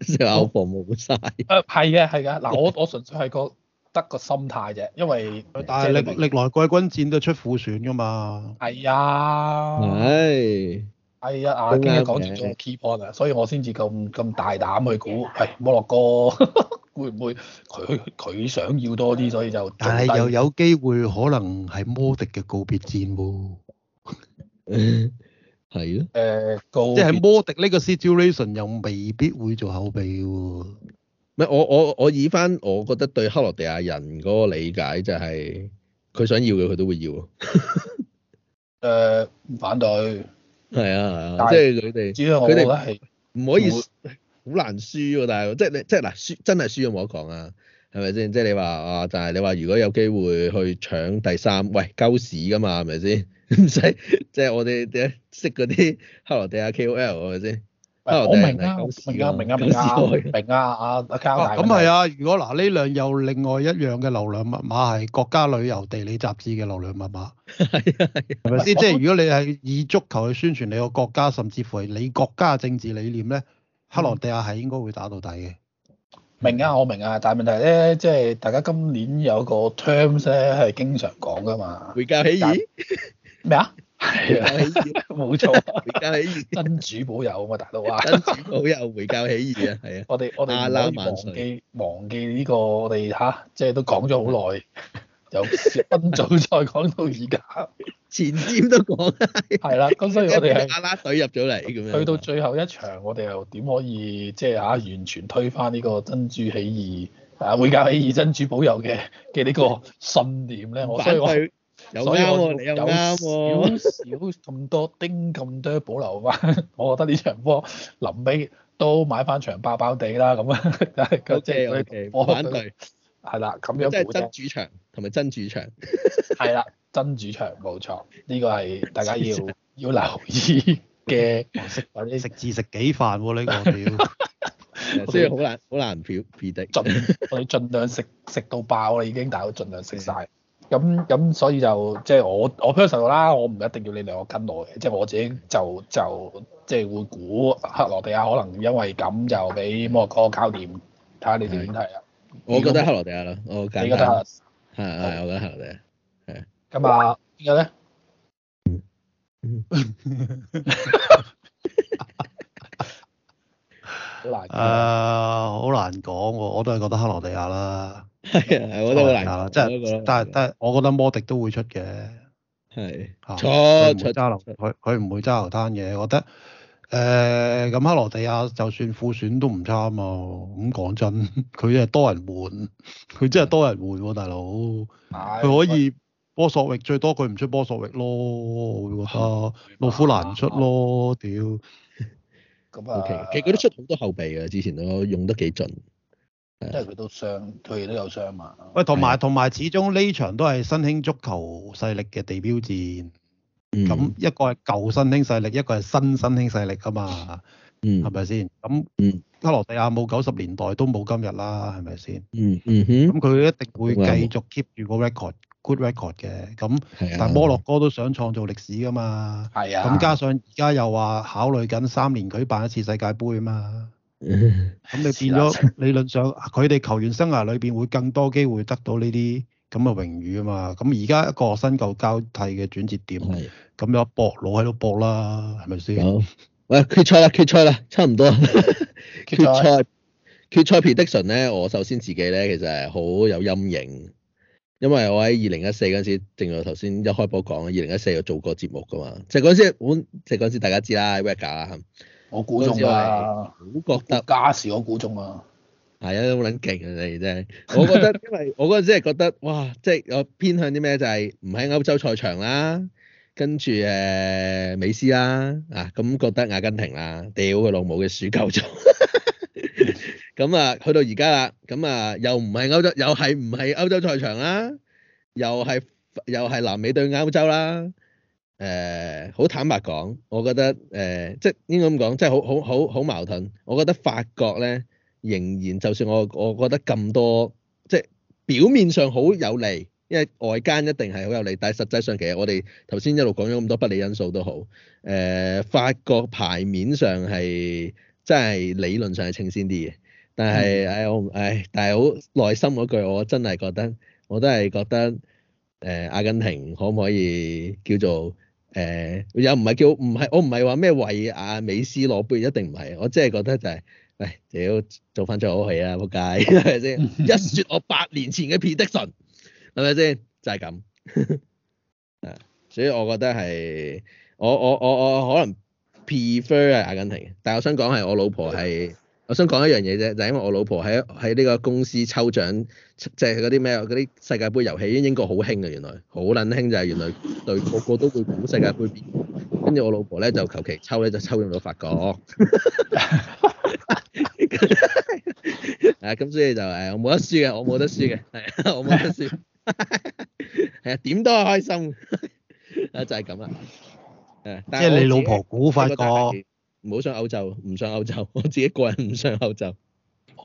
成口防冇曬。誒係嘅，係嘅。嗱，我我純粹係覺得個心態啫，因為 *laughs* 但係歷歷來季軍戰都出苦選噶嘛。係啊，係。係啊，阿堅一講就 keep on 啊。所以我先至咁咁大膽去估，係、哎、摩洛哥 *laughs* 會唔會佢佢想要多啲，所以就但係又有機會可能係摩迪嘅告別戰喎、哦。 *laughs* *laughs* 係咯，誒，即係摩迪呢個 situation 又未必會做後備嘅喎、啊。我我我以翻，我覺得對克羅地亞人嗰個理解就係佢想要嘅，佢都會要。誒、 *laughs* 呃，唔反對。係啊，即係佢哋，主要佢哋唔可以好難輸喎。但係即係你即係嗱，輸真係輸咗，冇得講啊。係咪先？即係你話啊，就係你話，如果有機會去搶第三，喂，鳩屎噶嘛，係咪先？唔 *laughs* 使，即係我哋啲識嗰啲克羅地亞 K O L，係咪先？我明，啊，啊，明啊，明啊，明啊，明啊，啊啊！咁係啊，如果嗱呢兩又另外一樣嘅流量密碼係國家旅遊地理雜誌嘅流量密碼，係咪先？是是 *laughs* 即係如果你係以足球去宣傳你個國家，甚至乎係你國家政治理念咧，克羅地亞係應該會打到底嘅。明啊，我明啊，但係問題咧，即係大家今年有個 terms 咧係經常講噶嘛，回教起義咩啊？回教起義係啊，冇錯，回教起義，真主保佑啊嘛。大佬啊，真主保佑回教起義啊，係啊！我哋我哋啱啱忘記忘記呢個我哋吓，即係都講咗好耐。由分組再講到而家，前尖都講啦，係 *laughs* 啦、啊，咁所以我哋係拉拉隊入咗嚟咁樣， *laughs* 去到最後一場，我哋又點可以即係嚇完全推翻呢個珍珠起義啊，會教起義珍珠保佑嘅嘅呢個信念咧？Okay. 我所以我所以我有，有少少咁多丁咁多保留翻，哈哈 *laughs* 我覺得呢場波臨尾都買翻場爆爆地啦，咁啊，即 K 我反對。 *laughs* 係啦，咁樣即係真主場同埋真主場，係啦， *laughs* 真主場冇錯，呢、這個係大家要實要留意嘅食或者食字食幾飯喎呢個， *laughs* 真係好難好難表 *laughs* 我哋盡量食食到爆啦，已經，但係我盡量食晒。咁咁，所以就即係我我 personal 啦，我唔一定要你兩個跟我嘅，即係我自己就就即係會估克羅地亞可能因為咁就俾摩洛哥搞掂，睇下你點睇啊？我覺得克羅地亞啦，我介意。你覺得？係係，我覺得克羅地亞係。咁啊、嗯，點解咧？好、uh，難。誒，好難講，我都係覺得克羅地亞啦。我、就是、我覺得好難，即係，但係但係，我覺得摩迪都會出嘅。係。錯錯，佢佢唔會揸流攤嘅，我覺得。誒咁、呃、克羅地亞就算副選都唔差啊嘛！咁講真，佢係多人換，佢真係多人換喎、啊，大佬。佢、哎、呀可以波索域、哎、呀最多佢唔出波索域咯，我會覺得老虎難出咯，屌。OK，其實佢都出好多後備呀，之前都用得幾盡。即係佢都傷，佢亦都有傷嘛。喂、哎呀，同埋同埋，始終呢場都係新興足球勢力嘅地標戰。咁、嗯、一個係舊新興勢力，一個係新新興勢力啊嘛，嗯，係咪先？咁，嗯，克羅地亞冇九十年代都冇今日啦，係咪先？嗯嗯哼，咁佢一定會繼續 keep 住個 record，good record 嘅 record。咁，係、啊、但摩洛哥都想創造歷史噶嘛，係啊。咁加上而家又話考慮緊三年舉辦一次世界杯啊嘛，咁 *laughs* 你變咗理論上，佢哋球員生涯裡邊會更多機會得到呢啲。咁啊榮譽啊嘛，咁而家一個新舊交替嘅轉折點，咁的有搏佬喺度搏啦，係咪先？好，喂決賽啦，決賽啦，差唔多決賽 *laughs* 決賽。prediction 咧，我首先自己咧其實係好有陰影，因為我喺二零一四嗰陣時，正如頭先一開波講，二零一四又做過節目噶嘛，即係嗰陣時，我即係嗰陣時大家知啦 Wager 啦，我估中啊，好都覺得，加士我估中啊。係、就是就是呃、啊，好撚勁啊！你真係，我覺得，因為我嗰陣時係覺得，哇！即係我偏向啲咩就係唔喺歐洲賽場啦，跟住誒美斯啦，啊咁覺得阿根廷啦，屌佢老母嘅鼠夠咗，咁啊去到而家啦，咁啊又唔係歐洲，又係唔係歐洲賽場啦，又係又係南美對歐洲啦，誒好坦白講，我覺得誒即係應該咁講，即係好好好好，好矛盾，我覺得法國咧。仍然，就算我我覺得咁多，即係表面上好有利，因為外間一定係好有利，但係實際上其實我哋頭先一路講咗咁多不利因素都好。誒、呃，法國牌面上係真係理論上係清晰啲嘅，但係誒，我誒、嗯，但係好內心嗰句，我真係覺得，我都係覺得誒、呃、阿根廷可唔可以叫做誒、呃、又唔係叫唔係，我唔係話咩為阿美斯攞杯一定唔係，我真係覺得就係、是。誒，屌，做翻出好戲啊，仆街係咪先？一說我八年前嘅 prediction，係咪先？就係咁，係， *laughs* 所以我覺得係我我我我可能 prefer 係阿根廷，但係我想講係我老婆係，我想講一樣嘢啫，就係因為我老婆喺喺呢個公司抽獎，即係嗰啲咩，嗰啲世界杯遊戲英國好興啊。原來好捻興就係原來對個個都會估世界杯邊，跟住我老婆咧就求其抽咧就抽中咗法國。 *laughs* 係啊，咁所以就，誒，我冇得輸嘅，我冇得輸嘅，係啊，我冇得輸，係啊，點都係開心啊，就係咁啦，誒，即係你老婆估法國，唔好上歐洲，唔上歐洲，我自己個人唔上歐洲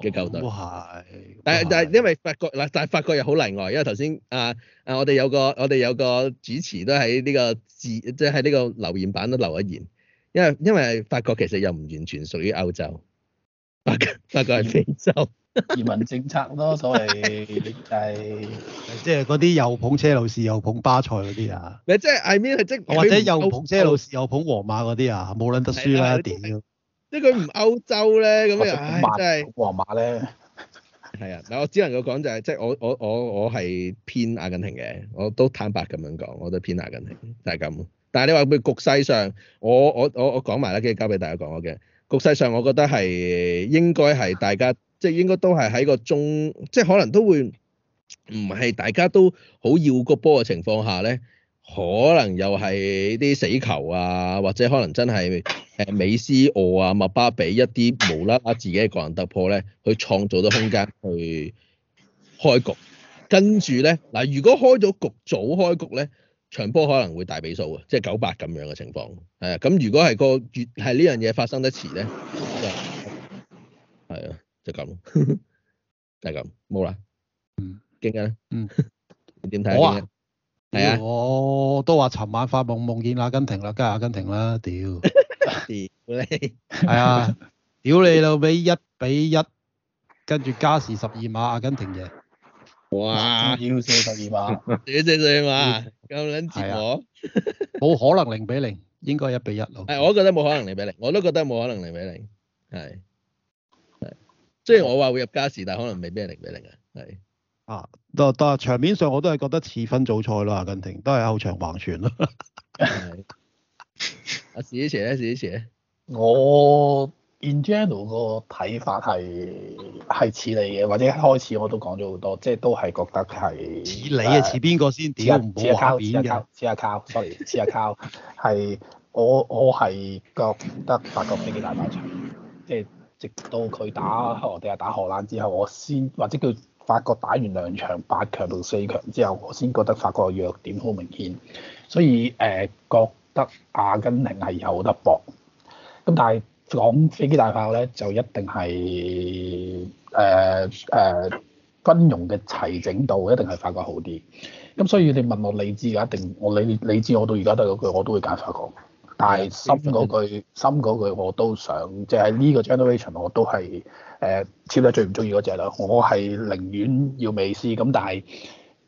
嘅球隊。哇，係，但係但係因為法國嗱，但係法國又好例外，因為頭先啊啊，我哋有個我哋有個主持都喺呢個字，即係喺呢個留言版都留咗言，因為因為法國其實又唔完全屬於歐洲。大家係非洲移民政策咯，所謂你，就是，係即係嗰啲又捧車路士又捧巴塞嗰啲啊！你即，就，係，是，I mean 係即或者又捧車路士又捧皇馬嗰啲啊！無論得輸啦點，即係佢唔歐洲咧，咁 *laughs* 又即真係皇馬咧，係啊！嗱，我只能夠講就係即係我我我我係偏阿根廷嘅，我都坦白咁樣講，我都偏阿根廷就係，是，咁。但係你話咪局勢上，我我我我講埋啦，跟住交俾大家講我嘅。局勢上，我覺得係應該係大家，即係應該都係喺個中，即係可能都會唔係大家都好要個波嘅情況下咧，可能又係啲死球啊，或者可能真係誒美斯、奧啊、麥巴比一啲無啦啦自己嘅個人突破咧，去創造咗空間去開局，跟住咧嗱，如果開咗局早開局咧。長波可能會大比數啊，即係九八咁樣嘅情況。係啊，咁如果係個月係呢樣嘢發生得遲咧，係啊，就咁，就係咁，冇啦。嗯。京一啊？嗯。你點睇咧？我啊。係啊的。我都話尋晚發夢，夢見阿根廷啦，梗係阿根廷啦，屌。屌 *laughs* *laughs* 你。係啊，屌你老味，一比一，跟住加時十二碼，阿根廷贏。哇！要四十二碼，四四十二碼，咁捻折磨，冇可能零比零，應該一比一咯。係，我都覺得冇可能零比零，我都覺得冇可能零比零，係係。雖然我話會入加時，但可能未必係零比零啊。係啊，都都，場面上我都係覺得似分組賽啦，阿根廷都係後場橫傳咯。啊，史依賢咧，史依賢我。In general 個睇法係係似你嘅，或者一開始我都講咗好多，即係都係覺得係似你啊，似邊個先？點解唔好下邊嘅？似阿卡，sorry，似阿卡係我我係覺得法國呢幾大打場，即係直到佢打我哋係打荷蘭之後，我先或者叫法國打完兩場八強到四強之後，我先覺得法國弱點好明顯，所以誒覺得阿根廷係有得搏，咁但係。講飛機大炮咧，就一定係誒誒軍容嘅齊整度，一定係法國好啲。咁所以你問我理智嘅，一定我理理智，我到而家都係嗰句，我都會揀法國。但係心嗰句，心嗰句我都想，即係呢個 generation 我都係誒、呃，超得最唔中意嗰隻啦。我係寧願要美斯咁，但係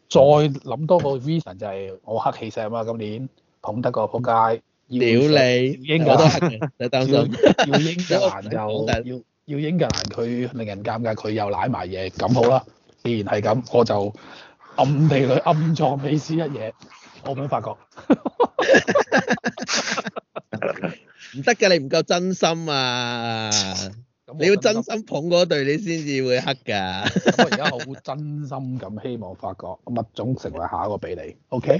再諗多個 reason 就係、是、我黑氣盛啊嘛！今年捧得個仆街。屌你！英國都黑你，你擔心？要英格蘭就要要英格蘭，佢令人尷尬，佢又賴埋嘢，咁好啦。既然係咁，我就暗地裏暗藏美斯一嘢，我唔想發覺。唔得㗎，你唔夠真心啊！你要真心捧嗰隊，你先至會黑㗎。我而家好真心咁希望發覺物種成為下一個俾你，OK？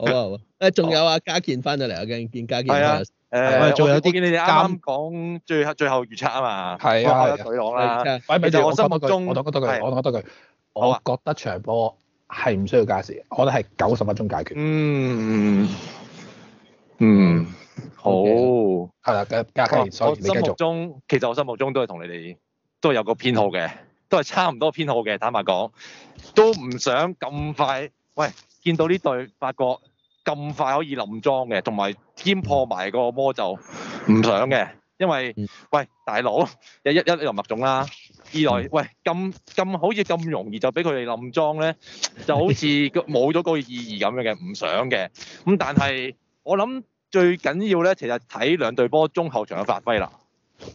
好啊！誒，仲有啊。嘉健翻咗嚟，我見見嘉健。係啊，仲有啲。我見你哋啱啱講最最後預測啊嘛。係啊，水浪啦。喂，唔我心目中係。我講得佢，我講得佢。我覺得場波係唔需要加時，可能得係九十分鐘解決。嗯。嗯。好。係啦，嘉嘉所以你繼續。心目中其實我心目中都係同你哋都有個偏好嘅，都係差唔多偏好嘅，坦白講，都唔想咁快。喂，見到呢隊法國。咁快可以冧莊嘅，同埋兼破埋個魔咒，唔想嘅，因為喂大佬，一一一來麥總啦，二來喂咁咁好似咁容易就俾佢哋冧莊咧，就好似冇咗個意義咁樣嘅，唔想嘅。咁但係我諗最緊要咧，其實睇兩隊波中後場嘅發揮啦，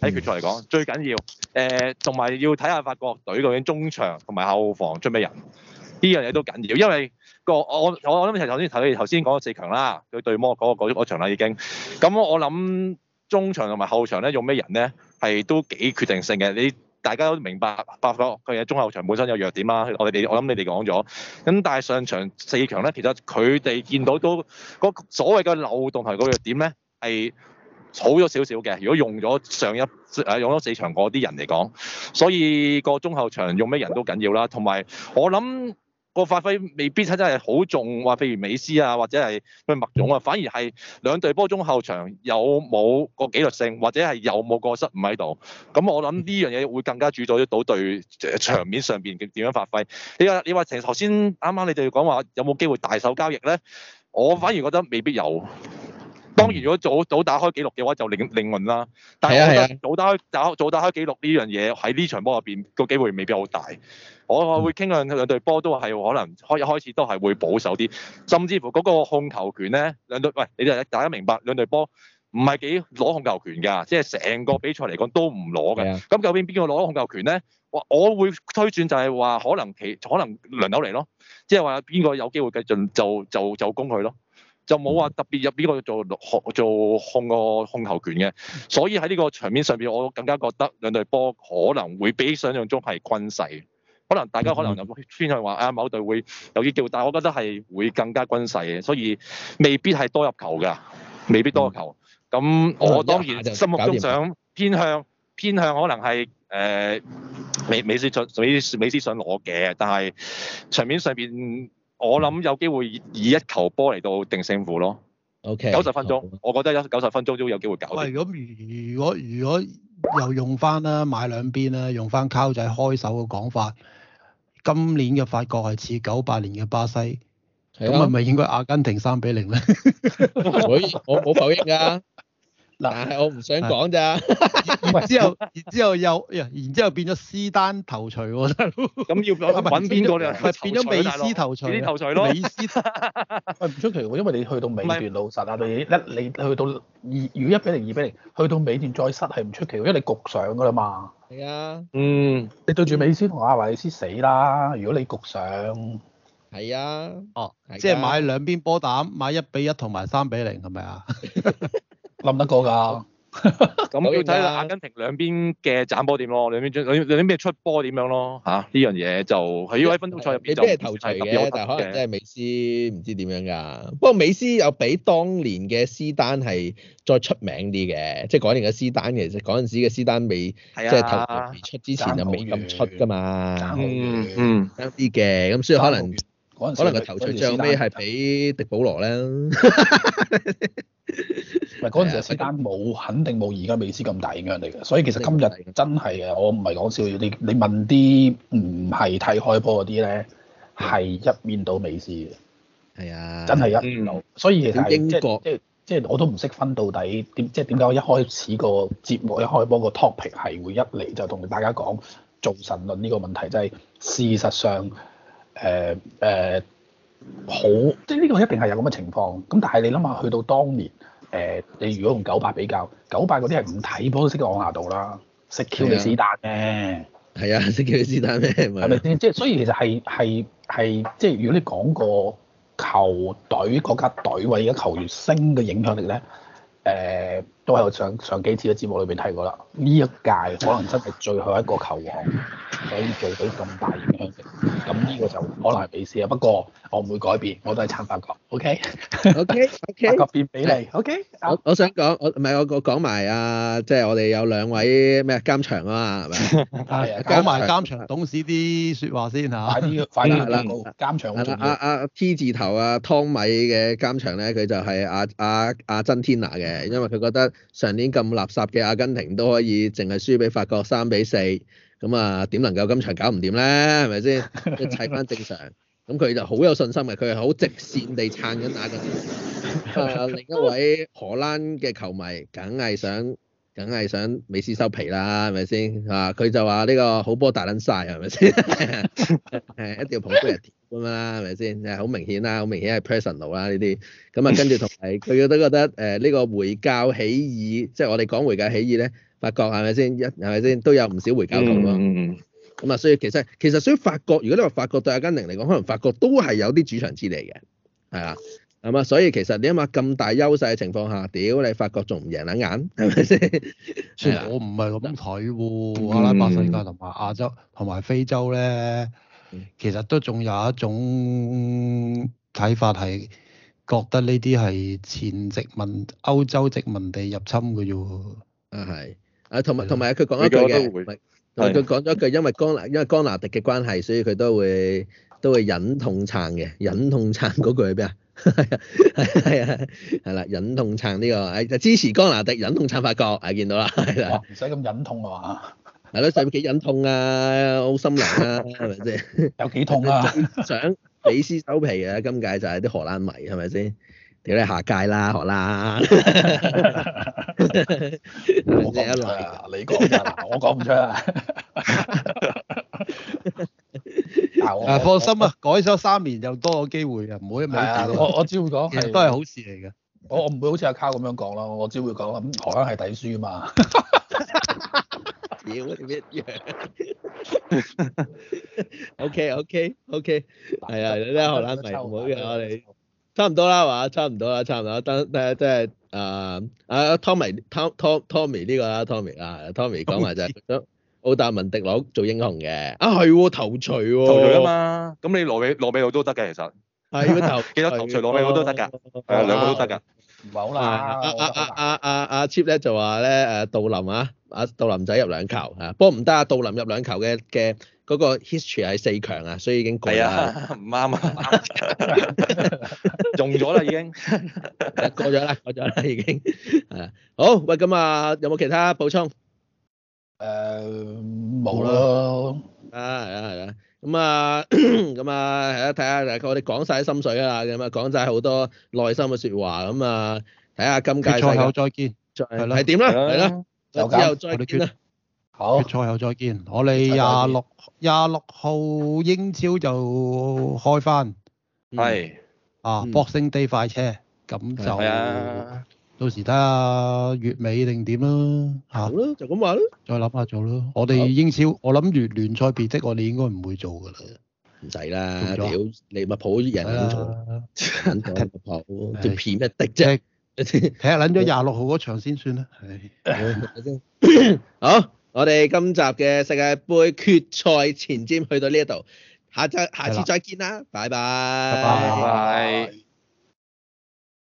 喺決賽嚟講最緊要，誒同埋要睇下法國隊究竟中場同埋後防出咩人。呢樣嘢都緊要，因為個我我我諗頭頭先頭先講咗四強啦，佢對魔嗰、那、嗰、個那個那個那個、場啦已經，咁 *music* 我諗中場同埋後場咧用咩人咧係都幾決定性嘅。你大家都明白法國佢嘅中後場本身有弱點啦，我哋我諗你哋講咗，咁但係上場四強咧，其實佢哋見到都、那個、所謂嘅漏洞係嗰弱點咧係好咗少少嘅。如果用咗上一誒、啊、用咗四場嗰啲人嚟講，所以個中後場用咩人都緊要啦。同埋我諗。個發揮未必真係好重，話譬如美斯啊，或者係咩麥總啊，反而係兩隊波中後場有冇個紀律性，或者係有冇個失誤喺度。咁、嗯、我諗呢樣嘢會更加主導到對場面上邊點樣發揮。你話你話頭先啱啱你就要講話有冇機會大手交易咧？我反而覺得未必有。當然，如果早打早打開記錄嘅話，就另另論啦。但係、啊、我覺得早打開早打開記錄呢樣嘢喺呢場波入邊個機會未必好大。我會傾向兩隊波都係可能開一開始都係會保守啲，甚至乎嗰個控球權咧，兩隊喂，你哋大家明白兩隊波唔係幾攞控球權㗎，即係成個比賽嚟講都唔攞㗎。咁、啊、究竟邊個攞控球權咧？我我會推算就係話可能其可能輪流嚟咯，即係話邊個有機會繼續就就就，就攻佢咯。就冇話特別入邊個做控做控個控球權嘅，所以喺呢個場面上面，我更加覺得兩隊波可能會比想象中係均勢，可能大家可能有偏向話啊某隊會有啲機會，但係我覺得係會更加均勢嘅，所以未必係多入球㗎，未必多入球。咁、嗯、我當然心目中想偏向偏向可能係誒、呃、美美斯美美斯想攞嘅，但係場面上面。我諗有機會以一球波嚟到定勝負咯。OK，九十分鐘，哦、我覺得有九十分鐘都有機會搞。唔係咁，如果如果又用翻啦、啊，買兩邊啦、啊，用翻 Karl 仔開手嘅講法，今年嘅法國係似九八年嘅巴西。咁係咪應該阿根廷三比零咧？我我冇否認㗎。嗱，係我唔想講咋，之後，然之後又，然之後變咗斯丹頭槌喎，咁要唔要揾邊個咧？揾邊個美斯頭槌？頭槌咯，美斯。喂，唔出奇喎，因為你去到尾段不是 老實講，你一你去到二，如果一比零二比零，0, 去到尾段再失係唔出奇，因為你焗上噶啦嘛。係是啊。嗯。你對住美斯同艾華利斯死啦！如果你焗上。係啊。啊哦。啊是啊、即係買兩邊波膽，買一比一同埋三比零係咪啊？ *laughs* 諗得過㗎，咁 *laughs* 要睇下阿根廷兩邊嘅斬波點咯，兩邊有啲咩出波點、啊、樣咯，嚇呢樣嘢就係呢位芬度賽未必係頭槌嘅，但可能真係美斯唔知點樣㗎。不過美斯又比當年嘅斯丹係再出名啲嘅，即係嗰年嘅斯丹其實嗰陣時嘅斯丹未、啊、即係頭出之前就未咁出㗎嘛。嗯嗯，美嘅咁所以可能嗰陣可能個頭槌最後尾係俾迪保羅啦。 *laughs* 嗰陣時間冇，肯定冇而家美斯咁大影響嚟嘅，所以其實今日真係啊，我唔係講笑，你你問啲唔係睇開波嗰啲咧，係一面倒美斯嘅，係啊，真係一面倒。所以其實即係即係即係我都唔識分到底點，即係點解我一開始個節目一開波個 topic 係會一嚟就同大家講造神論呢個問題，就係事實上誒誒好，即係呢個一定係有咁嘅情況。咁但係你諗下，去到當年。誒、呃，你如果用九八比較，九八嗰啲係唔睇波識往下度啦，識喬治斯丹嘅，係啊，識喬治斯丹咩？係咪先？即係 *laughs* 所以其實係係係，即係如果你講個球隊、國家隊或者球員升嘅影響力咧，誒、呃。都係我上上幾次嘅節目裏邊睇過啦。呢一屆可能真係最後一個球王，所以做到咁大影響力。咁呢個就可能係比試啊。不過我唔會改變，我都係撐法國。OK，OK，OK。特別比例。OK。我我想講，我唔係我我講埋啊，即係我哋有兩位咩監場啊嘛，係咪？係啊，講埋監場董事啲説話先嚇。快啲，快啲報告監場。啊，阿 T 字頭啊，湯米嘅監場咧，佢就係阿阿阿曾天娜嘅，因為佢覺得。上年咁垃圾嘅阿根廷都可以淨係輸俾法國三比四，啊，咁啊點能夠今場搞唔掂咧？係咪先？一切翻正常，咁佢就好有信心嘅，佢係好直線地撐緊阿根廷，啊。另一位荷蘭嘅球迷梗係想。梗係想美斯收皮啦，係咪先？啊，佢就話呢個好波大捻晒，係咪先？係 *laughs* 一定要捧菲日添啦，係咪先？好明顯啦，好明顯係 personal 啦呢啲。咁啊，跟住同埋佢都覺得誒呢個回教起義，即係我哋講回教起義咧，法國係咪先？一係咪先都有唔少回教咁咯。嗯嗯嗯。咁啊，所以其實其實所以法國。如果你話法國對阿根廷嚟講，可能法國都係有啲主場之利嘅，係啊。係嘛？所以其實你諗下咁大優勢嘅情況下，屌你法國仲唔贏兩眼？係咪先？雖然我唔係咁睇喎，阿拉伯世界同埋亞洲同埋非洲咧，其實都仲有一種睇法係覺得呢啲係前殖民歐洲殖民地入侵嘅啫。啊係，啊同埋同埋佢講一句嘅，同埋佢講咗一句因為剛拿，因為剛拿迪嘅關係，所以佢都會都會忍痛撐嘅，忍痛撐嗰句係咩啊？係啊，係啊，係啦，忍痛撐呢個，誒就支持江拿迪忍痛撐法國，誒見到啦，唔使咁忍痛啊嘛，係咯，使唔使幾忍痛啊？好心涼啊，係咪先？有幾痛啊？想比試收皮啊！今屆就係啲荷蘭迷係咪先？屌你下屆啦，荷蘭。真係啊，你講我講唔出啊。啊！放心啊，改咗三年又多個機會啊。唔會唔係、哎、呀我我只會講，都係好事嚟嘅。我我唔會好似阿卡咁樣講啦，我只會講是 *laughs* 啊！荷蘭係抵輸啊嘛。屌，點一樣？OK OK OK *laughs* 正正。係、呃、啊，你啲荷蘭係唔好嘅，我哋差唔多啦，話差唔多啦，差唔多。等睇下即係啊啊 Tommy Tom Tom Tommy 呢個啦，Tommy 啊，Tommy 講埋就係奧達文迪羅做英雄嘅啊係喎頭錘喎，頭錘啊嘛，咁你羅比羅比奧都得嘅，其實係個頭，記得頭錘羅比奧都得噶，誒兩個都得噶，唔係好啦。阿阿阿阿阿阿 Chip 咧就話咧誒杜林啊，阿杜林仔入兩球係，不過唔得阿杜林入兩球嘅嘅嗰個 History 係四強啊，所以已經過啦，唔啱啊，中咗啦已經過咗啦過咗啦已經係啊好，喂咁啊有冇其他補充？誒，冇咯。啊，係啊，係啊。咁啊，咁啊，睇下，大概我哋講晒心水啊，咁啊，講晒好多內心嘅說話。咁啊，睇下今屆決賽後再見，係啦，係點啦，係啦，決賽後再見。好，賽後再見。我哋廿六廿六號英超就開翻。係。啊，Boxing Day 快車，咁就。到時睇下月尾定點啦嚇，好啦就咁話啦，再諗下做咯。我哋英超，我諗住聯賽別的，我哋應該唔會做噶啦，唔使啦，你好你咪利物浦啲人嚟做啦，撚咗一滴啫。睇下諗咗廿六號嗰場先算啦。係，好，我哋今集嘅世界盃決賽前瞻去到呢一度，下集下次再見啦，拜拜啦，拜拜 bye。